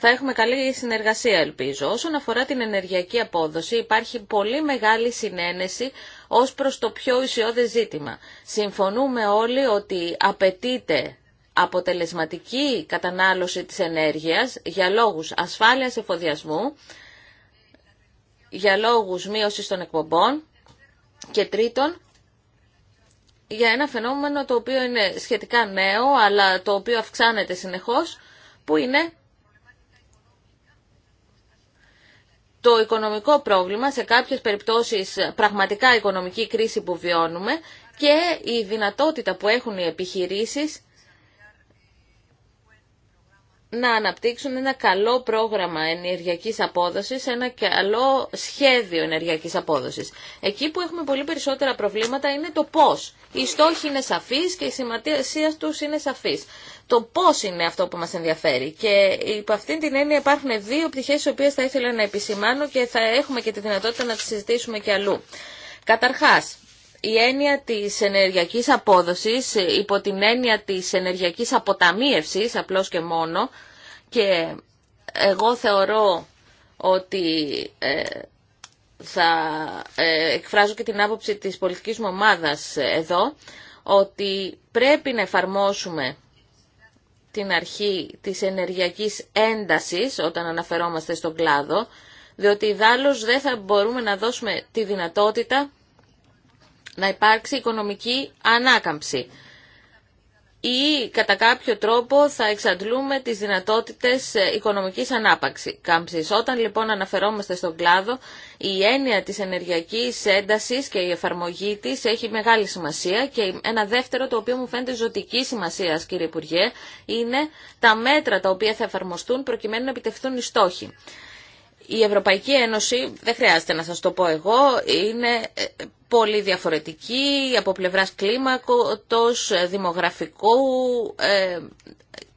θα έχουμε καλή συνεργασία ελπίζω. Όσον αφορά την ενεργειακή απόδοση υπάρχει πολύ μεγάλη συνένεση ως προς το πιο ουσιώδες ζήτημα. Συμφωνούμε όλοι ότι απαιτείται αποτελεσματική κατανάλωση της ενέργειας για λόγους ασφάλειας εφοδιασμού, για λόγους μείωσης των εκπομπών και τρίτον, για ένα φαινόμενο το οποίο είναι σχετικά νέο, αλλά το οποίο αυξάνεται συνεχώς, που είναι το οικονομικό πρόβλημα, σε κάποιες περιπτώσεις πραγματικά οικονομική κρίση που βιώνουμε και η δυνατότητα που έχουν οι επιχειρήσεις να αναπτύξουν ένα καλό πρόγραμμα ενεργειακής απόδοσης, ένα καλό σχέδιο ενεργειακής απόδοσης. Εκεί που έχουμε πολύ περισσότερα προβλήματα είναι το πώς. Οι στόχοι είναι σαφείς και η σημασία τους είναι σαφείς. Το πώς είναι αυτό που μας ενδιαφέρει. Και υπό αυτήν την έννοια υπάρχουν δύο πτυχές οι οποίες θα ήθελα να επισημάνω και θα έχουμε και τη δυνατότητα να τις συζητήσουμε και αλλού. Καταρχάς, η έννοια της ενεργειακής απόδοσης υπό την έννοια της ενεργειακής αποταμίευσης απλώς και μόνο και εγώ θεωρώ ότι ε, θα ε, εκφράζω και την άποψη της πολιτικής μου ομάδας εδώ ότι πρέπει να εφαρμόσουμε την αρχή της ενεργειακής έντασης όταν αναφερόμαστε στον κλάδο διότι δάλλως δεν θα μπορούμε να δώσουμε τη δυνατότητα να υπάρξει οικονομική ανάκαμψη ή κατά κάποιο τρόπο θα εξαντλούμε τις δυνατότητες ε, οικονομικής ανάπαξης. Όταν λοιπόν αναφερόμαστε στον κλάδο, η έννοια της ενεργειακής έντασης και η εφαρμογή της έχει μεγάλη σημασία και ένα δεύτερο το οποίο μου φαίνεται ζωτική σημασία κύριε Υπουργέ είναι τα μέτρα τα οποία θα εφαρμοστούν προκειμένου να επιτευχθούν οι στόχοι. Η Ευρωπαϊκή Ένωση, δεν χρειάζεται να σας το πω εγώ, είναι ε, πολύ διαφορετική από πλευράς κλίμακος, ε, δημογραφικού ε,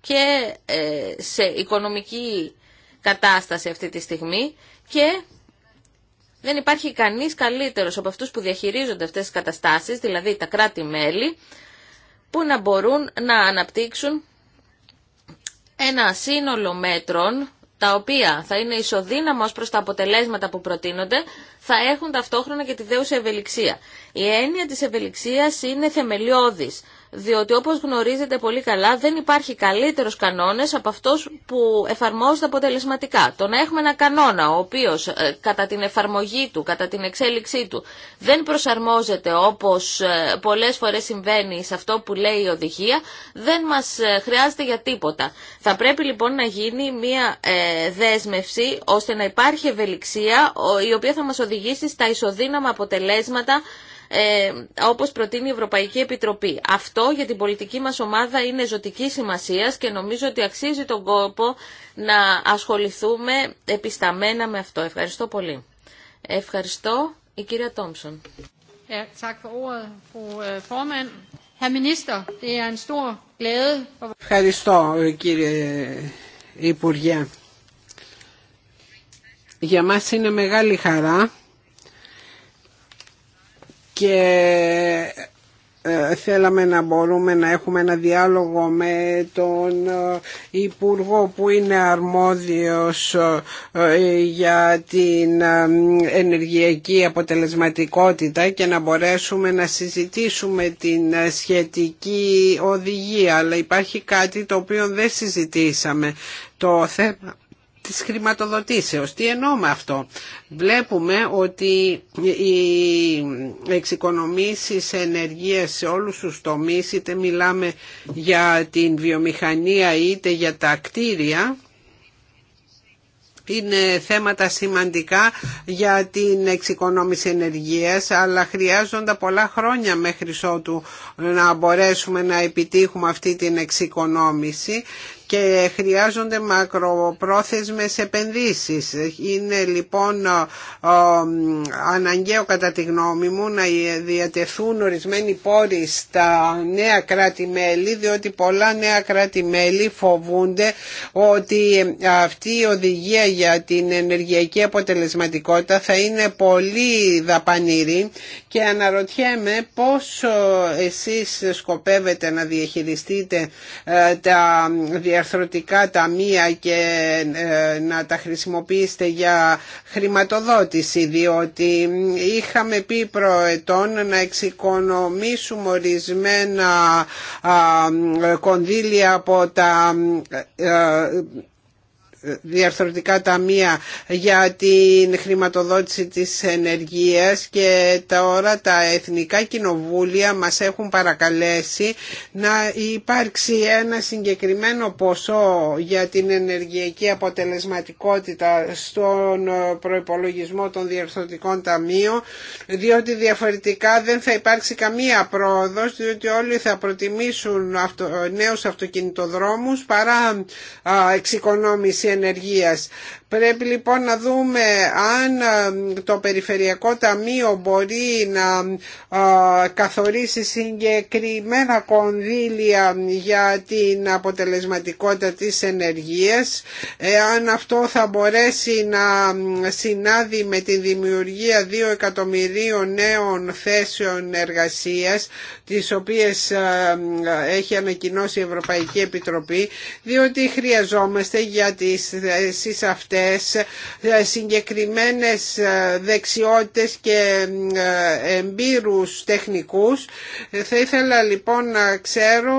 και σε οικονομική κατάσταση αυτή τη στιγμή και δεν υπάρχει κανείς καλύτερος από αυτούς που διαχειρίζονται αυτές τις καταστάσεις, δηλαδή τα κράτη-μέλη, που να μπορούν να αναπτύξουν ένα σύνολο μέτρων τα οποία θα είναι ισοδύναμα ως προς τα αποτελέσματα που προτείνονται, θα έχουν ταυτόχρονα και τη δέουσα ευελιξία. Η έννοια της ευελιξίας είναι θεμελιώδης διότι όπως γνωρίζετε πολύ καλά δεν υπάρχει καλύτερος κανόνες από αυτός που εφαρμόζεται αποτελεσματικά. Το να έχουμε ένα κανόνα ο οποίος ε, κατά την εφαρμογή του, κατά την εξέλιξή του δεν προσαρμόζεται όπως ε, πολλές φορές συμβαίνει σε αυτό που λέει η οδηγία δεν μας ε, χρειάζεται για τίποτα. Θα πρέπει λοιπόν να γίνει μια δέσμευση ώστε να υπάρχει ευελιξία η οποία θα μας οδηγήσει στα ισοδύναμα αποτελέσματα ε, όπως προτείνει η Ευρωπαϊκή Επιτροπή. Αυτό για την πολιτική μας ομάδα είναι ζωτική σημασία και νομίζω ότι αξίζει τον κόπο να ασχοληθούμε επισταμένα με αυτό. Ευχαριστώ πολύ. Ευχαριστώ η κυρία Τόμψον. Ευχαριστώ κύριε Υπουργέ. Για μας είναι μεγάλη χαρά και ε, θέλαμε να μπορούμε να έχουμε ένα διάλογο με τον ε, Υπουργό που είναι αρμόδιος ε, για την ενεργειακή αποτελεσματικότητα και να μπορέσουμε να συζητήσουμε την σχετική οδηγία αλλά υπάρχει κάτι το οποίο δεν συζητήσαμε το θέμα της χρηματοδοτήσεως. Τι εννοώ με αυτό. Βλέπουμε ότι οι εξοικονομήσεις ενεργείας σε όλους τους τομείς, είτε μιλάμε για την βιομηχανία είτε για τα κτίρια, είναι θέματα σημαντικά για την εξοικονόμηση ενεργείας αλλά χρειάζονται πολλά χρόνια μέχρι ότου να μπορέσουμε να επιτύχουμε αυτή την εξοικονόμηση και χρειάζονται μακροπρόθεσμες επενδύσεις. Είναι λοιπόν αναγκαίο κατά τη γνώμη μου να διατεθούν ορισμένοι πόροι στα νέα κράτη-μέλη διότι πολλά νέα κράτη-μέλη φοβούνται ότι αυτή η οδηγία για την ενεργειακή αποτελεσματικότητα θα είναι πολύ δαπανηρή και αναρωτιέμαι πώς εσείς σκοπεύετε να διαχειριστείτε ε, τα διαρθρωτικά ταμεία και ε, να τα χρησιμοποιήσετε για χρηματοδότηση διότι είχαμε πει προετών να εξοικονομήσουμε ορισμένα κονδύλια από τα ε, διαρθρωτικά ταμεία για την χρηματοδότηση της ενεργείας και τώρα τα εθνικά κοινοβούλια μας έχουν παρακαλέσει να υπάρξει ένα συγκεκριμένο ποσό για την ενεργειακή αποτελεσματικότητα στον προϋπολογισμό των διαρθρωτικών ταμείων διότι διαφορετικά δεν θα υπάρξει καμία πρόοδος διότι όλοι θα προτιμήσουν νέους αυτοκινητοδρόμους παρά εξοικονόμηση ενεργείας Πρέπει λοιπόν να δούμε αν ε, το Περιφερειακό Ταμείο μπορεί να ε, καθορίσει συγκεκριμένα κονδύλια για την αποτελεσματικότητα της ενεργείας, αν αυτό θα μπορέσει να συνάδει με τη δημιουργία 2 εκατομμυρίων νέων θέσεων εργασίας, τις οποίες ε, έχει ανακοινώσει η Ευρωπαϊκή Επιτροπή, διότι χρειαζόμαστε για τις αυτές Συγκεκριμένε συγκεκριμένες ε, δεξιότητες και ε, εμπειρούς τεχνικούς. Θα ήθελα λοιπόν να ξέρω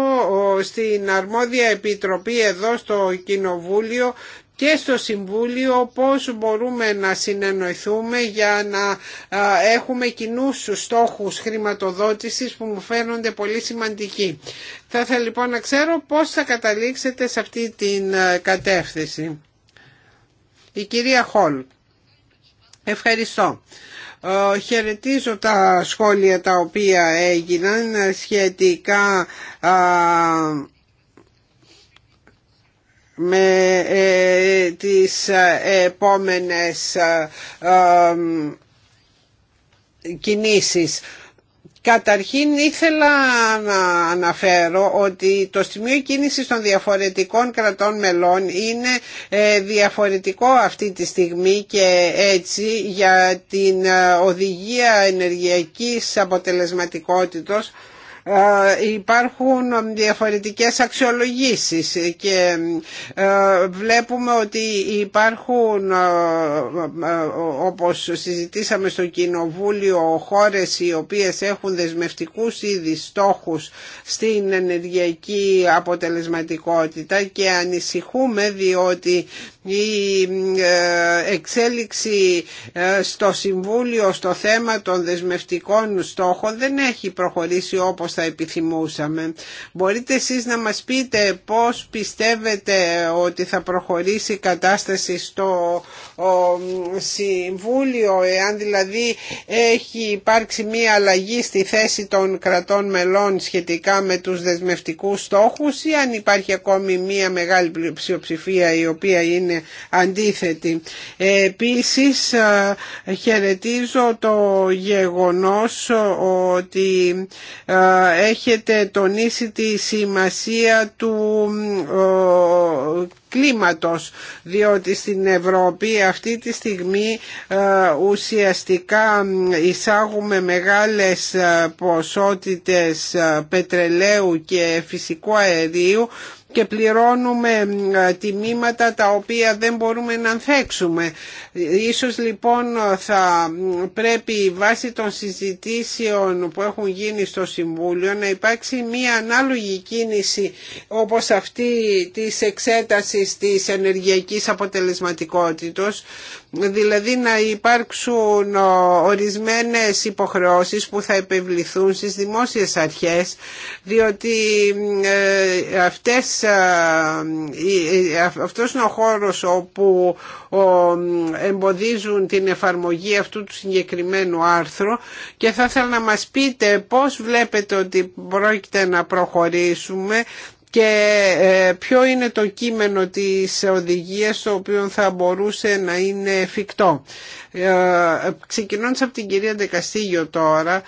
στην αρμόδια επιτροπή εδώ στο Κοινοβούλιο και στο Συμβούλιο πώς μπορούμε να συνεννοηθούμε για να ε, έχουμε κοινούς στόχους χρηματοδότησης που μου φαίνονται πολύ σημαντικοί. Θα ήθελα λοιπόν να ξέρω πώς θα καταλήξετε σε αυτή την κατεύθυνση. Η κυρία Χολ. Ευχαριστώ. Ε, χαιρετίζω τα σχόλια τα οποία έγιναν σχετικά με ε, τις ε, επόμενες κινήσεις. Καταρχήν ήθελα να αναφέρω ότι το σημείο κίνησης των διαφορετικών κρατών μελών είναι ε, διαφορετικό αυτή τη στιγμή και έτσι για την ε, οδηγία ενεργειακής αποτελεσματικότητας ε, υπάρχουν διαφορετικές αξιολογήσεις και ε, βλέπουμε ότι υπάρχουν ε, όπως συζητήσαμε στο Κοινοβούλιο χώρες οι οποίες έχουν δεσμευτικούς ήδη στόχους στην ενεργειακή αποτελεσματικότητα και ανησυχούμε διότι η ε, εξέλιξη ε, στο Συμβούλιο στο θέμα των δεσμευτικών στόχων δεν έχει προχωρήσει όπως θα επιθυμούσαμε. Μπορείτε εσείς να μας πείτε πώς πιστεύετε ότι θα προχωρήσει η κατάσταση στο Συμβούλιο εάν δηλαδή έχει υπάρξει μία αλλαγή στη θέση των κρατών μελών σχετικά με τους δεσμευτικούς στόχους ή αν υπάρχει ακόμη μία μεγάλη πλειοψηφία η οποία είναι είναι αντίθετη. Επίσης χαιρετίζω το γεγονός ότι έχετε τονίσει τη σημασία του κλίματος διότι στην Ευρώπη αυτή τη στιγμή ουσιαστικά εισάγουμε μεγάλες ποσότητες πετρελαίου και φυσικού αερίου και πληρώνουμε τιμήματα τα οποία δεν μπορούμε να ανθέξουμε. Ίσως λοιπόν θα πρέπει βάσει των συζητήσεων που έχουν γίνει στο Συμβούλιο να υπάρξει μία ανάλογη κίνηση όπως αυτή της εξέτασης της ενεργειακής αποτελεσματικότητος δηλαδή να υπάρξουν ορισμένες υποχρεώσεις που θα επιβληθούν στις δημόσιες αρχές διότι ε, αυτές ε, ε, ε, αυτός είναι ο χώρος όπου εμποδίζουν την εφαρμογή αυτού του συγκεκριμένου άρθρου και θα ήθελα να μας πείτε πώς βλέπετε ότι πρόκειται να προχωρήσουμε και ποιο είναι το κείμενο της οδηγίας το οποίο θα μπορούσε να είναι εφικτό. Ξεκινώντας από την κυρία Ντεκαστήγιο τώρα,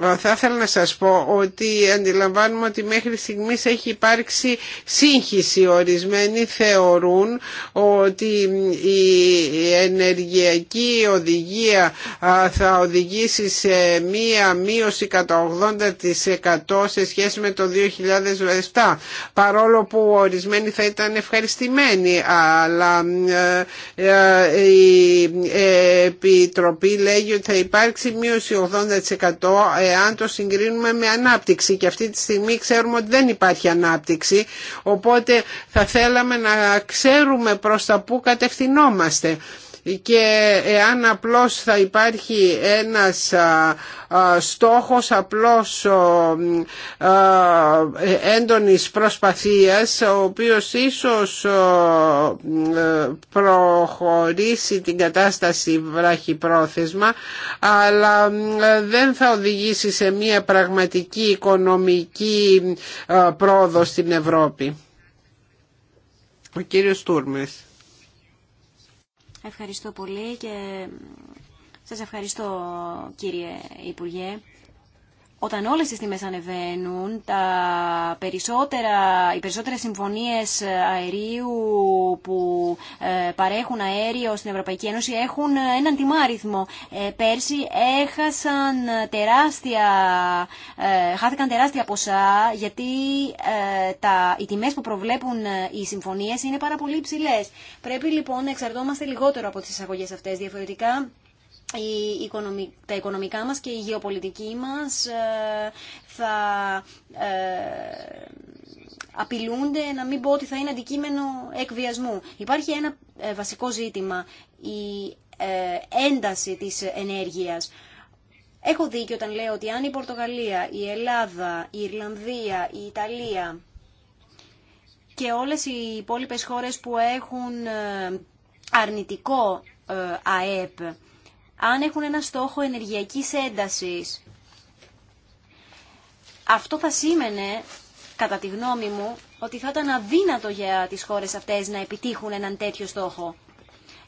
θα ήθελα να σας πω ότι αντιλαμβάνουμε ότι μέχρι στιγμής έχει υπάρξει σύγχυση. Ορισμένοι θεωρούν ότι η ενεργειακή οδηγία θα οδηγήσει σε μία μείωση κατά 80% σε σχέση με το 2007 παρόλο που ορισμένοι θα ήταν ευχαριστημένοι αλλά ε, ε, η Επιτροπή λέγει ότι θα υπάρξει μείωση 80% αν το συγκρίνουμε με ανάπτυξη και αυτή τη στιγμή ξέρουμε ότι δεν υπάρχει ανάπτυξη οπότε θα θέλαμε να ξέρουμε προς τα που κατευθυνόμαστε και εάν απλώς θα υπάρχει ένας στόχος απλώς έντονης προσπαθίας ο οποίος ίσως προχωρήσει την κατάσταση βράχη πρόθεσμα αλλά δεν θα οδηγήσει σε μια πραγματική οικονομική πρόοδο στην Ευρώπη. Ο κύριος Τούρμες. Ευχαριστώ πολύ και σας ευχαριστώ κύριε Υπουργέ όταν όλες τις τιμές ανεβαίνουν, τα περισσότερα, οι περισσότερες συμφωνίες αερίου που ε, παρέχουν αέριο στην Ευρωπαϊκή Ένωση έχουν έναν τιμάριθμο. Ε, πέρσι έχασαν τεράστια, ε, χάθηκαν τεράστια ποσά γιατί τα, οι τιμές που προβλέπουν οι συμφωνίες είναι πάρα πολύ υψηλές. Πρέπει λοιπόν να εξαρτώμαστε λιγότερο από τις εισαγωγές αυτές. Διαφορετικά τα οικονομικά μας και η γεωπολιτική μας ε, θα ε, απειλούνται, να μην πω ότι θα είναι αντικείμενο εκβιασμού. Υπάρχει ένα ε, βασικό ζήτημα, η ένταση της ενέργειας. Έχω δίκιο όταν λέω ότι αν η Πορτογαλία, η Ελλάδα, η Ιρλανδία, η Ιταλία και όλες οι υπόλοιπες χώρες που έχουν αρνητικό ΑΕΠ αν έχουν ένα στόχο ενεργειακής έντασης. Αυτό θα σήμαινε, κατά τη γνώμη μου, ότι θα ήταν αδύνατο για τις χώρες αυτές να επιτύχουν έναν τέτοιο στόχο.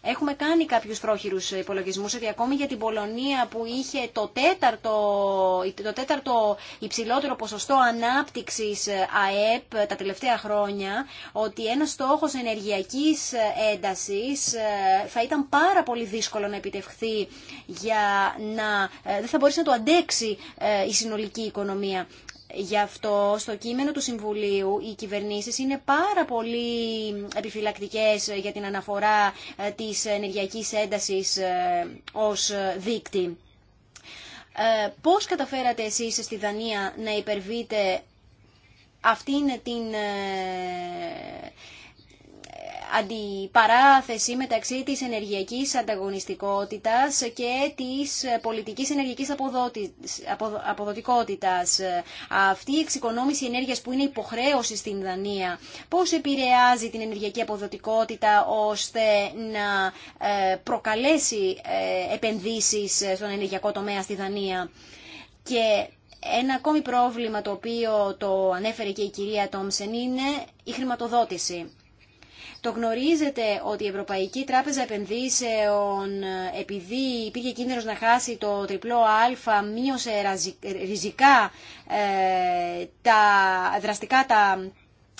Έχουμε κάνει κάποιους πρόχειρους υπολογισμούς ότι ακόμη για την Πολωνία που είχε το τέταρτο, το τέταρτο υψηλότερο ποσοστό ανάπτυξης ΑΕΠ τα τελευταία χρόνια, ότι ένας στόχος ενεργειακής έντασης ε, θα ήταν πάρα πολύ δύσκολο να επιτευχθεί για να ε, δεν θα μπορούσε να το αντέξει ε, η συνολική οικονομία. Γι' αυτό στο κείμενο του Συμβουλίου οι κυβερνήσεις είναι πάρα πολύ επιφυλακτικές για την αναφορά ε, της ενεργειακής έντασης ε, ως δείκτη. Ε, πώς καταφέρατε εσείς στη Δανία να υπερβείτε αυτήν την αντιπαράθεση μεταξύ της ενεργειακής ανταγωνιστικότητας και της πολιτικής ενεργειακής αποδοτικότητας. Αυτή η εξοικονόμηση ενέργειας που είναι υποχρέωση στην Δανία, πώς επηρεάζει την ενεργειακή αποδοτικότητα ώστε να ε, προκαλέσει ε, επενδύσεις στον ενεργειακό τομέα στη Δανία. Και ένα ακόμη πρόβλημα το οποίο το ανέφερε και η κυρία Τόμσεν είναι η χρηματοδότηση. Το γνωρίζετε ότι η Ευρωπαϊκή Τράπεζα Επενδύσεων, επειδή υπήρχε κίνδυνο να χάσει το τριπλό α, μείωσε ριζικά ε, τα δραστικά τα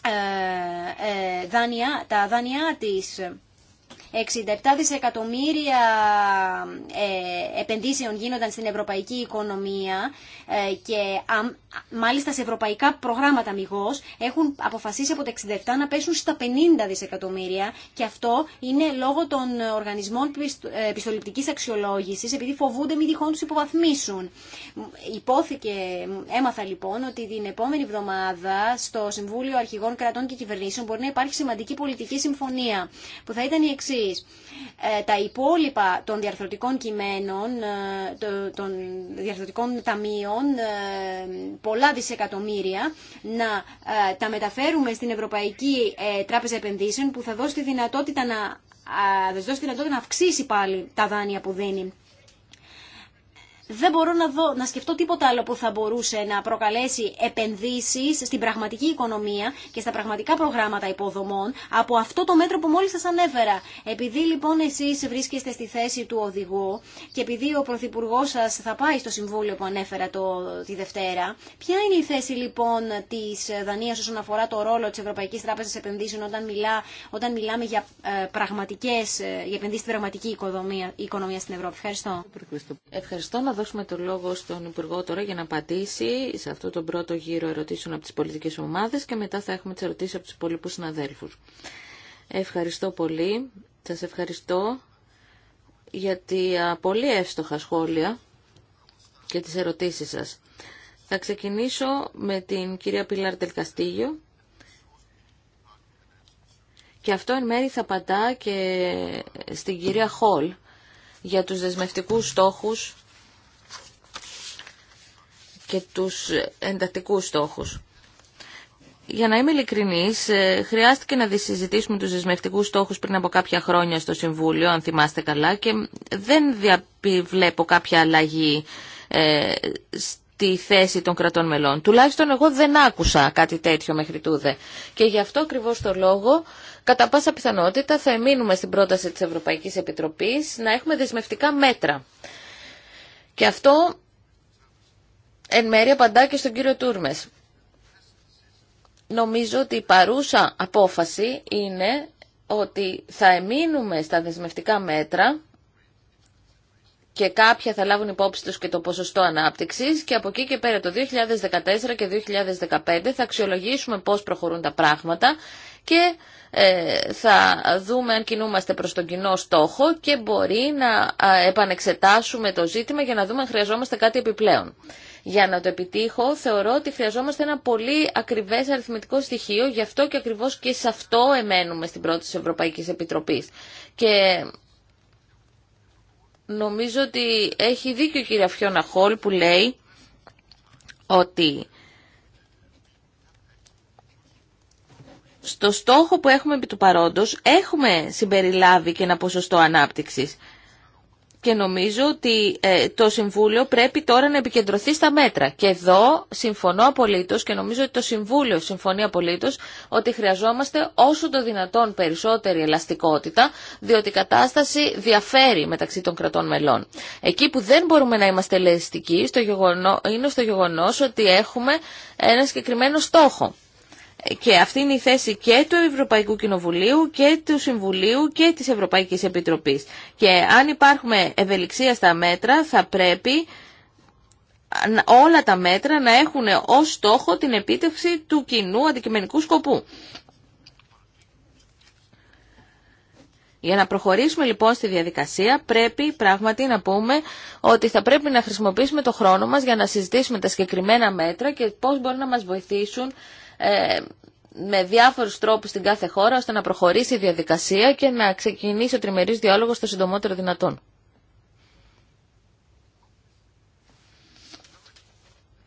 ε, ε, δάνεια, τα δάνειά της. 67 δισεκατομμύρια ε, επενδύσεων γίνονταν στην ευρωπαϊκή οικονομία ε, και μάλιστα σε ευρωπαϊκά προγράμματα μηγός έχουν αποφασίσει από τα 67 να πέσουν στα 50 δισεκατομμύρια και αυτό είναι λόγω των οργανισμών ε, πιστοληπτικής αξιολόγησης επειδή φοβούνται μη τυχόν τους υποβαθμίσουν. Υπόθηκε, έμαθα λοιπόν ότι την επόμενη εβδομάδα στο Συμβούλιο Αρχηγών Κρατών και Κυβερνήσεων μπορεί να υπάρχει σημαντική πολιτική συμφωνία που θα ήταν η εξή. Ε, τα υπόλοιπα των διαρθρωτικών κειμένων, ε, των διαρθρωτικών ταμείων, ε, πολλά δισεκατομμύρια, να τα μεταφέρουμε στην Ευρωπαϊκή Τράπεζα Επενδύσεων που θα δώσει τη δυνατότητα να, δώσει τη δυνατότητα να αυξήσει πάλι τα δάνεια που δίνει δεν μπορώ να, δω, να σκεφτώ τίποτα άλλο που θα μπορούσε να προκαλέσει επενδύσει στην πραγματική οικονομία και στα πραγματικά προγράμματα υποδομών από αυτό το μέτρο που μόλι σας ανέφερα. Επειδή λοιπόν εσεί βρίσκεστε στη θέση του οδηγού και επειδή ο Πρωθυπουργό σα θα πάει στο Συμβούλιο που ανέφερα το, τη Δευτέρα, ποια είναι η θέση λοιπόν τη Δανίας όσον αφορά το ρόλο τη Ευρωπαϊκή Τράπεζα Επενδύσεων όταν, μιλά, όταν μιλάμε για, ε, πραγματικές, ε, για επενδύσεις στην πραγματική οικονομία, οικονομία στην Ευρώπη. Ευχαριστώ. Ευχαριστώ δώσουμε το λόγο στον Υπουργό τώρα για να απαντήσει σε αυτό τον πρώτο γύρο ερωτήσεων από τις πολιτικές ομάδες και μετά θα έχουμε τις ερωτήσεις από τους υπόλοιπους συναδέλφους. Ευχαριστώ πολύ. Σας ευχαριστώ για τα πολύ εύστοχα σχόλια και τις ερωτήσεις σας. Θα ξεκινήσω με την κυρία Πιλάρ Τελκαστήγιο. Και αυτό εν μέρη θα πατά και στην κυρία Χολ για τους δεσμευτικούς στόχους και τους εντατικούς στόχους. Για να είμαι ειλικρινής, ε, χρειάστηκε να συζητήσουμε τους δεσμευτικούς στόχους πριν από κάποια χρόνια στο Συμβούλιο, αν θυμάστε καλά, και δεν βλέπω κάποια αλλαγή ε, στη θέση των κρατών μελών. Τουλάχιστον εγώ δεν άκουσα κάτι τέτοιο μέχρι τούδε. Και γι' αυτό ακριβώ το λόγο, κατά πάσα πιθανότητα, θα εμείνουμε στην πρόταση της Ευρωπαϊκής Επιτροπής να έχουμε δεσμευτικά μέτρα. Και αυτό εν μέρει απαντά και στον κύριο Τούρμες. Νομίζω ότι η παρούσα απόφαση είναι ότι θα εμείνουμε στα δεσμευτικά μέτρα και κάποια θα λάβουν υπόψη τους και το ποσοστό ανάπτυξης και από εκεί και πέρα το 2014 και 2015 θα αξιολογήσουμε πώς προχωρούν τα πράγματα και ε, θα δούμε αν κινούμαστε προς τον κοινό στόχο και μπορεί να ε, επανεξετάσουμε το ζήτημα για να δούμε αν χρειαζόμαστε κάτι επιπλέον. Για να το επιτύχω, θεωρώ ότι χρειαζόμαστε ένα πολύ ακριβέ αριθμητικό στοιχείο, γι' αυτό και ακριβώ και σε αυτό εμένουμε στην πρώτη τη Ευρωπαϊκή Επιτροπή. Και νομίζω ότι έχει δίκιο η κυρία Φιώνα Χολ που λέει ότι στο στόχο που έχουμε επί του παρόντος έχουμε συμπεριλάβει και ένα ποσοστό ανάπτυξης και νομίζω ότι ε, το Συμβούλιο πρέπει τώρα να επικεντρωθεί στα μέτρα. Και εδώ συμφωνώ απολύτω και νομίζω ότι το Συμβούλιο συμφωνεί απολύτω ότι χρειαζόμαστε όσο το δυνατόν περισσότερη ελαστικότητα, διότι η κατάσταση διαφέρει μεταξύ των κρατών μελών. Εκεί που δεν μπορούμε να είμαστε ελαστικοί στο είναι στο γεγονό ότι έχουμε ένα συγκεκριμένο στόχο. Και αυτή είναι η θέση και του Ευρωπαϊκού Κοινοβουλίου και του Συμβουλίου και της Ευρωπαϊκής Επιτροπής. Και αν υπάρχουμε ευελιξία στα μέτρα θα πρέπει όλα τα μέτρα να έχουν ως στόχο την επίτευξη του κοινού αντικειμενικού σκοπού. Για να προχωρήσουμε λοιπόν στη διαδικασία πρέπει πράγματι να πούμε ότι θα πρέπει να χρησιμοποιήσουμε το χρόνο μας για να συζητήσουμε τα συγκεκριμένα μέτρα και πώς μπορούν να μας βοηθήσουν ε, με διάφορους τρόπους στην κάθε χώρα ώστε να προχωρήσει η διαδικασία και να ξεκινήσει ο τριμερής διάλογος το συντομότερο δυνατόν.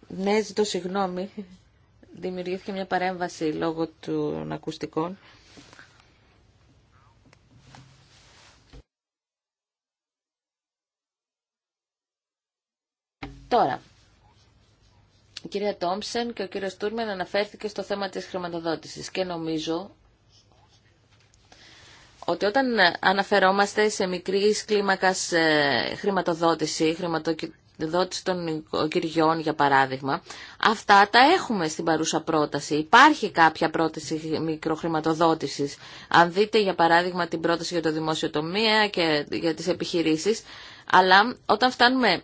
Ναι, ζητώ συγγνώμη. Δημιουργήθηκε μια παρέμβαση λόγω των ακουστικών. Τώρα, η κυρία Τόμψεν και ο κύριος Τούρμεν αναφέρθηκε στο θέμα της χρηματοδότησης και νομίζω ότι όταν αναφερόμαστε σε μικρή κλίμακα ε, χρηματοδότηση, χρηματοδότηση των κυριών για παράδειγμα, αυτά τα έχουμε στην παρούσα πρόταση. Υπάρχει κάποια πρόταση μικροχρηματοδότησης. Αν δείτε για παράδειγμα την πρόταση για το δημόσιο και για τις επιχειρήσεις, αλλά όταν φτάνουμε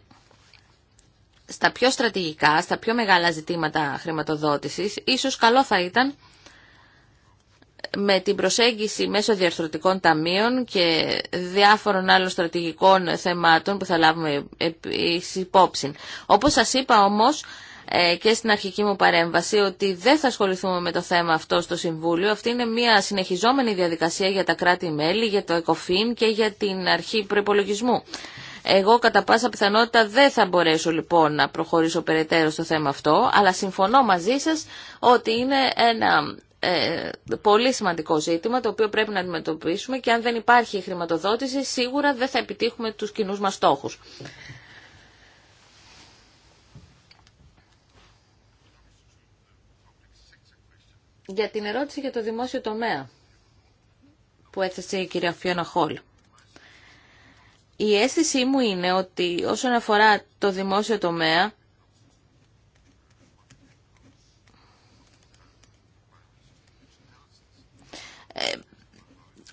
στα πιο στρατηγικά, στα πιο μεγάλα ζητήματα χρηματοδότησης, ίσως καλό θα ήταν με την προσέγγιση μέσω διαρθρωτικών ταμείων και διάφορων άλλων στρατηγικών θεμάτων που θα λάβουμε υπόψη. Όπως σας είπα όμως, ε, και στην αρχική μου παρέμβαση ότι δεν θα ασχοληθούμε με το θέμα αυτό στο Συμβούλιο. Αυτή είναι μια συνεχιζόμενη διαδικασία για τα κράτη-μέλη, για το ΕΚΟΦΗΝ και για την αρχή προπολογισμού. Εγώ κατά πάσα πιθανότητα δεν θα μπορέσω λοιπόν να προχωρήσω περαιτέρω στο θέμα αυτό, αλλά συμφωνώ μαζί σας ότι είναι ένα ε, πολύ σημαντικό ζήτημα το οποίο πρέπει να αντιμετωπίσουμε και αν δεν υπάρχει χρηματοδότηση σίγουρα δεν θα επιτύχουμε τους κοινού μας στόχους. Για την ερώτηση για το δημόσιο τομέα που έθεσε η κυρία Φιώνα Χόλ. Η αίσθησή μου είναι ότι όσον αφορά το δημόσιο τομέα, ε,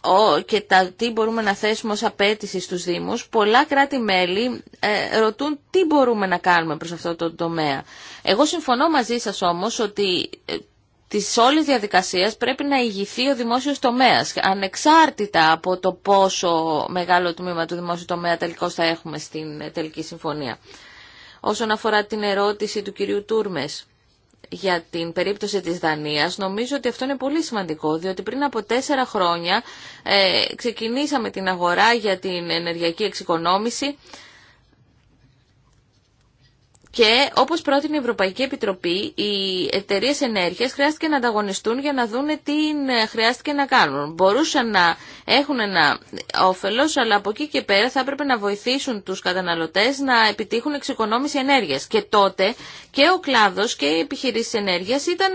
ο, και τι μπορούμε να θέσουμε ως απέτηση στους Δήμους, πολλά κράτη-μέλη ε, ρωτούν τι μπορούμε να κάνουμε προς αυτό το τομέα. Εγώ συμφωνώ μαζί σας όμως ότι ε, Τη όλη διαδικασία πρέπει να ηγηθεί ο δημόσιο τομέα. ανεξάρτητα από το πόσο μεγάλο τμήμα του δημόσιου τομέα τελικώς θα έχουμε στην τελική συμφωνία. Όσον αφορά την ερώτηση του κυρίου Τούρμε για την περίπτωση της Δανίας, νομίζω ότι αυτό είναι πολύ σημαντικό, διότι πριν από τέσσερα χρόνια ε, ξεκινήσαμε την αγορά για την ενεργειακή εξοικονόμηση και όπω πρότεινε η Ευρωπαϊκή Επιτροπή, οι εταιρείε ενέργεια χρειάστηκε να ανταγωνιστούν για να δούνε τι χρειάστηκε να κάνουν. Μπορούσαν να έχουν ένα όφελο, αλλά από εκεί και πέρα θα έπρεπε να βοηθήσουν του καταναλωτέ να επιτύχουν εξοικονόμηση ενέργεια. Και τότε και ο κλάδο και οι επιχειρήσει ενέργεια ήταν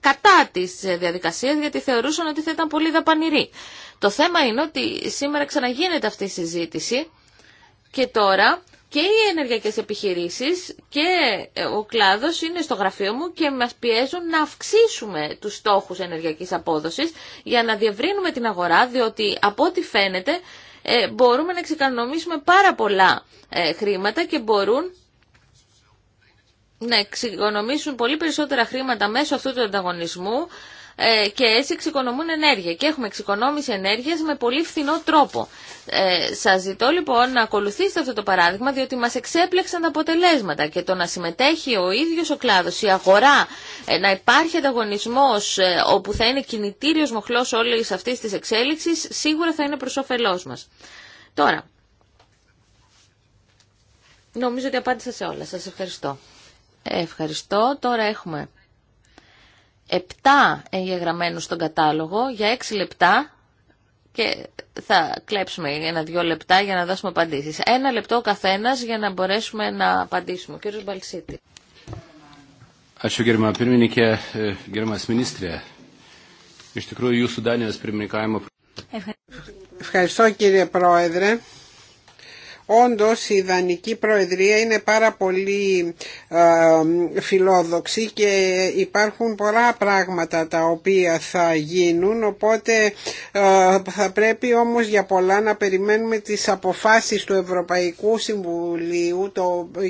κατά τη διαδικασία γιατί θεωρούσαν ότι θα ήταν πολύ δαπανηρή. Το θέμα είναι ότι σήμερα ξαναγίνεται αυτή η συζήτηση και τώρα και οι ενεργειακές επιχειρήσεις και ε, ο κλάδος είναι στο γραφείο μου και μας πιέζουν να αυξήσουμε τους στόχους ενεργειακής απόδοσης για να διευρύνουμε την αγορά, διότι από ό,τι φαίνεται ε, μπορούμε να εξοικονομήσουμε πάρα πολλά ε, χρήματα και μπορούν να εξοικονομήσουν πολύ περισσότερα χρήματα μέσω αυτού του ανταγωνισμού ε, και έτσι εξοικονομούν ενέργεια. Και έχουμε εξοικονόμηση ενέργειας με πολύ φθηνό τρόπο. Ε, σας ζητώ λοιπόν να ακολουθήσετε αυτό το παράδειγμα διότι μας εξέπλεξαν τα αποτελέσματα και το να συμμετέχει ο ίδιος ο κλάδος, η αγορά, ε, να υπάρχει ανταγωνισμός ε, όπου θα είναι κινητήριος μοχλός όλης αυτής της εξέλιξης σίγουρα θα είναι προς όφελός μας. Τώρα, νομίζω ότι απάντησα σε όλα. Σας ευχαριστώ. Ευχαριστώ. Τώρα έχουμε 7 εγγεγραμμένους στον κατάλογο για 6 λεπτά και θα κλέψουμε ένα-δυο λεπτά για να δώσουμε απαντήσεις. Ένα λεπτό ο καθένας για να μπορέσουμε να απαντήσουμε. Κύριος Μπαλσίτη. E, Ευχαριστώ κύριε Πρόεδρε. Όντως η Ιδανική Προεδρία είναι πάρα πολύ ε, φιλόδοξη και υπάρχουν πολλά πράγματα τα οποία θα γίνουν οπότε ε, θα πρέπει όμως για πολλά να περιμένουμε τις αποφάσεις του Ευρωπαϊκού Συμβουλίου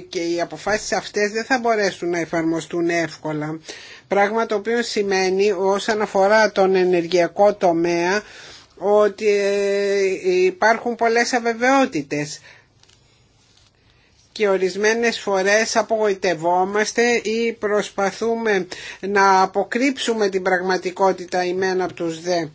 και οι αποφάσεις αυτές δεν θα μπορέσουν να εφαρμοστούν εύκολα. Πράγμα το οποίο σημαίνει όσον αφορά τον ενεργειακό τομέα ότι ε, υπάρχουν πολλές αβεβαιότητες και ορισμένες φορές απογοητευόμαστε ή προσπαθούμε να αποκρύψουμε την πραγματικότητα ημένα από τους δε.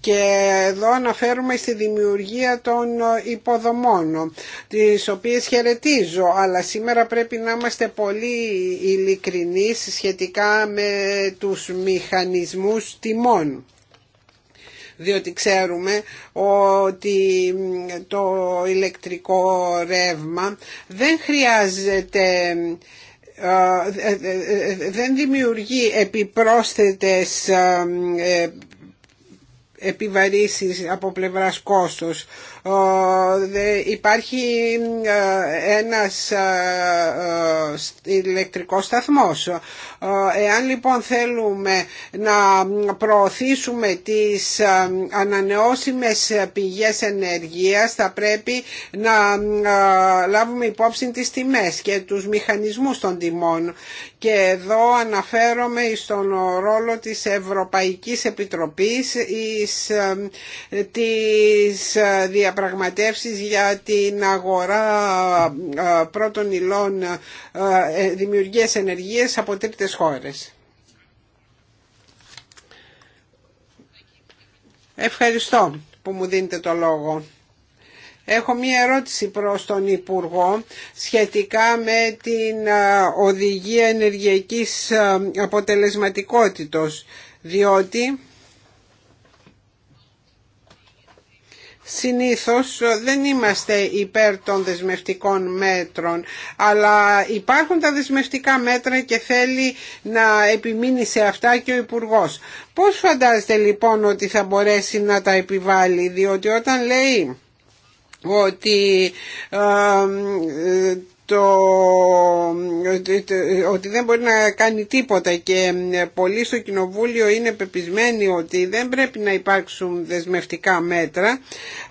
Και εδώ αναφέρουμε στη δημιουργία των υποδομών, τις οποίες χαιρετίζω, αλλά σήμερα πρέπει να είμαστε πολύ ειλικρινείς σχετικά με τους μηχανισμούς τιμών διότι ξέρουμε ότι το ηλεκτρικό ρεύμα δεν χρειάζεται δεν δημιουργεί επιπρόσθετες ε, επιβαρύσεις από πλευράς κόστος υπάρχει ε, ένας ε, ε, ηλεκτρικός σταθμός. Εάν λοιπόν θέλουμε να προωθήσουμε τις ανανεώσιμες πηγές ενεργείας θα πρέπει να λάβουμε υπόψη τις τιμές και τους μηχανισμούς των τιμών και εδώ αναφέρομαι στον ρόλο της Ευρωπαϊκής Επιτροπής εις ε, ε, διαπραγματεύσεις για την αγορά ε, πρώτων υλών δημιουργίας ενεργείας από τρίτες χώρες. Ευχαριστώ που μου δίνετε το λόγο. Έχω μία ερώτηση προς τον Υπουργό σχετικά με την οδηγία ενεργειακής αποτελεσματικότητος, διότι συνήθως δεν είμαστε υπέρ των δεσμευτικών μέτρων αλλά υπάρχουν τα δεσμευτικά μέτρα και θέλει να επιμείνει σε αυτά και ο Υπουργός. Πώς φαντάζεται λοιπόν ότι θα μπορέσει να τα επιβάλλει διότι όταν λέει ότι το, ότι δεν μπορεί να κάνει τίποτα και πολλοί στο Κοινοβούλιο είναι πεπισμένοι ότι δεν πρέπει να υπάρξουν δεσμευτικά μέτρα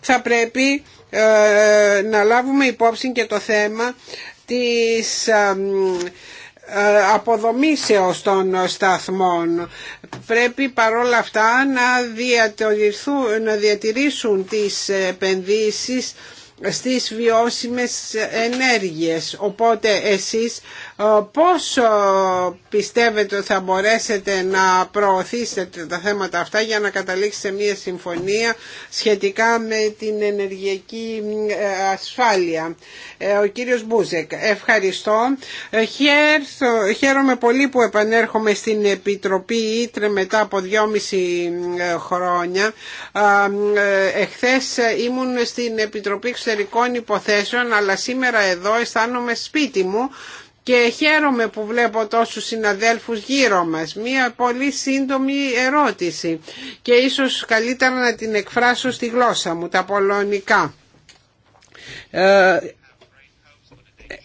θα πρέπει ε, να λάβουμε υπόψη και το θέμα της ε, αποδομήσεως των σταθμών. Πρέπει παρόλα αυτά να, να διατηρήσουν τις επενδύσεις στις βιώσιμες ενέργειες. Οπότε εσείς ε, πώς πιστεύετε ότι θα μπορέσετε να προωθήσετε τα θέματα αυτά για να καταλήξετε μια συμφωνία σχετικά με την ενεργειακή ε, ασφάλεια. Ε, ο κύριος Μπούζεκ, ευχαριστώ. Χαίρομαι πολύ που επανέρχομαι στην Επιτροπή Ήτρε μετά από δυόμιση χρόνια. Εχθές ήμουν στην Επιτροπή εξωτερικών υποθέσεων αλλά σήμερα εδώ αισθάνομαι σπίτι μου και χαίρομαι που βλέπω τόσους συναδέλφους γύρω μας. Μία πολύ σύντομη ερώτηση και ίσως καλύτερα να την εκφράσω στη γλώσσα μου, τα πολωνικά. Ε,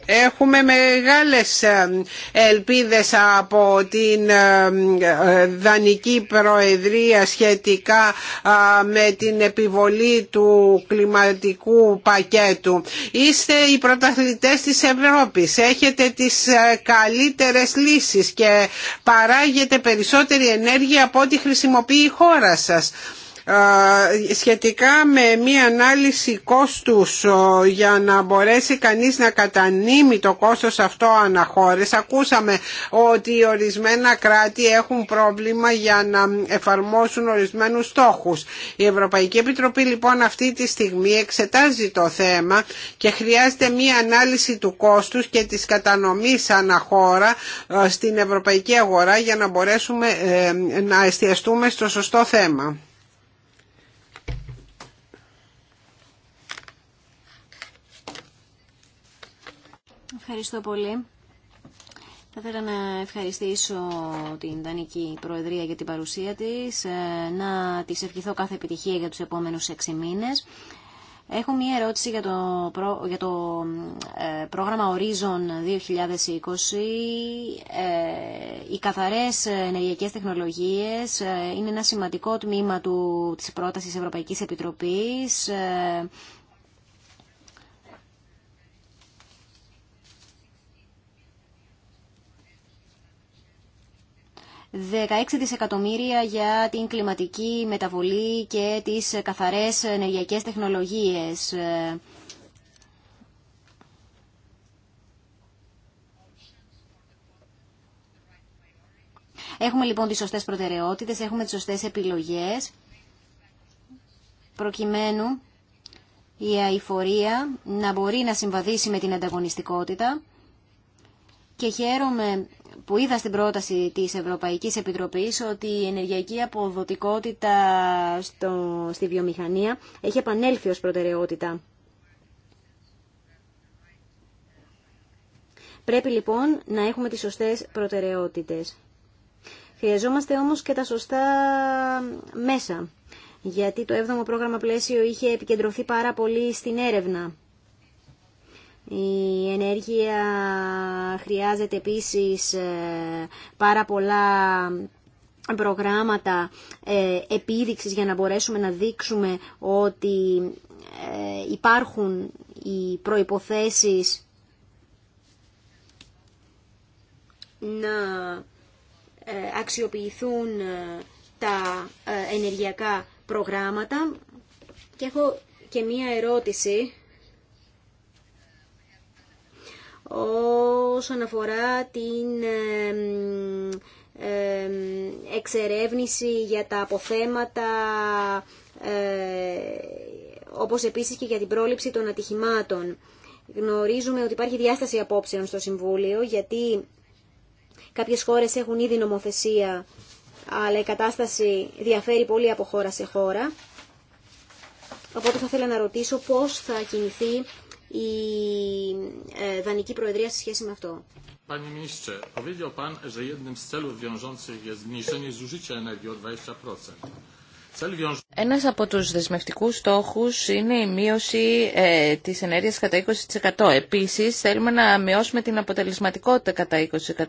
Έχουμε μεγάλες ε, ελπίδες από την ε, Δανική Προεδρία σχετικά ε, με την επιβολή του κλιματικού πακέτου. Είστε οι πρωταθλητές της Ευρώπης, έχετε τις καλύτερες λύσεις και παράγετε περισσότερη ενέργεια από ό,τι χρησιμοποιεί η χώρα σας σχετικά με μία ανάλυση κόστους για να μπορέσει κανείς να κατανείμει το κόστος αυτό αναχώρες. Ακούσαμε ότι ορισμένα κράτη έχουν πρόβλημα για να εφαρμόσουν ορισμένους στόχους. Η Ευρωπαϊκή Επιτροπή λοιπόν αυτή τη στιγμή εξετάζει το θέμα και χρειάζεται μία ανάλυση του κόστους και της κατανομής αναχώρα ε, στην ευρωπαϊκή αγορά για να μπορέσουμε ε, να εστιαστούμε στο σωστό θέμα. Ευχαριστώ πολύ. Θα ήθελα να ευχαριστήσω την Δανική Προεδρία για την παρουσία της, ε, να της ευχηθώ κάθε επιτυχία για τους επόμενους έξι μήνες. Έχω μία ερώτηση για το, για το ε, πρόγραμμα Horizon 2020. Ε, οι καθαρές ενεργειακές τεχνολογίες ε, είναι ένα σημαντικό τμήμα του, της πρότασης Ευρωπαϊκής Επιτροπής. 16 δισεκατομμύρια για την κλιματική μεταβολή και τις καθαρές ενεργειακές τεχνολογίες. Έχουμε λοιπόν τις σωστές προτεραιότητες, έχουμε τις σωστές επιλογές, προκειμένου η αηφορία να μπορεί να συμβαδίσει με την ανταγωνιστικότητα και χαίρομαι που είδα στην πρόταση της Ευρωπαϊκής Επιτροπής ότι η ενεργειακή αποδοτικότητα στο, στη βιομηχανία έχει επανέλθει ως προτεραιότητα. Πρέπει λοιπόν να έχουμε τις σωστές προτεραιότητες. Χρειαζόμαστε όμως και τα σωστά μέσα, γιατί το 7ο πρόγραμμα πλαίσιο είχε επικεντρωθεί πάρα πολύ στην έρευνα. Η ενέργεια χρειάζεται επίσης ε, πάρα πολλά προγράμματα ε, επίδειξης για να μπορέσουμε να δείξουμε ότι ε, υπάρχουν οι προϋποθέσεις να αξιοποιηθούν τα ενεργειακά προγράμματα. Και έχω και μία ερώτηση όσον αφορά την εξερεύνηση για τα αποθέματα ε, όπως επίσης και για την πρόληψη των ατυχημάτων. Γνωρίζουμε ότι υπάρχει διάσταση απόψεων στο Συμβούλιο γιατί κάποιες χώρες έχουν ήδη νομοθεσία αλλά η κατάσταση διαφέρει πολύ από χώρα σε χώρα. Οπότε θα ήθελα να ρωτήσω πώς θα κινηθεί η ε, Δανική Προεδρία σε σχέση με αυτό. Panie ministrze, powiedział pan, że jednym Ένας από τους δεσμευτικούς στόχους είναι η μείωση ε, της ενέργειας κατά 20%. Επίσης, θέλουμε να μειώσουμε την αποτελεσματικότητα κατά 20%,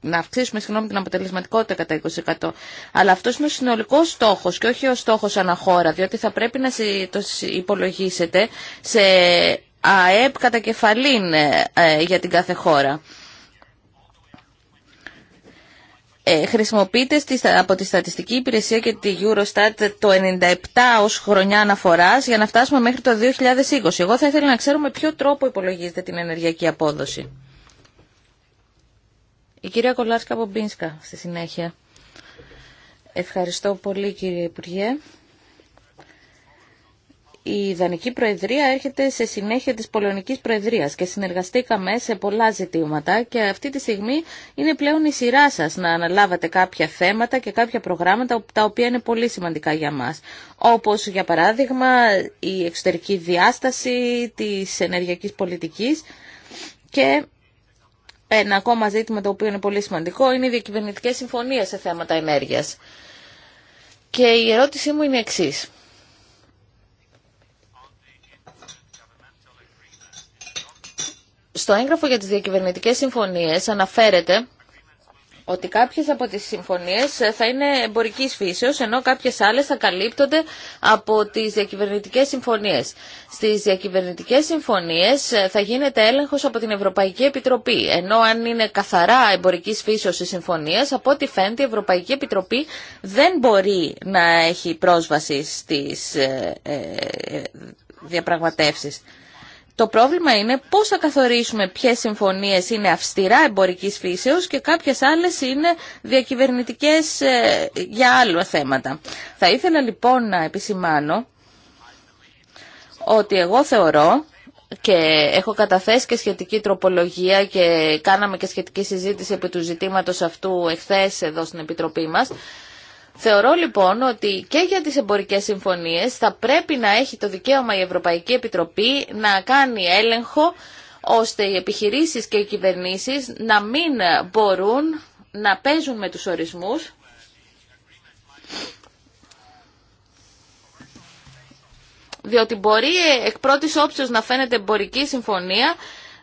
να αυξήσουμε συγγνώμη, την αποτελεσματικότητα κατά 20%. Αλλά αυτός είναι ο συνολικός στόχος και όχι ο στόχος αναχώρα, διότι θα πρέπει να το υπολογίσετε σε ΑΕΠ κατά κεφαλήν ε, ε, για την κάθε χώρα. Ε, χρησιμοποιείται από τη Στατιστική Υπηρεσία και τη Eurostat το 97 ως χρονιά αναφοράς για να φτάσουμε μέχρι το 2020. Εγώ θα ήθελα να ξέρω με ποιο τρόπο υπολογίζεται την ενεργειακή απόδοση. Η κυρία Κολάρσκα Μπομπίνσκα στη συνέχεια. Ευχαριστώ πολύ κύριε Υπουργέ η Ιδανική Προεδρία έρχεται σε συνέχεια της Πολωνικής Προεδρίας και συνεργαστήκαμε σε πολλά ζητήματα και αυτή τη στιγμή είναι πλέον η σειρά σας να αναλάβατε κάποια θέματα και κάποια προγράμματα τα οποία είναι πολύ σημαντικά για μας. Όπως για παράδειγμα η εξωτερική διάσταση της ενεργειακής πολιτικής και ένα ακόμα ζήτημα το οποίο είναι πολύ σημαντικό είναι οι διακυβερνητικές συμφωνίες σε θέματα ενέργειας. Και η ερώτησή μου είναι εξής. Στο έγγραφο για τις διακυβερνητικές συμφωνίες αναφέρεται ότι κάποιες από τις συμφωνίες θα είναι εμπορικής φύσεως, ενώ κάποιες άλλες θα καλύπτονται από τις διακυβερνητικές συμφωνίες. Στις διακυβερνητικές συμφωνίες θα γίνεται έλεγχος από την Ευρωπαϊκή Επιτροπή, ενώ αν είναι καθαρά εμπορικής φύσεως οι συμφωνίες, από ό,τι φαίνεται η Ευρωπαϊκή Επιτροπή δεν μπορεί να έχει πρόσβαση στις ε, ε, ε, διαπραγματεύσεις. Το πρόβλημα είναι πώς θα καθορίσουμε ποιες συμφωνίε είναι αυστηρά εμπορική φύσεως και κάποιες άλλες είναι διακυβερνητικές ε, για άλλα θέματα. Θα ήθελα λοιπόν να επισημάνω ότι εγώ θεωρώ και έχω καταθέσει και σχετική τροπολογία και κάναμε και σχετική συζήτηση επί του ζητήματος αυτού εχθές εδώ στην Επιτροπή μας Θεωρώ λοιπόν ότι και για τις εμπορικές συμφωνίες θα πρέπει να έχει το δικαίωμα η Ευρωπαϊκή Επιτροπή να κάνει έλεγχο ώστε οι επιχειρήσεις και οι κυβερνήσεις να μην μπορούν να παίζουν με τους ορισμούς διότι μπορεί εκ πρώτης όψεως να φαίνεται εμπορική συμφωνία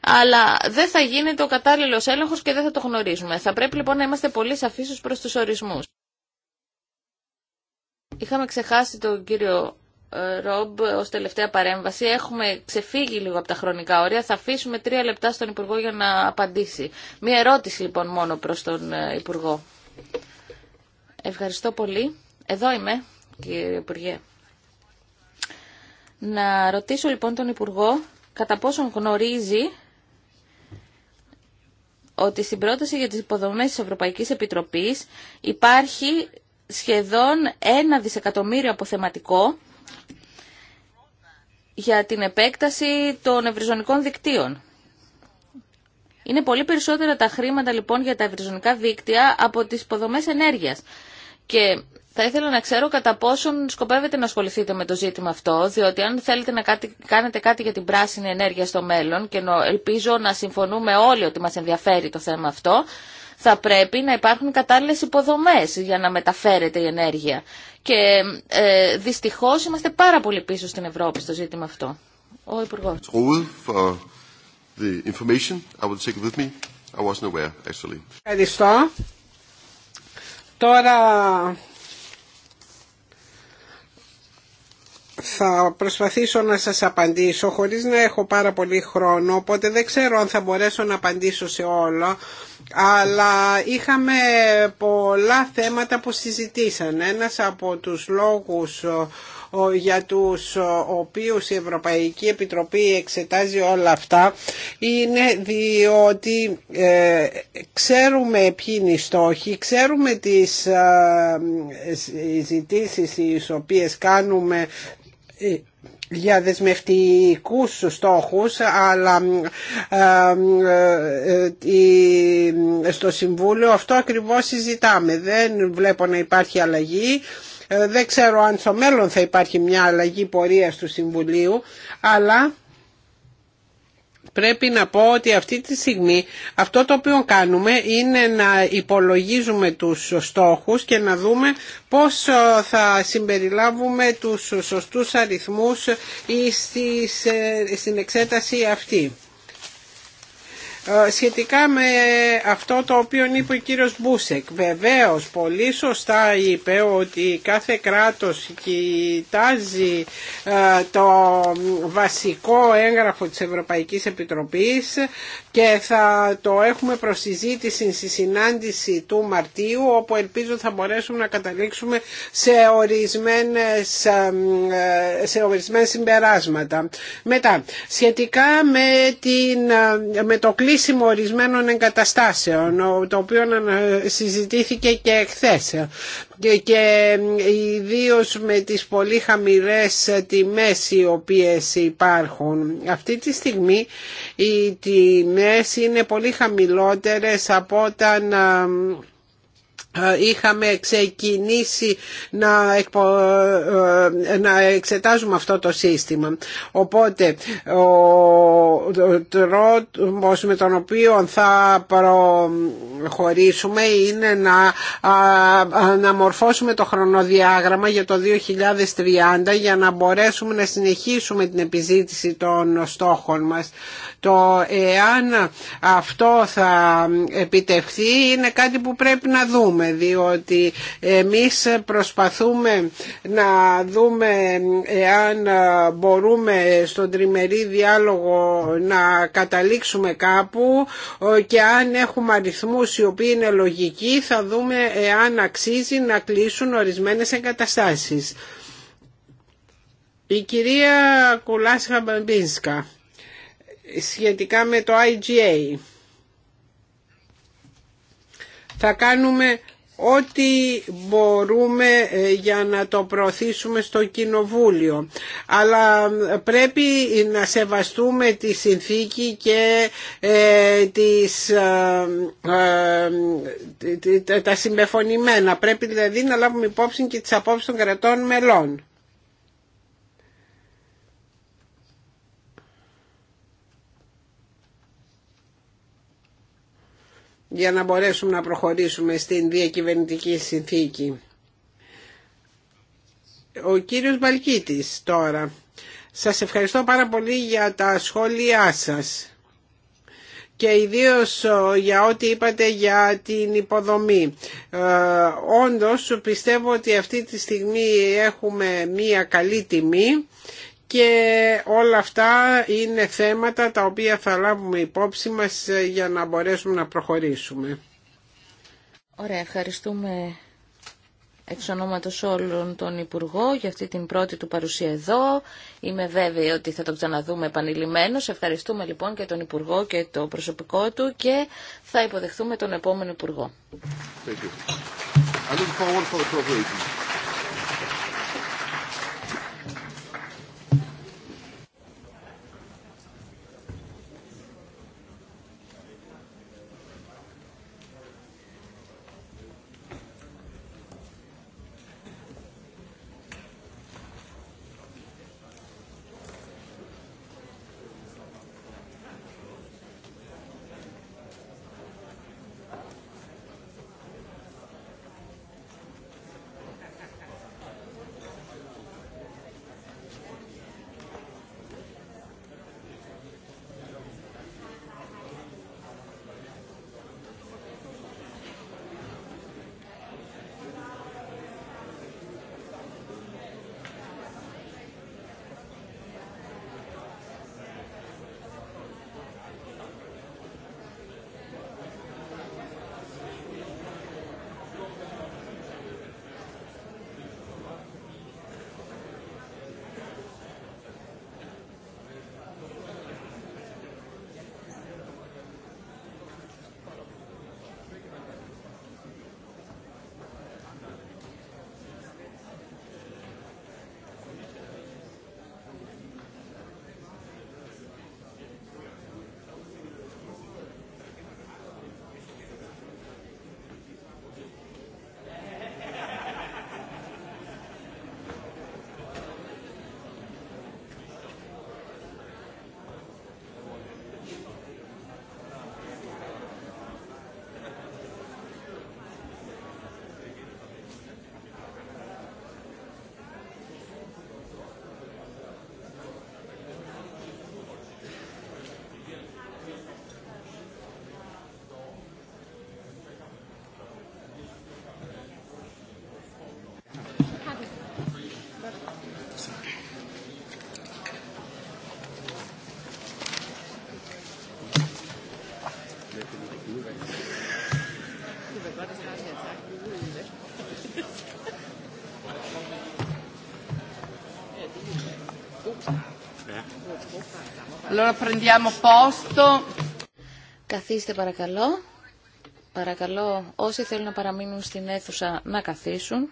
αλλά δεν θα γίνεται ο κατάλληλος έλεγχος και δεν θα το γνωρίζουμε. Θα πρέπει λοιπόν να είμαστε πολύ σαφείς προς τους ορισμούς. Είχαμε ξεχάσει τον κύριο ε, Ρομπ ω τελευταία παρέμβαση. Έχουμε ξεφύγει λίγο από τα χρονικά όρια. Θα αφήσουμε τρία λεπτά στον Υπουργό για να απαντήσει. Μία ερώτηση λοιπόν μόνο προ τον ε, Υπουργό. Ευχαριστώ πολύ. Εδώ είμαι, κύριε Υπουργέ. Να ρωτήσω λοιπόν τον Υπουργό κατά πόσον γνωρίζει ότι στην πρόταση για τις υποδομές της Ευρωπαϊκής Επιτροπής υπάρχει σχεδόν ένα δισεκατομμύριο αποθεματικό για την επέκταση των ευρυζωνικών δικτύων. Είναι πολύ περισσότερα τα χρήματα λοιπόν για τα ευρυζωνικά δίκτυα από τις υποδομές ενέργειας. Και θα ήθελα να ξέρω κατά πόσον σκοπεύετε να ασχοληθείτε με το ζήτημα αυτό, διότι αν θέλετε να κάνετε κάτι για την πράσινη ενέργεια στο μέλλον και ελπίζω να συμφωνούμε όλοι ότι μας ενδιαφέρει το θέμα αυτό, θα πρέπει να υπάρχουν κατάλληλες υποδομές για να μεταφέρεται η ενέργεια. Και ε, δυστυχώς είμαστε πάρα πολύ πίσω στην Ευρώπη στο ζήτημα αυτό. Ο Υπουργός. Ευχαριστώ. Τώρα θα προσπαθήσω να σας απαντήσω χωρίς να έχω πάρα πολύ χρόνο οπότε δεν ξέρω αν θα μπορέσω να απαντήσω σε όλα αλλά είχαμε πολλά θέματα που συζητήσαν. Ένας από τους λόγους για τους οποίους η Ευρωπαϊκή Επιτροπή εξετάζει όλα αυτά είναι διότι ε, ξέρουμε ποιοι είναι οι στόχοι, ξέρουμε τις ε, τι τις οποίες κάνουμε για δεσμευτικούς στόχους αλλά ε, ε, ε, στο Συμβούλιο αυτό ακριβώς συζητάμε. Δεν βλέπω να υπάρχει αλλαγή. Δεν ξέρω αν στο μέλλον θα υπάρχει μια αλλαγή πορείας του Συμβουλίου αλλά πρέπει να πω ότι αυτή τη στιγμή αυτό το οποίο κάνουμε είναι να υπολογίζουμε τους στόχους και να δούμε πώς ε, θα συμπεριλάβουμε τους σωστούς αριθμούς ε, στην εξέταση αυτή. Ε, σχετικά με αυτό το οποίο είπε ο κύριος Μπούσεκ. Βεβαίως, πολύ σωστά είπε ότι κάθε κράτος κοιτάζει ε, το βασικό έγγραφο της Ευρωπαϊκής Επιτροπής και θα το έχουμε προσυζήτηση στη συνάντηση του Μαρτίου όπου ελπίζω θα μπορέσουμε να καταλήξουμε σε, ορισμένες, ε, σε ορισμένα συμπεράσματα. Μετά, σχετικά με, το χρήσιμο ορισμένων εγκαταστάσεων, το οποίο συζητήθηκε και εχθές και ε, ιδίω με τις πολύ χαμηλές ε, τιμές οι οποίες υπάρχουν. Αυτή τη στιγμή οι τιμές είναι πολύ χαμηλότερες από όταν ε, είχαμε ξεκινήσει ε, να, εξετάζουμε αυτό το σύστημα. Οπότε ο τρόπος με τον οποίο θα προχωρήσουμε είναι να αναμορφώσουμε το χρονοδιάγραμμα για το 2030 για να μπορέσουμε να συνεχίσουμε την επιζήτηση των στόχων μας. Το εάν αυτό θα επιτευχθεί είναι κάτι που πρέπει να δούμε διότι εμείς προσπαθούμε να δούμε εάν μπορούμε στον τριμερή διάλογο να καταλήξουμε κάπου και αν έχουμε αριθμούς οι οποίοι είναι λογικοί θα δούμε εάν αξίζει να κλείσουν ορισμένες εγκαταστάσεις. Η κυρία Κουλάσχα Μπαμπίνσκα σχετικά με το IGA. Θα κάνουμε ό,τι μπορούμε ε, για να το προωθήσουμε στο Κοινοβούλιο. Αλλά πρέπει να σεβαστούμε τη συνθήκη και ε, τις, ε, τα συμπεφωνημένα. Πρέπει δηλαδή να λάβουμε υπόψη και τις απόψεις των κρατών μελών. για να μπορέσουμε να προχωρήσουμε στην διακυβερνητική συνθήκη. Ο κύριος Μπαλκίτης τώρα. Σας ευχαριστώ πάρα πολύ για τα σχόλιά σας και ιδίως ε, για ό,τι είπατε για την υποδομή. Ε, όντως πιστεύω ότι αυτή τη στιγμή έχουμε μία καλή τιμή και όλα αυτά είναι θέματα τα οποία θα λάβουμε υπόψη μας ε, για να μπορέσουμε να προχωρήσουμε. Ωραία, ευχαριστούμε εξ ονόματος όλων τον Υπουργό για αυτή την πρώτη του παρουσία εδώ. Είμαι βέβαιη ότι θα το ξαναδούμε επανειλημμένος. Ευχαριστούμε λοιπόν και τον Υπουργό και το προσωπικό του και θα υποδεχθούμε τον επόμενο Υπουργό. Allora prendiamo posto. Καθίστε παρακαλώ. Παρακαλώ όσοι θέλουν να παραμείνουν στην αίθουσα να καθίσουν.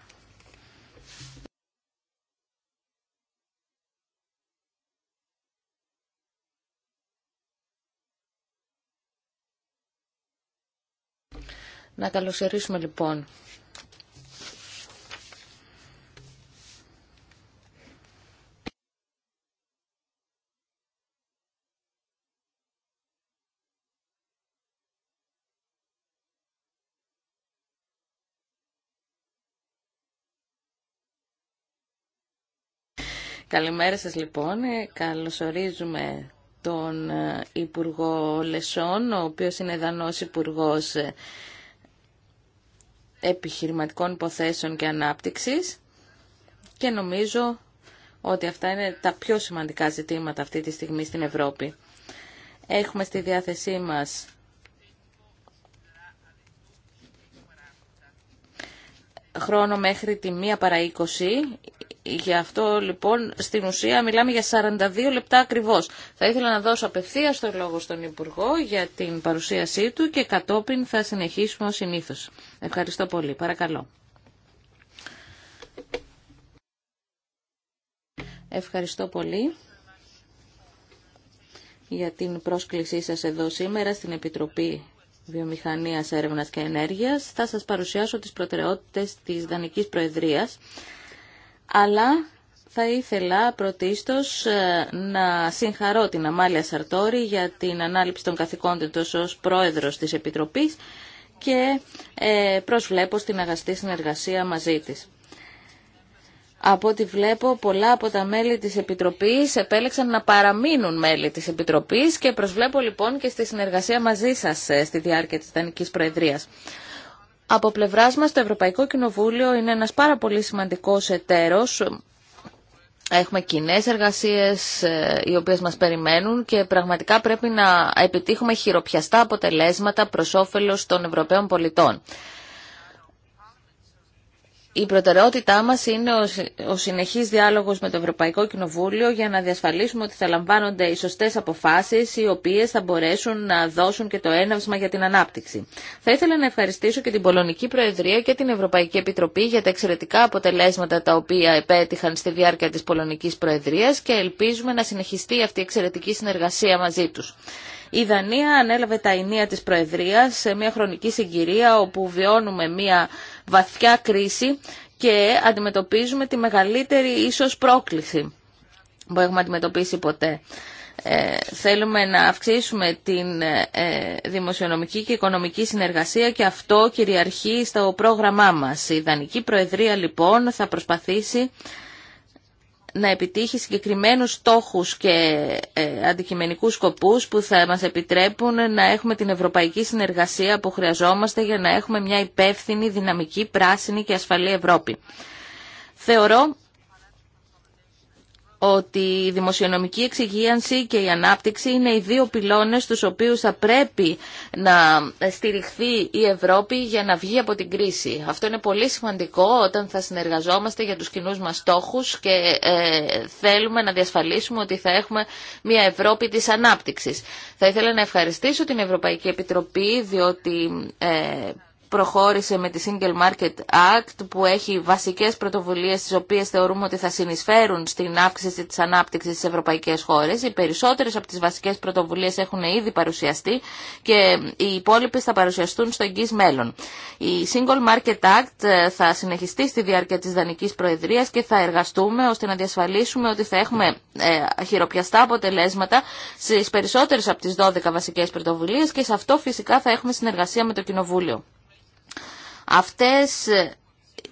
Να καλωσορίσουμε λοιπόν Καλημέρα σας λοιπόν. Ε, καλωσορίζουμε τον ε, Υπουργό Λεσόν, ο οποίος είναι Δανός Υπουργός ε, Επιχειρηματικών Υποθέσεων και Ανάπτυξης και νομίζω ότι αυτά είναι τα πιο σημαντικά ζητήματα αυτή τη στιγμή στην Ευρώπη. Έχουμε στη διάθεσή μας χρόνο μέχρι τη μία παρα Γι' αυτό λοιπόν στην ουσία μιλάμε για 42 λεπτά ακριβώς. Θα ήθελα να δώσω απευθεία το λόγο στον Υπουργό για την παρουσίασή του και κατόπιν θα συνεχίσουμε ο συνήθως. Ευχαριστώ πολύ. Παρακαλώ. Ευχαριστώ πολύ για την πρόσκλησή σας εδώ σήμερα στην Επιτροπή Βιομηχανίας, Έρευνας και Ενέργειας. Θα σας παρουσιάσω τις προτεραιότητες της Δανικής Προεδρίας αλλά θα ήθελα πρωτίστως ε, να συγχαρώ την Αμάλια Σαρτόρη για την ανάληψη των καθηκόντων της ως πρόεδρος της Επιτροπής και ε, προσβλέπω στην αγαστή συνεργασία μαζί της. Από ό,τι βλέπω, πολλά από τα μέλη της Επιτροπής επέλεξαν να παραμείνουν μέλη της Επιτροπής και προσβλέπω λοιπόν και στη συνεργασία μαζί σας ε, στη διάρκεια της Ιτανικής Προεδρίας. Από πλευρά μα, το Ευρωπαϊκό Κοινοβούλιο είναι ένας πάρα πολύ σημαντικό εταίρο. Έχουμε κοινέ εργασίε ε, οι οποίες μας περιμένουν και πραγματικά πρέπει να επιτύχουμε χειροπιαστά αποτελέσματα προ όφελο των Ευρωπαίων πολιτών. Η προτεραιότητά μας είναι ο συνεχής διάλογος με το Ευρωπαϊκό Κοινοβούλιο για να διασφαλίσουμε ότι θα λαμβάνονται οι σωστές αποφάσεις οι οποίες θα μπορέσουν να δώσουν και το έναυσμα για την ανάπτυξη. Θα ήθελα να ευχαριστήσω και την Πολωνική Προεδρία και την Ευρωπαϊκή Επιτροπή για τα εξαιρετικά αποτελέσματα τα οποία επέτυχαν στη διάρκεια της Πολωνικής Προεδρίας και ελπίζουμε να συνεχιστεί αυτή η εξαιρετική συνεργασία μαζί τους. Η Δανία ανέλαβε τα ενία της Προεδρίας σε μια χρονική συγκυρία όπου βιώνουμε μια βαθιά κρίση και αντιμετωπίζουμε τη μεγαλύτερη ίσως πρόκληση που έχουμε αντιμετωπίσει ποτέ. Ε, θέλουμε να αυξήσουμε την ε, δημοσιονομική και οικονομική συνεργασία και αυτό κυριαρχεί στο πρόγραμμά μας. Η Δανική Προεδρία λοιπόν θα προσπαθήσει να επιτύχει συγκεκριμένους στόχους και ε, αντικειμενικούς σκοπούς που θα μας επιτρέπουν να έχουμε την ευρωπαϊκή συνεργασία που χρειαζόμαστε για να έχουμε μια υπεύθυνη, δυναμική, πράσινη και ασφαλή Ευρώπη. Θεωρώ ότι η δημοσιονομική εξυγίανση και η ανάπτυξη είναι οι δύο πυλώνες στους οποίους θα πρέπει να στηριχθεί η Ευρώπη για να βγει από την κρίση. Αυτό είναι πολύ σημαντικό όταν θα συνεργαζόμαστε για τους κοινούς μας στόχους και ε, θέλουμε να διασφαλίσουμε ότι θα έχουμε μια Ευρώπη της ανάπτυξης. Θα ήθελα να ευχαριστήσω την Ευρωπαϊκή Επιτροπή διότι ε, προχώρησε με τη Single Market Act που έχει βασικές πρωτοβουλίες τις οποίες θεωρούμε ότι θα συνεισφέρουν στην αύξηση της ανάπτυξης στις ευρωπαϊκές χώρες. Οι περισσότερες από τις βασικές πρωτοβουλίες έχουν ήδη παρουσιαστεί και οι υπόλοιπες θα παρουσιαστούν στο εγγύς μέλλον. Η Single Market Act ε, θα συνεχιστεί στη διάρκεια της Δανικής Προεδρίας και θα εργαστούμε ώστε να διασφαλίσουμε ότι θα έχουμε ε, χειροπιαστά αποτελέσματα στις περισσότερες από τις 12 βασικές πρωτοβουλίες και σε αυτό φυσικά θα έχουμε συνεργασία με το Κοινοβούλιο. Αυτές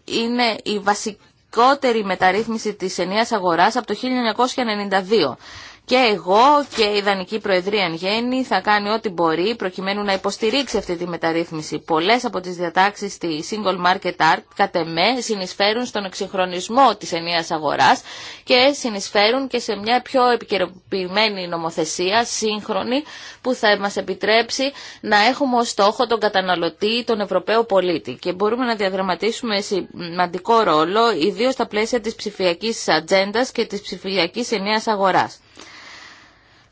είναι η βασικότερη μεταρρύθμιση της ενίας αγοράς από το 1992. Και εγώ και η Ιδανική Προεδρία εν θα κάνει ό,τι μπορεί προκειμένου να υποστηρίξει αυτή τη μεταρρύθμιση. Πολλές από τις διατάξεις τη Single Market Art, κατ' εμέ συνεισφέρουν στον εξυγχρονισμό της ενίας αγοράς και συνεισφέρουν και σε μια πιο επικαιροποιημένη νομοθεσία, σύγχρονη, που θα μας επιτρέψει να έχουμε ως στόχο τον καταναλωτή, τον Ευρωπαίο πολίτη. Και μπορούμε να διαδραματίσουμε σημαντικό ρόλο, ιδίω στα πλαίσια της ψηφιακής ατζέντα και της ψηφιακής ενίας αγοράς.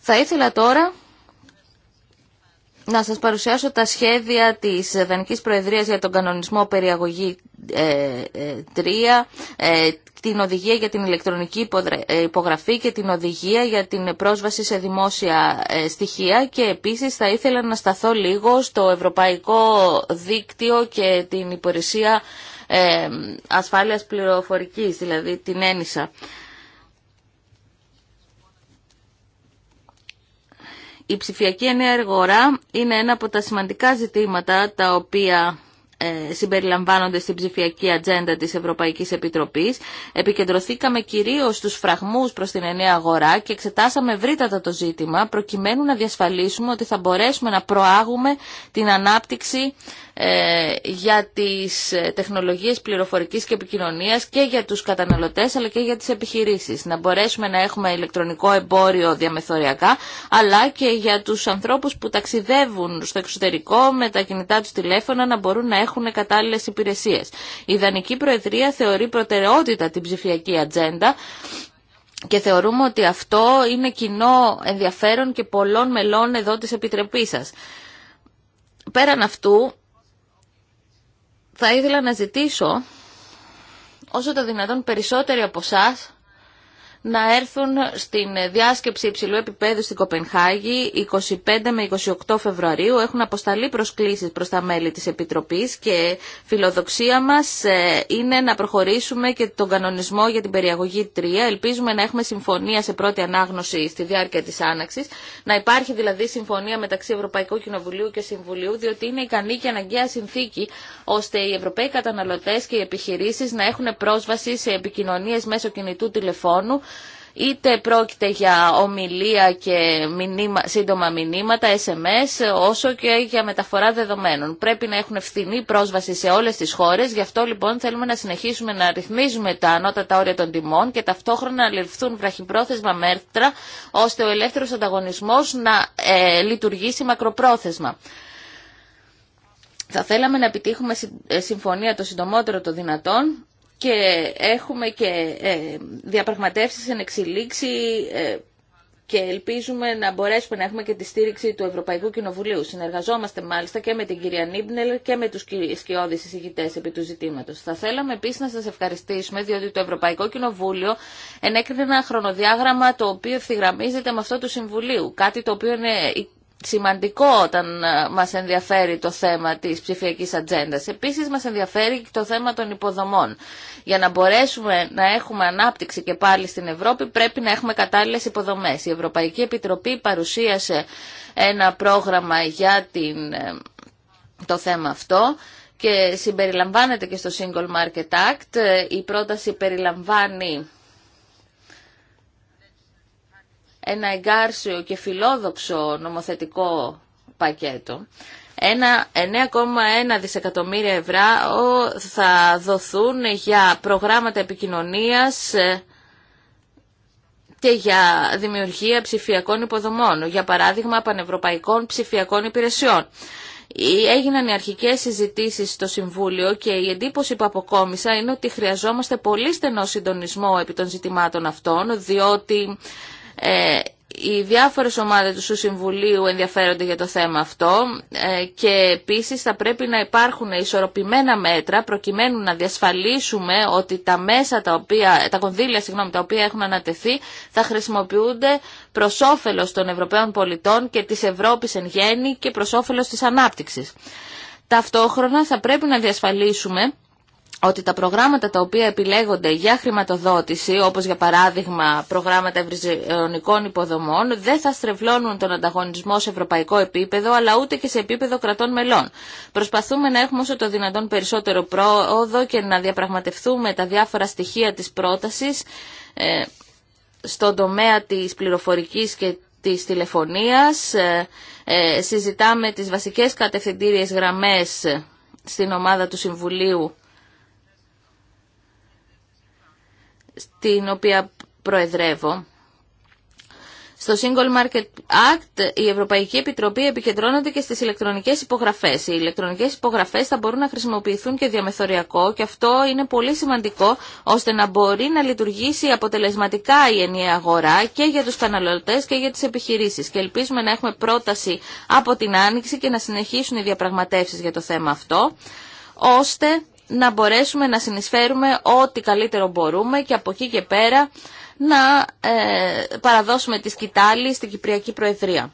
Θα ήθελα τώρα να σας παρουσιάσω τα σχέδια της Δανικής Προεδρίας για τον κανονισμό περιαγωγή 3, ε, ε, ε, την οδηγία για την ηλεκτρονική υπογραφή και την οδηγία για την πρόσβαση σε δημόσια στοιχεία και επίσης θα ήθελα να σταθώ λίγο στο Ευρωπαϊκό Δίκτυο και την υπηρεσία ασφάλειας πληροφορικής, δηλαδή την ένισα. Η ψηφιακή ενέργορα είναι ένα από τα σημαντικά ζητήματα τα οποία ε, συμπεριλαμβάνονται στην ψηφιακή ατζέντα της Ευρωπαϊκής Επιτροπής. Επικεντρωθήκαμε κυρίως στους φραγμούς προς την ενέα αγορά και εξετάσαμε ευρύτατα το ζήτημα προκειμένου να διασφαλίσουμε ότι θα μπορέσουμε να προάγουμε την ανάπτυξη ε, για τις ε, τεχνολογίες πληροφορικής και επικοινωνίας και για τους καταναλωτές αλλά και για τις επιχειρήσεις. Να μπορέσουμε να έχουμε ηλεκτρονικό εμπόριο διαμεθοριακά αλλά και για τους ανθρώπους που ταξιδεύουν στο εξωτερικό με τα κινητά τους τηλέφωνα να μπορούν να έχουν κατάλληλες υπηρεσίες. Η δανική Προεδρία θεωρεί προτεραιότητα την ψηφιακή ατζέντα και θεωρούμε ότι αυτό είναι κοινό ενδιαφέρον και πολλών μελών εδώ της Επιτροπής σας. Πέραν αυτού, θα ήθελα να ζητήσω όσο το δυνατόν περισσότεροι από εσά να έρθουν στην διάσκεψη υψηλού επίπεδου στην Κοπενχάγη 25 με 28 Φεβρουαρίου. Έχουν αποσταλεί προσκλήσεις προς τα μέλη της Επιτροπής και φιλοδοξία μας ε, είναι να προχωρήσουμε και τον κανονισμό για την περιαγωγή 3. Ελπίζουμε να έχουμε συμφωνία σε πρώτη ανάγνωση στη διάρκεια της άναξης. Να υπάρχει δηλαδή συμφωνία μεταξύ Ευρωπαϊκού Κοινοβουλίου και Συμβουλίου, διότι είναι ικανή και αναγκαία συνθήκη ώστε οι Ευρωπαίοι καταναλωτές και οι επιχειρήσεις να έχουν πρόσβαση σε επικοινωνίες μέσω κινητού τηλεφώνου είτε πρόκειται για ομιλία και σύντομα μηνύματα, SMS, όσο και για μεταφορά δεδομένων. Πρέπει να έχουν ευθυνή πρόσβαση σε όλες τις χώρες, γι' αυτό λοιπόν θέλουμε να συνεχίσουμε να ρυθμίζουμε τα ανώτατα όρια των τιμών και ταυτόχρονα να ληφθούν βραχυπρόθεσμα μέτρα, ώστε ο ελεύθερος ανταγωνισμός να ε, λειτουργήσει μακροπρόθεσμα. Θα θέλαμε να επιτύχουμε ε, συμφωνία το συντομότερο το δυνατόν, και έχουμε και ε, διαπραγματεύσεις εν εξελίξη ε, και ελπίζουμε να μπορέσουμε να έχουμε και τη στήριξη του Ευρωπαϊκού Κοινοβουλίου. Συνεργαζόμαστε μάλιστα και με την κυρία Νίμπνελ και με τους σκιώδεις εισηγητές επί του ζητήματος. Θα θέλαμε επίσης να σας ευχαριστήσουμε διότι το Ευρωπαϊκό Κοινοβούλιο ενέκρινε ένα χρονοδιάγραμμα το οποίο ευθυγραμμίζεται με αυτό του Συμβουλίου. Κάτι το οποίο είναι σημαντικό όταν ε, μας ενδιαφέρει το θέμα της ψηφιακής ατζέντα. Επίσης μας ενδιαφέρει το θέμα των υποδομών. Για να μπορέσουμε να έχουμε ανάπτυξη και πάλι στην Ευρώπη πρέπει να έχουμε κατάλληλες υποδομές. Η Ευρωπαϊκή Επιτροπή παρουσίασε ένα πρόγραμμα για την, ε, το θέμα αυτό και συμπεριλαμβάνεται και στο Single Market Act. Ε, η πρόταση περιλαμβάνει ένα εγκάρσιο και φιλόδοξο νομοθετικό πακέτο. 9,1 δισεκατομμύρια ευρώ θα δοθούν για προγράμματα επικοινωνίας ε, και για δημιουργία ψηφιακών υποδομών, για παράδειγμα πανευρωπαϊκών ψηφιακών υπηρεσιών. Έγιναν οι αρχικές συζητήσεις στο Συμβούλιο και η εντύπωση που αποκόμισα είναι ότι χρειαζόμαστε πολύ στενό συντονισμό επί των ζητημάτων αυτών, διότι ε, οι διάφορες ομάδες του Συμβουλίου ενδιαφέρονται για το θέμα αυτό ε, και επίσης θα πρέπει να υπάρχουν ισορροπημένα μέτρα προκειμένου να διασφαλίσουμε ότι τα μέσα τα οποία, τα κονδύλια συγγνώμη, τα οποία έχουν ανατεθεί θα χρησιμοποιούνται προς όφελος των Ευρωπαίων πολιτών και της Ευρώπης εν γέννη και προς όφελος της ανάπτυξης. Ταυτόχρονα θα πρέπει να διασφαλίσουμε ότι τα προγράμματα τα οποία επιλέγονται για χρηματοδότηση, όπως για παράδειγμα προγράμματα ευρυζωνικών υποδομών, δεν θα στρεβλώνουν τον ανταγωνισμό σε ευρωπαϊκό επίπεδο, αλλά ούτε και σε επίπεδο κρατών μελών. Προσπαθούμε να έχουμε όσο το δυνατόν περισσότερο πρόοδο και να διαπραγματευτούμε τα διάφορα στοιχεία της πρότασης ε, στον τομέα της πληροφορικής και της τηλεφωνίας. Ε, ε, συζητάμε τις βασικές κατευθυντήριες γραμμές στην ομάδα του Συμβουλίου στην οποία προεδρεύω. Στο Single Market Act η Ευρωπαϊκή Επιτροπή επικεντρώνεται και στις ηλεκτρονικές υπογραφές. Οι ηλεκτρονικές υπογραφές θα μπορούν να χρησιμοποιηθούν και διαμεθοριακό και αυτό είναι πολύ σημαντικό ώστε να μπορεί να λειτουργήσει αποτελεσματικά η ενιαία αγορά και για τους καναλωτές και για τις επιχειρήσεις. Και ελπίζουμε να έχουμε πρόταση από την Άνοιξη και να συνεχίσουν οι διαπραγματεύσεις για το θέμα αυτό ώστε να μπορέσουμε να συνεισφέρουμε ό,τι καλύτερο μπορούμε και από εκεί και πέρα να ε, παραδώσουμε τη σκητάλη στην Κυπριακή Προεδρία.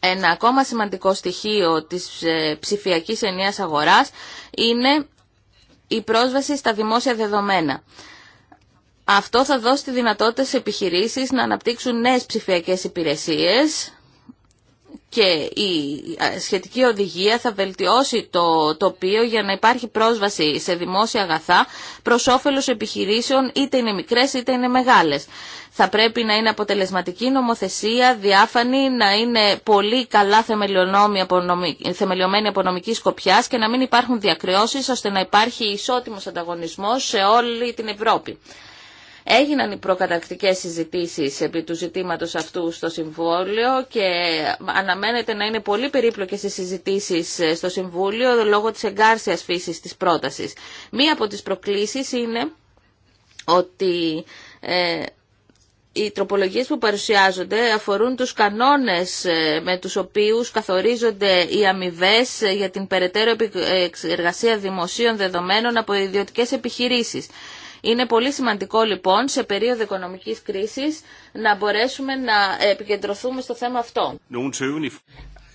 Ένα ακόμα σημαντικό στοιχείο της ε, ψηφιακής ενιαίας αγοράς είναι η πρόσβαση στα δημόσια δεδομένα. Αυτό θα δώσει τη δυνατότητα σε επιχειρήσεις να αναπτύξουν νέες ψηφιακές υπηρεσίες και η ε, σχετική οδηγία θα βελτιώσει το τοπίο για να υπάρχει πρόσβαση σε δημόσια αγαθά προς όφελος επιχειρήσεων είτε είναι μικρές είτε είναι μεγάλες. Θα πρέπει να είναι αποτελεσματική νομοθεσία, διάφανη, να είναι πολύ καλά θεμελιωμένη από νομική σκοπιά και να μην υπάρχουν διακριώσεις ώστε να υπάρχει ισότιμος ανταγωνισμός σε όλη την Ευρώπη. Έγιναν οι προκαταρκτικές συζητήσεις επί του ζητήματος αυτού στο Συμβούλιο και αναμένεται να είναι πολύ περίπλοκες οι συζητήσεις στο Συμβούλιο λόγω της εγκάρσιας φύσης της πρότασης. Μία από τις προκλήσεις είναι ότι ε, οι τροπολογίες που παρουσιάζονται αφορούν τους κανόνες ε, με τους οποίους καθορίζονται οι αμοιβέ για την περαιτέρω ε, εργασία δημοσίων δεδομένων από ιδιωτικές επιχειρήσεις. Είναι πολύ σημαντικό λοιπόν σε περίοδο οικονομικής κρίσης να μπορέσουμε να επικεντρωθούμε στο θέμα αυτό.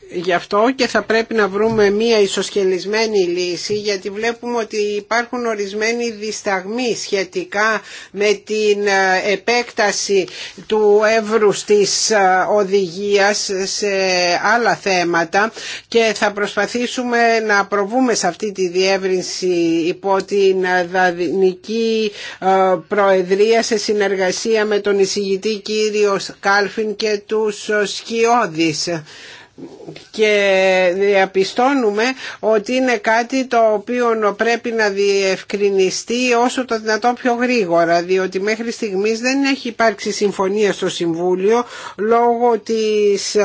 Γι' αυτό και θα πρέπει να βρούμε μία ισοσχελισμένη λύση γιατί βλέπουμε ότι υπάρχουν ορισμένοι δισταγμοί σχετικά με την ε, επέκταση του εύρους της ε, οδηγίας σε άλλα θέματα και θα προσπαθήσουμε να προβούμε σε αυτή τη διεύρυνση υπό την Δανεική ε, Προεδρία σε συνεργασία με τον εισηγητή κύριο Κάλφιν και τους Σκιώδης και διαπιστώνουμε ότι είναι κάτι το οποίο πρέπει να διευκρινιστεί όσο το δυνατό πιο γρήγορα διότι μέχρι στιγμής δεν έχει υπάρξει συμφωνία στο Συμβούλιο λόγω της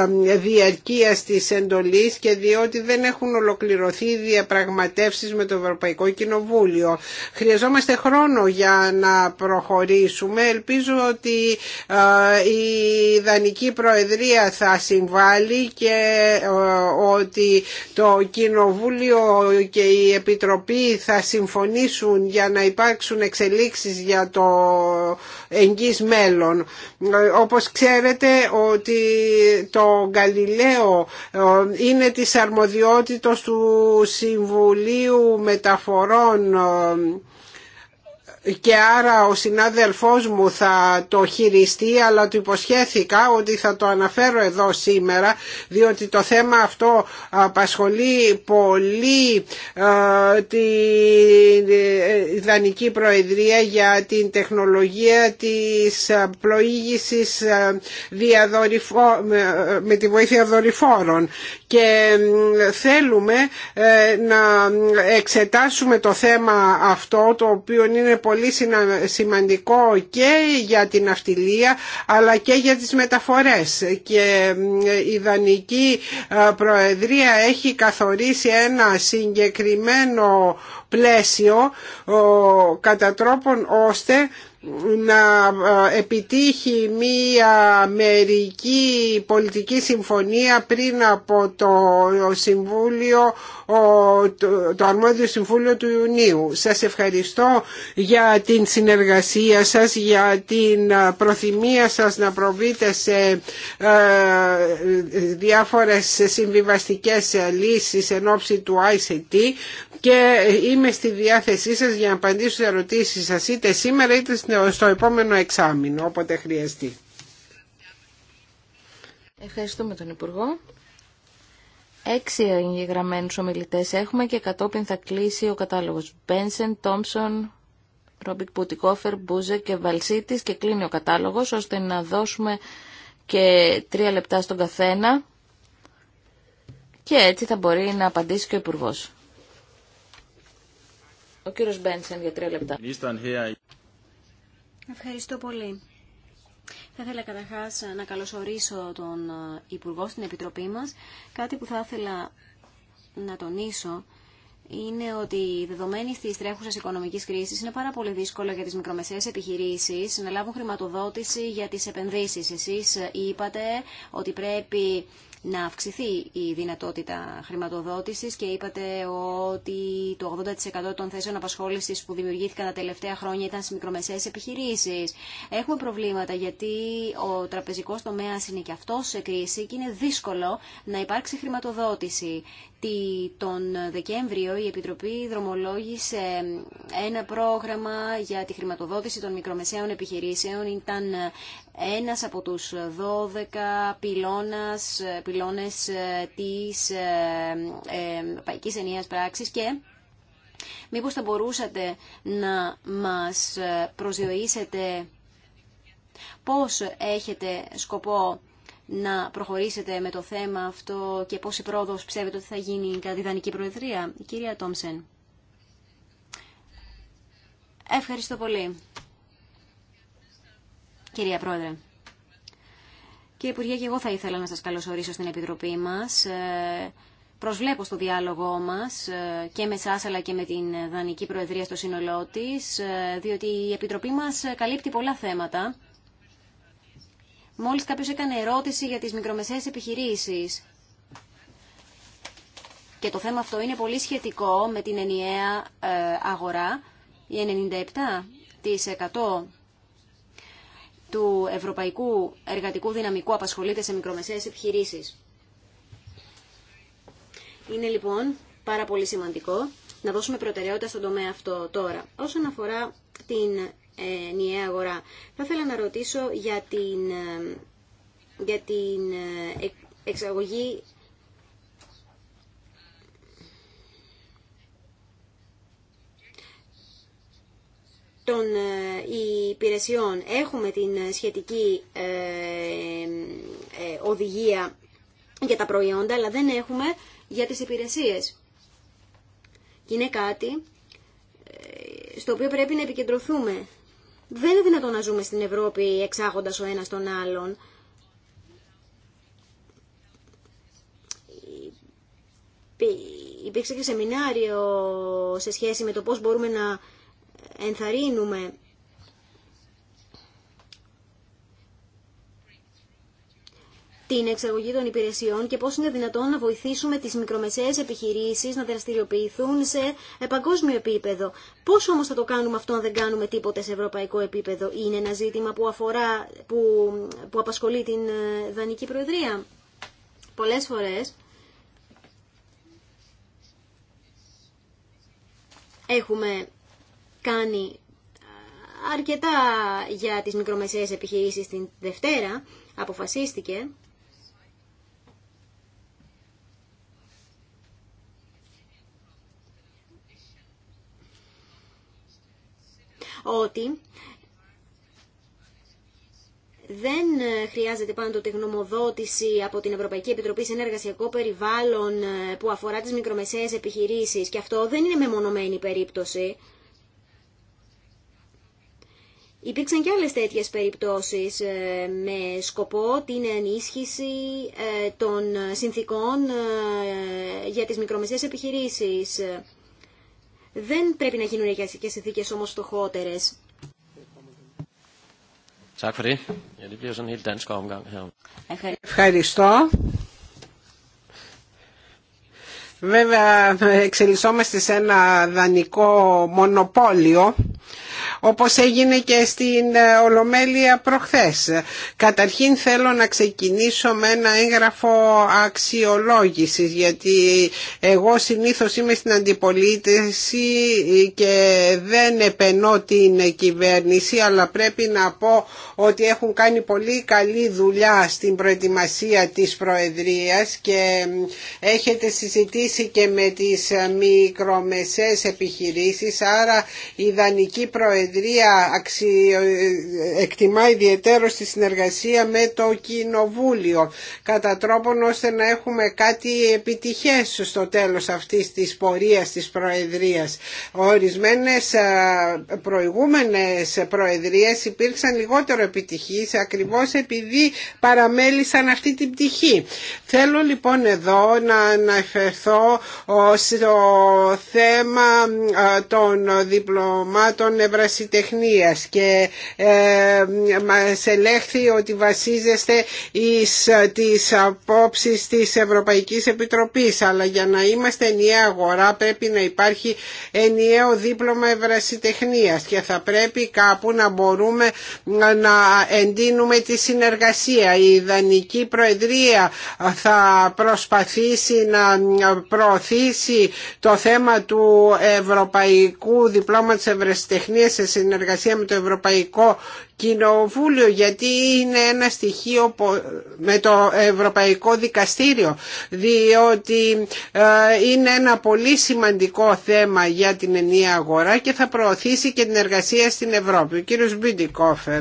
διαρκείας της εντολής και διότι δεν έχουν ολοκληρωθεί οι διαπραγματεύσεις με το Ευρωπαϊκό Κοινοβούλιο. Χρειαζόμαστε χρόνο για να προχωρήσουμε. Ελπίζω ότι ε, η Δανική Προεδρία θα συμβάλλει και ότι το Κοινοβούλιο και η Επιτροπή θα συμφωνήσουν για να υπάρξουν εξελίξεις για το εγγύς μέλλον. Όπως ξέρετε ότι το Γαλιλαίο ε, είναι της αρμοδιότητος του Συμβουλίου Μεταφορών ε, και άρα ο συνάδελφός μου θα το χειριστεί αλλά του υποσχέθηκα ότι θα το αναφέρω εδώ σήμερα διότι το θέμα αυτό απασχολεί πολύ ε, τη ε, Ιδανική Προεδρία για την τεχνολογία της ε, πλοήγησης διαδορυφο... με τη βοήθεια δορυφόρων και θέλουμε να εξετάσουμε το θέμα αυτό το οποίο είναι πολύ σημαντικό και για την αυτιλία αλλά και για τις μεταφορές και η Δανική ε, Προεδρία έχει καθορίσει ένα συγκεκριμένο πλαίσιο κατά τρόπον ώστε να επιτύχει μία μερική πολιτική συμφωνία πριν από το Συμβούλιο το αρμόδιο Συμβούλιο του Ιουνίου. Σας ευχαριστώ για την συνεργασία σας, για την προθυμία σας να προβείτε σε διάφορες συμβιβαστικές λύσεις εν ώψη του ICT και είμαι στη διάθεσή σας για να απαντήσω σε ερωτήσεις σας είτε σήμερα είτε στο επόμενο εξάμεινο, όποτε χρειαστεί. Ευχαριστούμε τον Υπουργό. Έξι εγγεγραμμένους ομιλητές έχουμε και κατόπιν θα κλείσει ο κατάλογος. Μπένσεν, Thompson, Ρόμπικ Πουτικόφερ, Μπούζε και Βαλσίτης και κλείνει ο κατάλογος ώστε να δώσουμε και τρία λεπτά στον καθένα και έτσι θα μπορεί να απαντήσει και ο Υπουργός. Ο κύριος Μπένσεν για τρία λεπτά. Ευχαριστώ πολύ. Θα ήθελα καταρχά να καλωσορίσω τον Υπουργό στην Επιτροπή μας. Κάτι που θα ήθελα να τονίσω είναι ότι δεδομένη τη τρέχουσα οικονομική κρίση είναι πάρα πολύ δύσκολο για τι μικρομεσαίες επιχειρήσει να λάβουν χρηματοδότηση για τι επενδύσει. Εσεί είπατε ότι πρέπει να αυξηθεί η δυνατότητα χρηματοδότησης και είπατε ότι το 80% των θέσεων απασχόλησης που δημιουργήθηκαν τα τελευταία χρόνια ήταν στις μικρομεσαίες επιχειρήσεις. Έχουμε προβλήματα γιατί ο τραπεζικός τομέας είναι και αυτός σε κρίση και είναι δύσκολο να υπάρξει χρηματοδότηση. Τον Δεκέμβριο η Επιτροπή δρομολόγησε ένα πρόγραμμα για τη χρηματοδότηση των μικρομεσαίων επιχειρήσεων. Ήταν ένας από τους 12 πυλώνας, πυλώνες ε, της ε, ε, Παϊκής ενιαίας Πράξης και μήπως θα μπορούσατε να μας προσδιορίσετε πώς έχετε σκοπό να προχωρήσετε με το θέμα αυτό και πώς η πρόοδος πιστεύετε ότι θα γίνει κατά τη Δανική Προεδρία. κυρία Τόμσεν. Ευχαριστώ πολύ κυρία Πρόεδρε. Κύριε Υπουργέ, και εγώ θα ήθελα να σας καλωσορίσω στην Επιτροπή μας. Ε, προσβλέπω στο διάλογό μας ε, και με εσάς αλλά και με την Δανική Προεδρία στο σύνολό τη, ε, διότι η Επιτροπή μας καλύπτει πολλά θέματα. Μόλις κάποιος έκανε ερώτηση για τις μικρομεσαίες επιχειρήσεις. Και το θέμα αυτό είναι πολύ σχετικό με την ενιαία αγορά. Η 97% του ευρωπαϊκού εργατικού δυναμικού απασχολείται σε μικρομεσαίες επιχειρήσεις. Είναι λοιπόν πάρα πολύ σημαντικό να δώσουμε προτεραιότητα στον τομέα αυτό τώρα. Όσον αφορά την ε, ενιαία αγορά, θα ήθελα να ρωτήσω για την, ε, για την ε, εξαγωγή των ε, υπηρεσιών έχουμε την ε, σχετική ε, οδηγία για τα προϊόντα, αλλά δεν έχουμε για τις υπηρεσίες. Και είναι κάτι στο οποίο πρέπει να επικεντρωθούμε. Δεν είναι δυνατόν να ζούμε στην Ευρώπη εξάγοντας ο ένας τον άλλον. Υπήρξε και σεμινάριο σε σχέση με το πώς μπορούμε να ενθαρρύνουμε την εξαγωγή των υπηρεσιών και πώς είναι δυνατόν να βοηθήσουμε τις μικρομεσαίες επιχειρήσεις να δραστηριοποιηθούν σε παγκόσμιο επίπεδο. Πώς όμως θα το κάνουμε αυτό αν δεν κάνουμε τίποτε σε ευρωπαϊκό επίπεδο. Είναι ένα ζήτημα που, αφορά, που, που απασχολεί την ε, Δανική Προεδρία. Πολλές φορές έχουμε κάνει ε, αρκετά για τις μικρομεσαίες επιχειρήσεις την Δευτέρα, αποφασίστηκε ότι δεν χρειάζεται πάντοτε γνωμοδότηση από την Ευρωπαϊκή Επιτροπή σε ένα εργασιακό περιβάλλον ε, που αφορά τις μικρομεσαίες επιχειρήσεις και αυτό δεν είναι μεμονωμένη περίπτωση. Υπήρξαν και άλλες τέτοιες περιπτώσεις ε, με σκοπό την ενίσχυση ε, των συνθήκων ε, για τις μικρομεσαίες επιχειρήσεις. Δεν πρέπει να γίνουν και συνθήκες όμως φτωχότερες. Ευχαριστώ. Βέβαια εξελισσόμαστε σε ένα δανεικό μονοπόλιο όπως έγινε και στην ε, Ολομέλεια προχθές. Καταρχήν θέλω να ξεκινήσω με ένα έγγραφο αξιολόγησης γιατί εγώ συνήθως είμαι στην αντιπολίτευση και δεν επενώ την κυβέρνηση αλλά πρέπει να πω ότι έχουν κάνει πολύ καλή δουλειά στην προετοιμασία της Προεδρίας και έχετε συζητήσει και με τις μικρομεσαίες επιχειρήσεις άρα η Δανική Προεδρία εκτιμά ιδιαίτερο στη συνεργασία με το Κοινοβούλιο κατά τρόπον ώστε να έχουμε κάτι επιτυχές στο τέλος αυτής της πορείας της Προεδρίας. Ορισμένες προηγούμενες Προεδρίες υπήρξαν λιγότερο επιτυχής ακριβώς επειδή παραμέλησαν αυτή την πτυχή. Θέλω λοιπόν εδώ να αναφερθώ στο θέμα των διπλωμάτων ευρασίας ερασιτεχνίας και ε, μας ελέγχθη ότι βασίζεστε εις ε, τις απόψεις της Ευρωπαϊκής Επιτροπής αλλά για να είμαστε ενιαία αγορά πρέπει να υπάρχει ενιαίο δίπλωμα ευρασιτεχνίας και θα πρέπει κάπου να μπορούμε να εντείνουμε τη συνεργασία. Η Ιδανική Προεδρία θα προσπαθήσει να προωθήσει το θέμα του Ευρωπαϊκού Διπλώματος Ευρεσιτεχνίας συνεργασία με το Ευρωπαϊκό Κοινοβούλιο γιατί είναι ένα στοιχείο με το Ευρωπαϊκό Δικαστήριο διότι ε, είναι ένα πολύ σημαντικό θέμα για την ενία αγορά και θα προωθήσει και την εργασία στην Ευρώπη. Ο κύριος Μπιντικόφερ.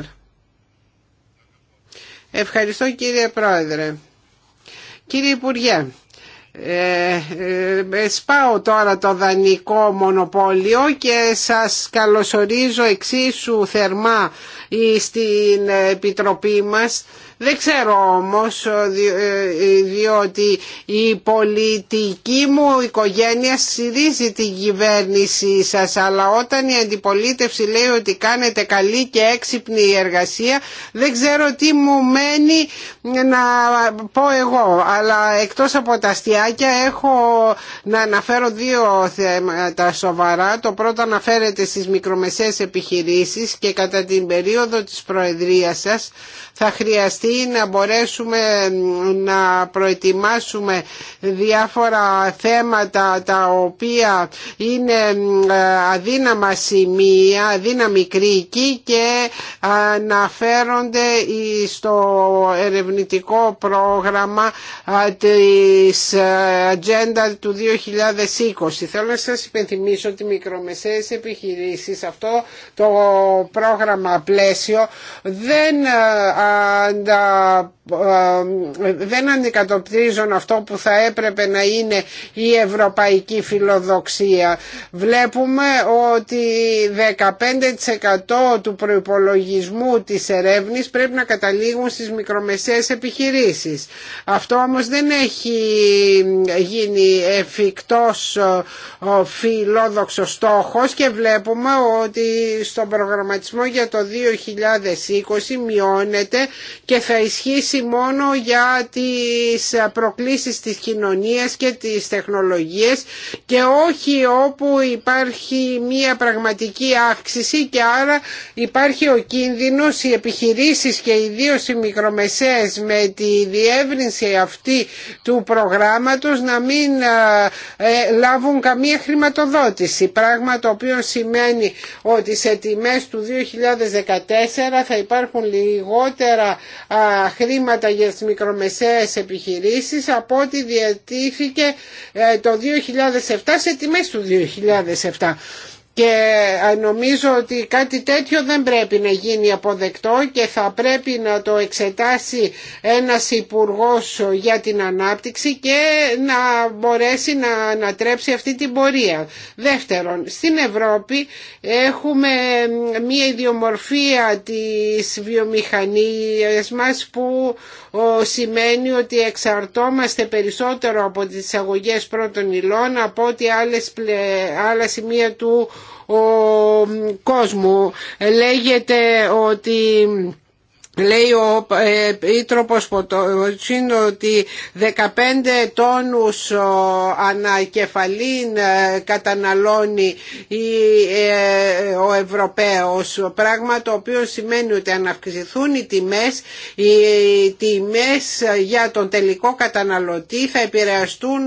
Ευχαριστώ κύριε Πρόεδρε. Κύριε Υπουργέ, ε, ε, σπάω τώρα το δανεικό μονοπόλιο και σας καλωσορίζω εξίσου θερμά στην Επιτροπή μας. Δεν ξέρω όμως ε, διότι η πολιτική μου οικογένεια συρίζει την κυβέρνησή σας αλλά όταν η αντιπολίτευση λέει ότι κάνετε καλή και έξυπνη εργασία δεν ξέρω τι μου μένει να πω εγώ αλλά εκτός από τα αστεία έχω να αναφέρω δύο θέματα σοβαρά. Το πρώτο αναφέρεται στις μικρομεσαίες επιχειρήσεις και κατά την περίοδο της προεδρίας σας θα χρειαστεί να μπορέσουμε να προετοιμάσουμε διάφορα θέματα τα οποία είναι ε, αδύναμα σημεία, αδύναμη κρίκη και αναφέρονται στο ερευνητικό πρόγραμμα ε, της ε, Agenda του 2020. Θέλω να σας υπενθυμίσω ότι μικρομεσαίες επιχειρήσεις αυτό το πρόγραμμα πλαίσιο δεν και, ε, δεν αντικατοπτρίζουν αυτό που θα έπρεπε να είναι η ευρωπαϊκή φιλοδοξία. Βλέπουμε ότι 15% του προϋπολογισμού της ερεύνης πρέπει να καταλήγουν στις μικρομεσαίες επιχειρήσεις. Αυτό όμως δεν έχει γίνει εφικτός ε, φιλόδοξος στόχος και βλέπουμε ότι στον προγραμματισμό για το 2020 μειώνεται και θα ισχύσει μόνο για τις προκλήσεις της κοινωνίας και τις τεχνολογίες και όχι όπου υπάρχει μία πραγματική αύξηση και άρα υπάρχει ο κίνδυνος οι επιχειρήσεις και ιδίω οι μικρομεσαίες με τη διεύρυνση αυτή του προγράμματος να μην ε, ε, λάβουν καμία χρηματοδότηση πράγμα το οποίο σημαίνει ότι σε τιμές του 2014 θα υπάρχουν λιγότερα χρήματα χρήματα για τις μικρομεσαίες επιχειρήσεις από ό,τι διατήθηκε ε, το 2007 σε τιμές του 2007 και ε, νομίζω ότι κάτι τέτοιο δεν πρέπει να γίνει αποδεκτό και θα πρέπει να το εξετάσει ένας υπουργός για την ανάπτυξη και να μπορέσει να ανατρέψει αυτή την πορεία. Δεύτερον, στην Ευρώπη έχουμε μια ιδιομορφία της βιομηχανίας μας που σημαίνει ότι εξαρτόμαστε περισσότερο από τις αγωγές πρώτων υλών από ότι άλλα σημεία του ο κόσμου. Λέγεται ότι... Λέει ο ε, το Ποτοτσίν ότι 15 τόνους ανακεφαλήν ε, καταναλώνει ε, ο Ευρωπαίος πράγμα το οποίο σημαίνει ότι αν αυξηθούν οι τιμές οι τιμές για τον τελικό καταναλωτή θα επηρεαστούν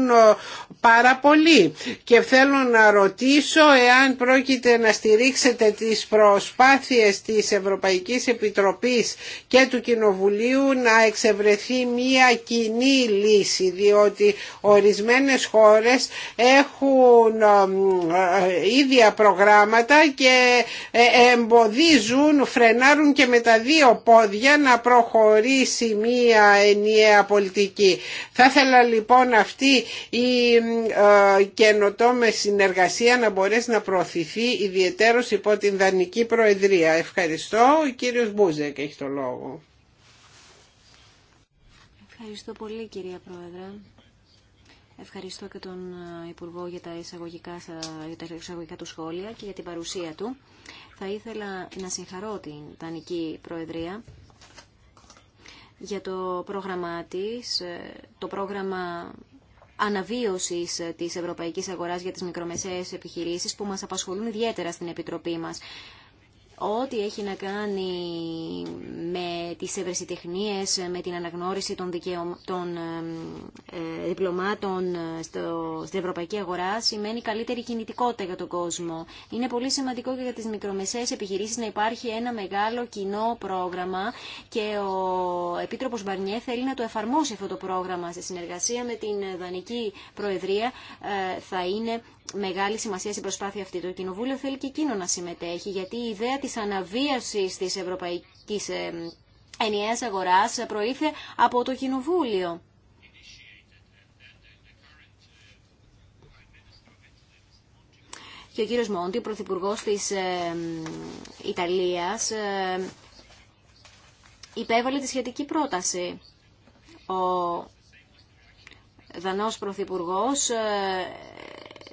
πάρα πολύ και θέλω να ρωτήσω εάν πρόκειται να στηρίξετε τις προσπάθειες της Ευρωπαϊκής Επιτροπής και του Κοινοβουλίου να εξευρεθεί μια κοινή λύση διότι ορισμένες χώρες έχουν ε, ε, ίδια προγράμματα και ε, εμποδίζουν, φρενάρουν και με τα δύο πόδια να προχωρήσει μια ενιαία πολιτική. Θα θέλα λοιπόν αυτή η ε, με συνεργασία να μπορέσει να προωθηθεί ιδιαίτερο υπό την Δανική Προεδρία. Ευχαριστώ. Ο κύριος Μπούζεκ έχει το λόγο. Ευχαριστώ πολύ κυρία Πρόεδρε. Ευχαριστώ και τον ε, Υπουργό για τα εισαγωγικά, εισαγωγικά του σχόλια και για την παρουσία του. Θα ήθελα να συγχαρώ την Δανική Προεδρία για το πρόγραμμά της, ε, το πρόγραμμα Αναβίωση ε, της ευρωπαϊκής αγοράς για τις μικρομεσαίες επιχειρήσεις που μας απασχολούν ιδιαίτερα στην Επιτροπή μας ό,τι έχει να κάνει με τις ευρεσιτεχνίες, με την αναγνώριση των, ε, διπλωμάτων στο... στην ευρωπαϊκή αγορά, σημαίνει καλύτερη κινητικότητα για τον κόσμο. Είναι πολύ σημαντικό και για τις μικρομεσαίες επιχειρήσεις να υπάρχει ένα μεγάλο κοινό πρόγραμμα και ο Επίτροπος Μπαρνιέ θέλει να το εφαρμόσει αυτό το πρόγραμμα σε συνεργασία με την Δανική Προεδρία ε, θα είναι μεγάλη σημασία στην προσπάθεια αυτή. Το Κοινοβούλιο θέλει και εκείνο να συμμετέχει, γιατί η ιδέα της αναβίασης της ευρωπαϊκής ε, ενιαίας αγοράς προήλθε από το Κοινοβούλιο. Και ο κύριος Μόντι, ο Πρωθυπουργός της ε, Ιταλίας, ε, υπέβαλε τη σχετική πρόταση. Ο Δανός Πρωθυπουργός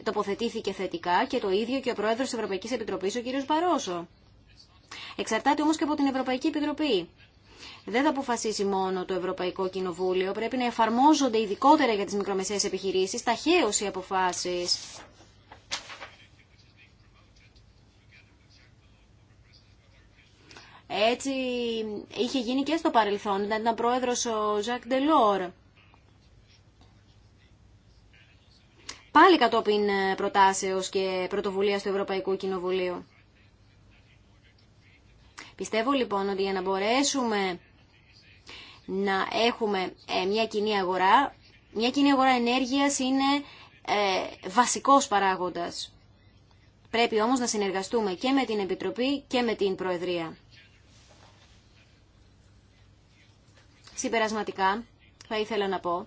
τοποθετήθηκε θετικά και το ίδιο και ο Πρόεδρος τη Ευρωπαϊκής Επιτροπής, ο κύριος Παρόσο. Εξαρτάται όμως και από την Ευρωπαϊκή Επιτροπή. Δεν θα αποφασίσει μόνο το Ευρωπαϊκό Κοινοβούλιο. Πρέπει να εφαρμόζονται ειδικότερα για τις μικρομεσαίες επιχειρήσεις, ταχαίω οι αποφάσεις. Έτσι είχε γίνει και στο παρελθόν. Ήταν πρόεδρο ο Ζακ Ντελόρ. πάλι κατόπιν ε, προτάσεως και πρωτοβουλίας του Ευρωπαϊκού Κοινοβουλίου. Πιστεύω λοιπόν ότι για να μπορέσουμε να έχουμε ε, μια κοινή αγορά, μια κοινή αγορά ενέργειας είναι ε, βασικός παράγοντας. Πρέπει όμως να συνεργαστούμε και με την Επιτροπή και με την Προεδρία. Συμπερασματικά θα ήθελα να πω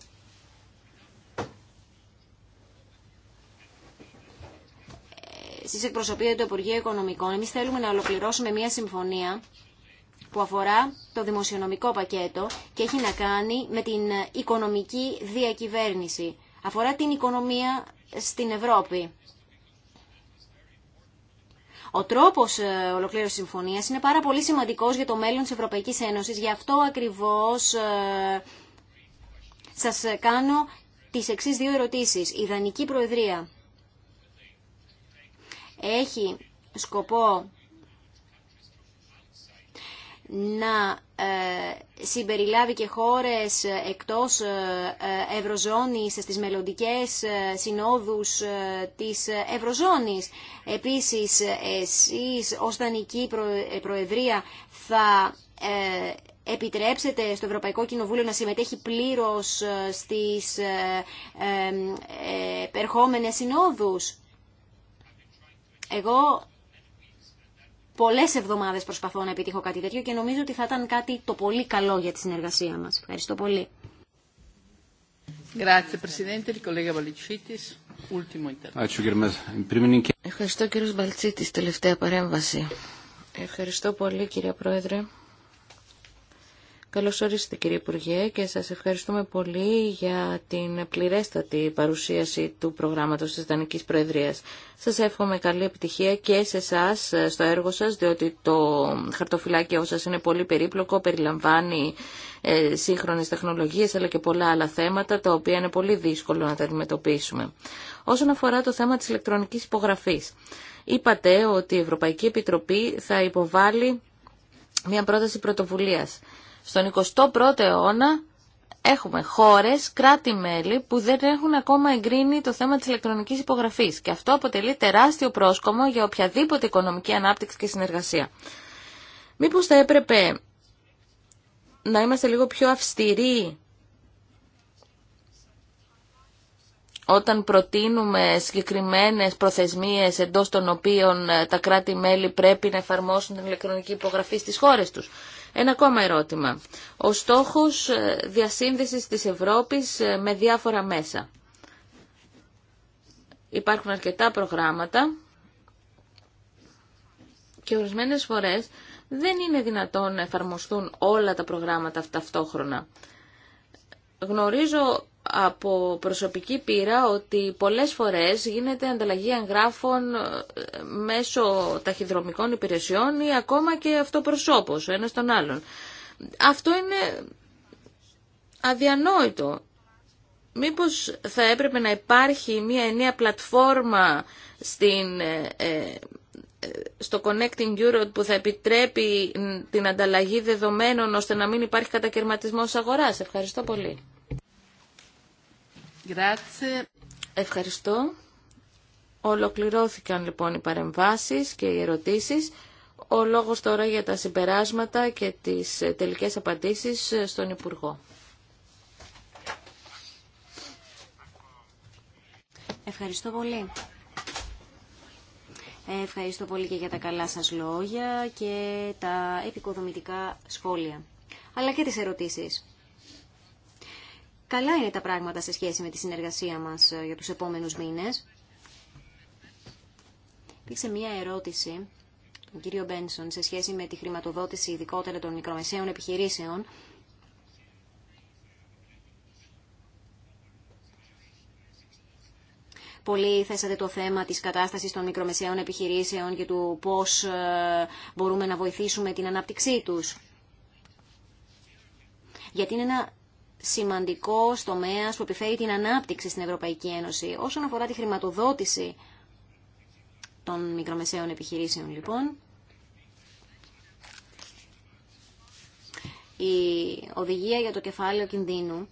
εσεί εκπροσωπείτε το Υπουργείο Οικονομικών. Εμείς θέλουμε να ολοκληρώσουμε μια συμφωνία που αφορά το δημοσιονομικό πακέτο και έχει να κάνει με την οικονομική διακυβέρνηση. Αφορά την οικονομία στην Ευρώπη. Ο τρόπο ε, ολοκλήρωση συμφωνία είναι πάρα πολύ σημαντικό για το μέλλον τη Ευρωπαϊκή Ένωση. Γι' αυτό ακριβώ ε, σα κάνω τι εξή δύο ερωτήσει. Ιδανική Προεδρία έχει σκοπό να ε, συμπεριλάβει και χώρες εκτός ε, ε, Ευρωζώνης στις μελλοντικές συνόδους της Ευρωζώνης. Επίσης, εσείς ως Δανική Προεδρία θα επιτρέψετε στο Ευρωπαϊκό Κοινοβούλιο να συμμετέχει πλήρως στις περχόμενες συνόδους. Εγώ πολλές εβδομάδες προσπαθώ να επιτύχω κάτι τέτοιο και νομίζω ότι θα ήταν κάτι το πολύ καλό για τη συνεργασία μας. Ευχαριστώ πολύ. Ευχαριστώ κύριος Μπαλτσίτης, τελευταία παρέμβαση. Ευχαριστώ πολύ κύριε Πρόεδρε. Καλώς όρισατε κύριε Υπουργέ και σας ευχαριστούμε πολύ για την πληρέστατη παρουσίαση του προγράμματος της Δανικής Προεδρίας. Σας εύχομαι καλή επιτυχία και σε εσά στο έργο σας, διότι το χαρτοφυλάκιο σας είναι πολύ περίπλοκο, περιλαμβάνει ε, σύγχρονες τεχνολογίες αλλά και πολλά άλλα θέματα, τα οποία είναι πολύ δύσκολο να τα αντιμετωπίσουμε. Όσον αφορά το θέμα της ηλεκτρονικής υπογραφής, είπατε ότι η Ευρωπαϊκή Επιτροπή θα υποβάλει μια πρόταση πρωτοβουλία. Στον 21ο αιώνα έχουμε χώρες, κράτη-μέλη που δεν έχουν ακόμα εγκρίνει το θέμα της ηλεκτρονικής υπογραφής και αυτό αποτελεί τεράστιο πρόσκομο για οποιαδήποτε οικονομική ανάπτυξη και συνεργασία. Μήπως θα έπρεπε να είμαστε λίγο πιο αυστηροί όταν προτείνουμε συγκεκριμένες προθεσμίες εντός των οποίων ε, τα κράτη-μέλη πρέπει να εφαρμόσουν την ηλεκτρονική υπογραφή στις χώρες τους. Ένα ακόμα ερώτημα. Ο στόχος ε, διασύνδεσης της Ευρώπης ε, με διάφορα μέσα. Υπάρχουν αρκετά προγράμματα και ορισμένες φορές δεν είναι δυνατόν να εφαρμοστούν όλα τα προγράμματα ταυτόχρονα. Γνωρίζω από προσωπική πείρα ότι πολλές φορές γίνεται ανταλλαγή εγγράφων ε, μέσω ταχυδρομικών υπηρεσιών ή ακόμα και αυτοπροσώπως ο ένας τον άλλον. Αυτό είναι αδιανόητο. Μήπως θα έπρεπε να υπάρχει μια ενιαία πλατφόρμα στην ε, ε, στο Connecting Europe που θα επιτρέπει την ανταλλαγή δεδομένων ώστε να μην υπάρχει κατακαιρματισμός αγοράς. Ευχαριστώ πολύ. Ευχαριστώ. Ολοκληρώθηκαν λοιπόν οι παρεμβάσεις και οι ερωτήσεις. Ο λόγος τώρα για τα συμπεράσματα και τις τελικές απαντήσεις στον Υπουργό. Ευχαριστώ πολύ. Ευχαριστώ πολύ και για τα καλά σας λόγια και τα επικοδομητικά σχόλια, αλλά και τις ερωτήσεις. Καλά είναι τα πράγματα σε σχέση με τη συνεργασία μας ε, για τους επόμενους μήνες. Υπήρξε μία ερώτηση τον κύριο Μπένσον σε σχέση με τη χρηματοδότηση ειδικότερα των μικρομεσαίων επιχειρήσεων. Πολλοί θέσατε το θέμα της κατάστασης των μικρομεσαίων επιχειρήσεων και του πώς ε, μπορούμε να βοηθήσουμε την ανάπτυξή τους. Γιατί είναι ένα σημαντικό τομέα που επιφέρει την ανάπτυξη στην Ευρωπαϊκή Ένωση. Όσον αφορά τη χρηματοδότηση των μικρομεσαίων επιχειρήσεων, λοιπόν, η οδηγία για το κεφάλαιο κινδύνου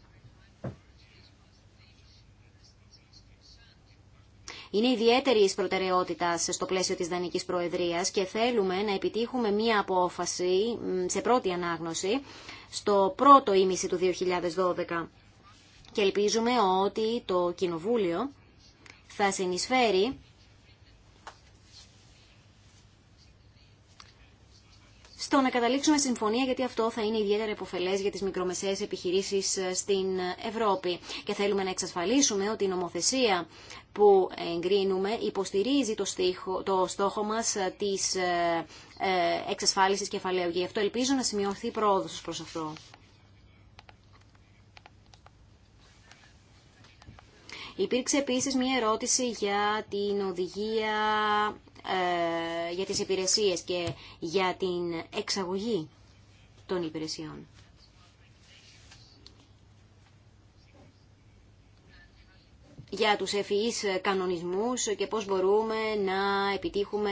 είναι ιδιαίτερη προτεραιότητα στο πλαίσιο της Δανικής Προεδρίας και θέλουμε να επιτύχουμε μία απόφαση σε πρώτη ανάγνωση στο πρώτο ήμιση του 2012. Και ελπίζουμε ότι το Κοινοβούλιο θα συνεισφέρει στο να καταλήξουμε συμφωνία γιατί αυτό θα είναι ιδιαίτερα υποφελέ για τις μικρομεσαίες επιχειρήσεις ε, στην Ευρώπη. Και θέλουμε να εξασφαλίσουμε ότι η νομοθεσία που εγκρίνουμε υποστηρίζει το, στόχο μας ε, της ε, εξασφάλισης κεφαλαίου. Γι' αυτό ελπίζω να σημειωθεί πρόοδος προ αυτό. Υπήρξε επίσης μία ερώτηση για την οδηγία ε, για τις υπηρεσίες και για την εξαγωγή των υπηρεσιών. για τους ευφυείς κανονισμούς και πώς μπορούμε να επιτύχουμε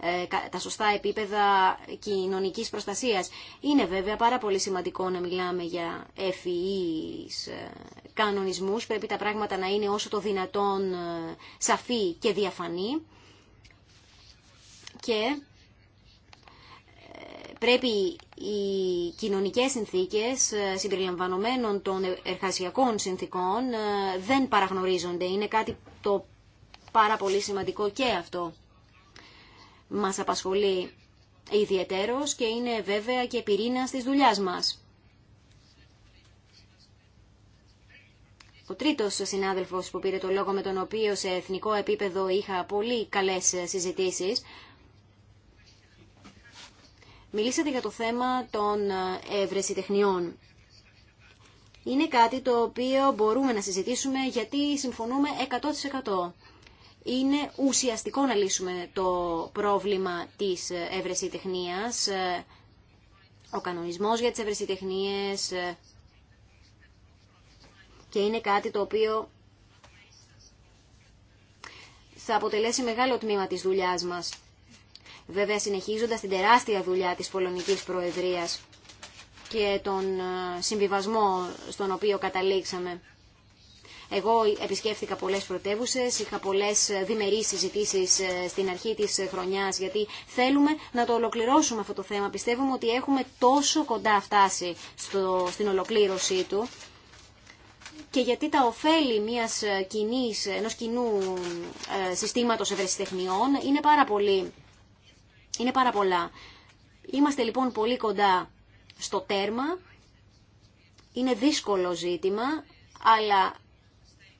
ε, τα σωστά επίπεδα κοινωνικής προστασίας. Είναι βέβαια πάρα πολύ σημαντικό να μιλάμε για ευφυείς ε, κανονισμούς. Πρέπει τα πράγματα να είναι όσο το δυνατόν σαφή και διαφανή και ε, πρέπει οι κοινωνικές συνθήκες ε, συμπεριλαμβανομένων των εργασιακών συνθήκων ε, δεν παραγνωρίζονται. Είναι κάτι το πάρα πολύ σημαντικό και αυτό μας απασχολεί ιδιαιτέρως και είναι βέβαια και πυρήνα της δουλειάς μας. Ο τρίτος συνάδελφος που πήρε το λόγο με τον οποίο σε εθνικό επίπεδο είχα πολύ καλές συζητήσεις Μιλήσατε για το θέμα των ε, τεχνιών. Είναι κάτι το οποίο μπορούμε να συζητήσουμε γιατί συμφωνούμε 100%. Είναι ουσιαστικό να λύσουμε το πρόβλημα της ευρεσιτεχνίας, ε, ο κανονισμός για τις ευρεσιτεχνίες ε, και είναι κάτι το οποίο θα αποτελέσει μεγάλο τμήμα της δουλειάς μας βέβαια συνεχίζοντας την τεράστια δουλειά της Πολωνικής Προεδρίας και τον ε, συμβιβασμό στον οποίο καταλήξαμε. Εγώ επισκέφθηκα πολλές πρωτεύουσε, είχα πολλές διμερείς συζητήσει ε, στην αρχή της χρονιάς γιατί θέλουμε να το ολοκληρώσουμε αυτό το θέμα. Πιστεύουμε ότι έχουμε τόσο κοντά φτάσει στο, στην ολοκλήρωσή του και γιατί τα ωφέλη μιας ε, κοινής, ενός κοινού συστήματος ευρεσιτεχνιών είναι πάρα πολύ είναι πάρα πολλά. Είμαστε λοιπόν πολύ κοντά στο τέρμα. Είναι δύσκολο ζήτημα, αλλά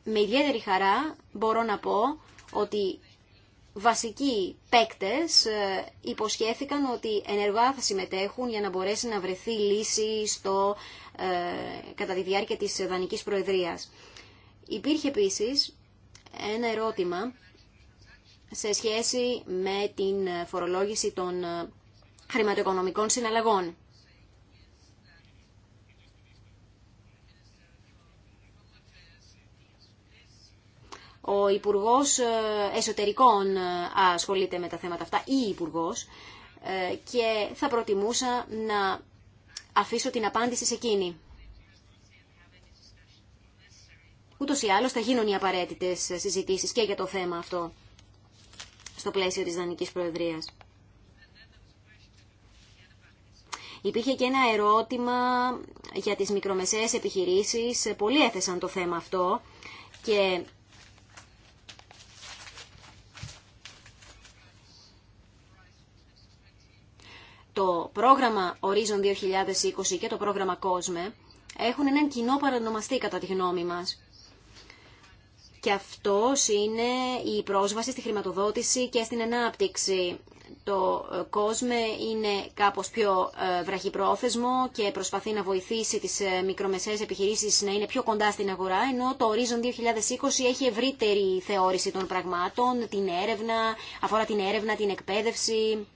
με ιδιαίτερη χαρά μπορώ να πω ότι βασικοί παίκτες ε, υποσχέθηκαν ότι ενεργά θα συμμετέχουν για να μπορέσει να βρεθεί λύση στο, ε, κατά τη διάρκεια της Δανικής Προεδρίας. Υπήρχε επίσης ένα ερώτημα σε σχέση με την φορολόγηση των ε, χρηματοοικονομικών συναλλαγών. Ο Υπουργός ε, Εσωτερικών ε, ασχολείται με τα θέματα αυτά, ή Υπουργός, και θα προτιμούσα να αφήσω την απάντηση σε εκείνη. Ούτως ή άλλως θα γίνουν οι απαραίτητες συζητήσεις και για το θέμα αυτό στο πλαίσιο της Δανικής Προεδρίας. Υπήρχε και ένα ερώτημα για τις μικρομεσαίες επιχειρήσεις. Πολλοί έθεσαν το θέμα αυτό και το πρόγραμμα Horizon 2020 και το πρόγραμμα COSME έχουν έναν κοινό παρανομαστή κατά τη γνώμη μας και αυτό είναι η πρόσβαση στη χρηματοδότηση και στην ανάπτυξη. Το κόσμο είναι κάπως πιο ε, βραχυπρόθεσμο και προσπαθεί να βοηθήσει τις ε, μικρομεσαίες επιχειρήσεις να είναι πιο κοντά στην αγορά, ενώ το Horizon 2020 έχει ευρύτερη θεώρηση των πραγμάτων, την έρευνα, αφορά την έρευνα, την εκπαίδευση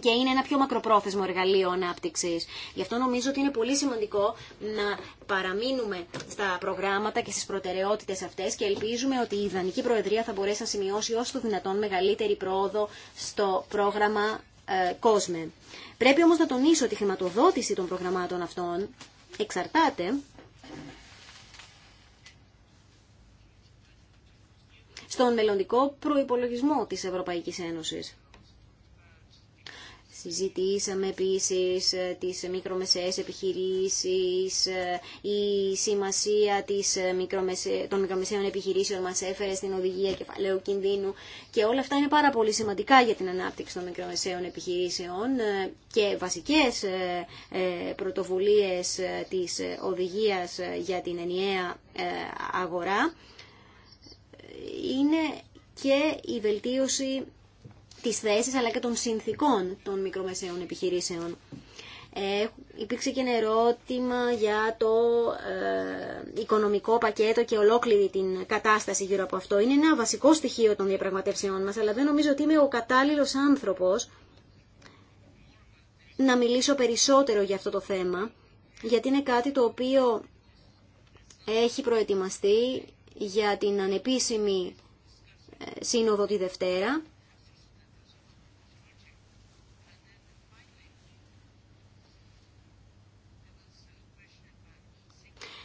και είναι ένα πιο μακροπρόθεσμο εργαλείο ανάπτυξη. Γι' αυτό νομίζω ότι είναι πολύ σημαντικό να παραμείνουμε στα προγράμματα και στι προτεραιότητε αυτέ και ελπίζουμε ότι η Ιδανική Προεδρία θα μπορέσει να σημειώσει όσο το δυνατόν μεγαλύτερη πρόοδο στο πρόγραμμα ε, COSME. Πρέπει όμω να τονίσω ότι η χρηματοδότηση των προγραμμάτων αυτών εξαρτάται στον μελλοντικό προϋπολογισμό της Ευρωπαϊκής Ένωσης. Συζητήσαμε επίσης ε, τις μικρομεσαίες επιχειρήσεις, ε, η σημασία της ε, των μικρομεσαίων επιχειρήσεων μας έφερε στην οδηγία κεφαλαίου κινδύνου και όλα αυτά είναι πάρα πολύ σημαντικά για την ανάπτυξη των μικρομεσαίων επιχειρήσεων και βασικές πρωτοβουλίες της οδηγίας για την ενιαία αγορά είναι και η βελτίωση της θέσει αλλά και των συνθήκων των μικρομεσαίων επιχειρήσεων. Ε, υπήρξε και ένα ερώτημα για το ε, οικονομικό πακέτο και ολόκληρη την κατάσταση γύρω από αυτό. Είναι ένα βασικό στοιχείο των διαπραγματεύσεών μας, αλλά δεν νομίζω ότι είμαι ο κατάλληλος άνθρωπος να μιλήσω περισσότερο για αυτό το θέμα, γιατί είναι κάτι το οποίο έχει προετοιμαστεί για την ανεπίσημη ε, σύνοδο τη Δευτέρα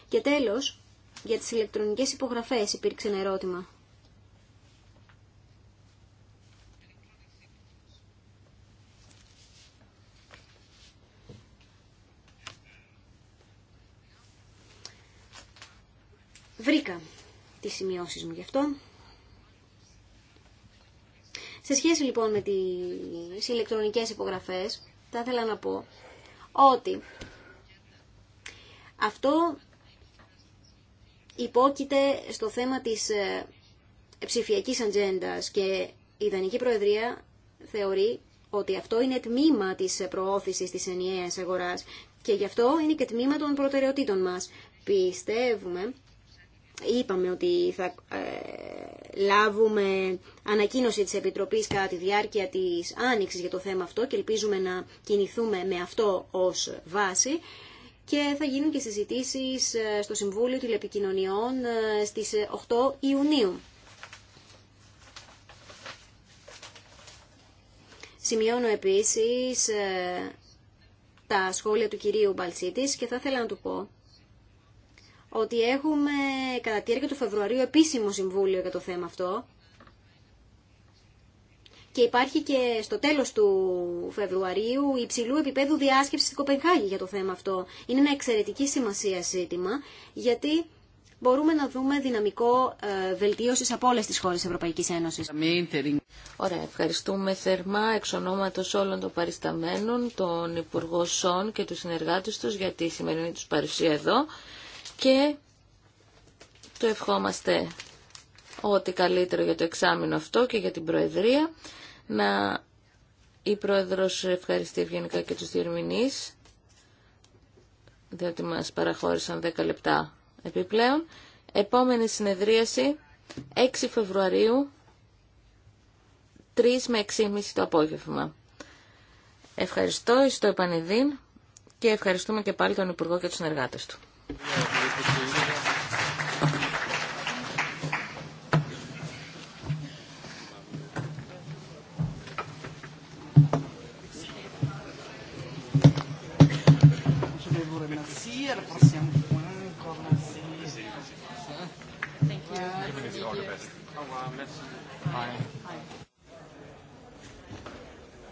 Και τέλος, για τις ηλεκτρονικές υπογραφές υπήρξε ένα ερώτημα. Βρήκα τις σημειώσεις μου γι' αυτό. Σε σχέση λοιπόν με τις ηλεκτρονικές υπογραφές, θα ήθελα να πω ότι αυτό υπόκειται στο θέμα της ε, ψηφιακή ατζέντα και η Δανική Προεδρία θεωρεί ότι αυτό είναι τμήμα της προώθησης της ενιαίας αγοράς και γι' αυτό είναι και τμήμα των προτεραιοτήτων μας. Πιστεύουμε, είπαμε ότι θα ε, λάβουμε ανακοίνωση της Επιτροπής κατά τη διάρκεια της Άνοιξης για το θέμα αυτό και ελπίζουμε να κινηθούμε με αυτό ως βάση και θα γίνουν και συζητήσεις ε, στο Συμβούλιο Τηλεπικοινωνιών ε, στις 8 ε, Ιουνίου. Σημειώνω επίσης τα σχόλια του κυρίου Μπαλτσίτης και θα ήθελα να του πω ότι έχουμε κατά τη διάρκεια του Φεβρουαρίου επίσημο συμβούλιο για το θέμα αυτό και υπάρχει και στο τέλο του Φεβρουαρίου υψηλού επίπεδου διάσκεψη στην Κοπενχάγη για το θέμα αυτό. Είναι ένα εξαιρετική σημασία ζήτημα γιατί μπορούμε να δούμε δυναμικό ε, βελτίωση από όλε τι χώρε τη Ευρωπαϊκή Ένωση. Ωραία, ευχαριστούμε θερμά εξ ονόματο όλων των παρισταμένων, τον Υπουργό Σον και του συνεργάτε του για τη σημερινή του παρουσία εδώ και το ευχόμαστε ό,τι καλύτερο για το εξάμεινο αυτό και για την Προεδρία να η Πρόεδρος ευχαριστεί ευγενικά και τους διερμηνείς, διότι μας παραχώρησαν 10 λεπτά επιπλέον. Επόμενη συνεδρίαση, 6 Φεβρουαρίου, 3 με 6.30 το απόγευμα. Ευχαριστώ εις το επανειδήν και ευχαριστούμε και πάλι τον Υπουργό και τους συνεργάτες του. Merci. À la prochaine Thank you. Hi. Hi.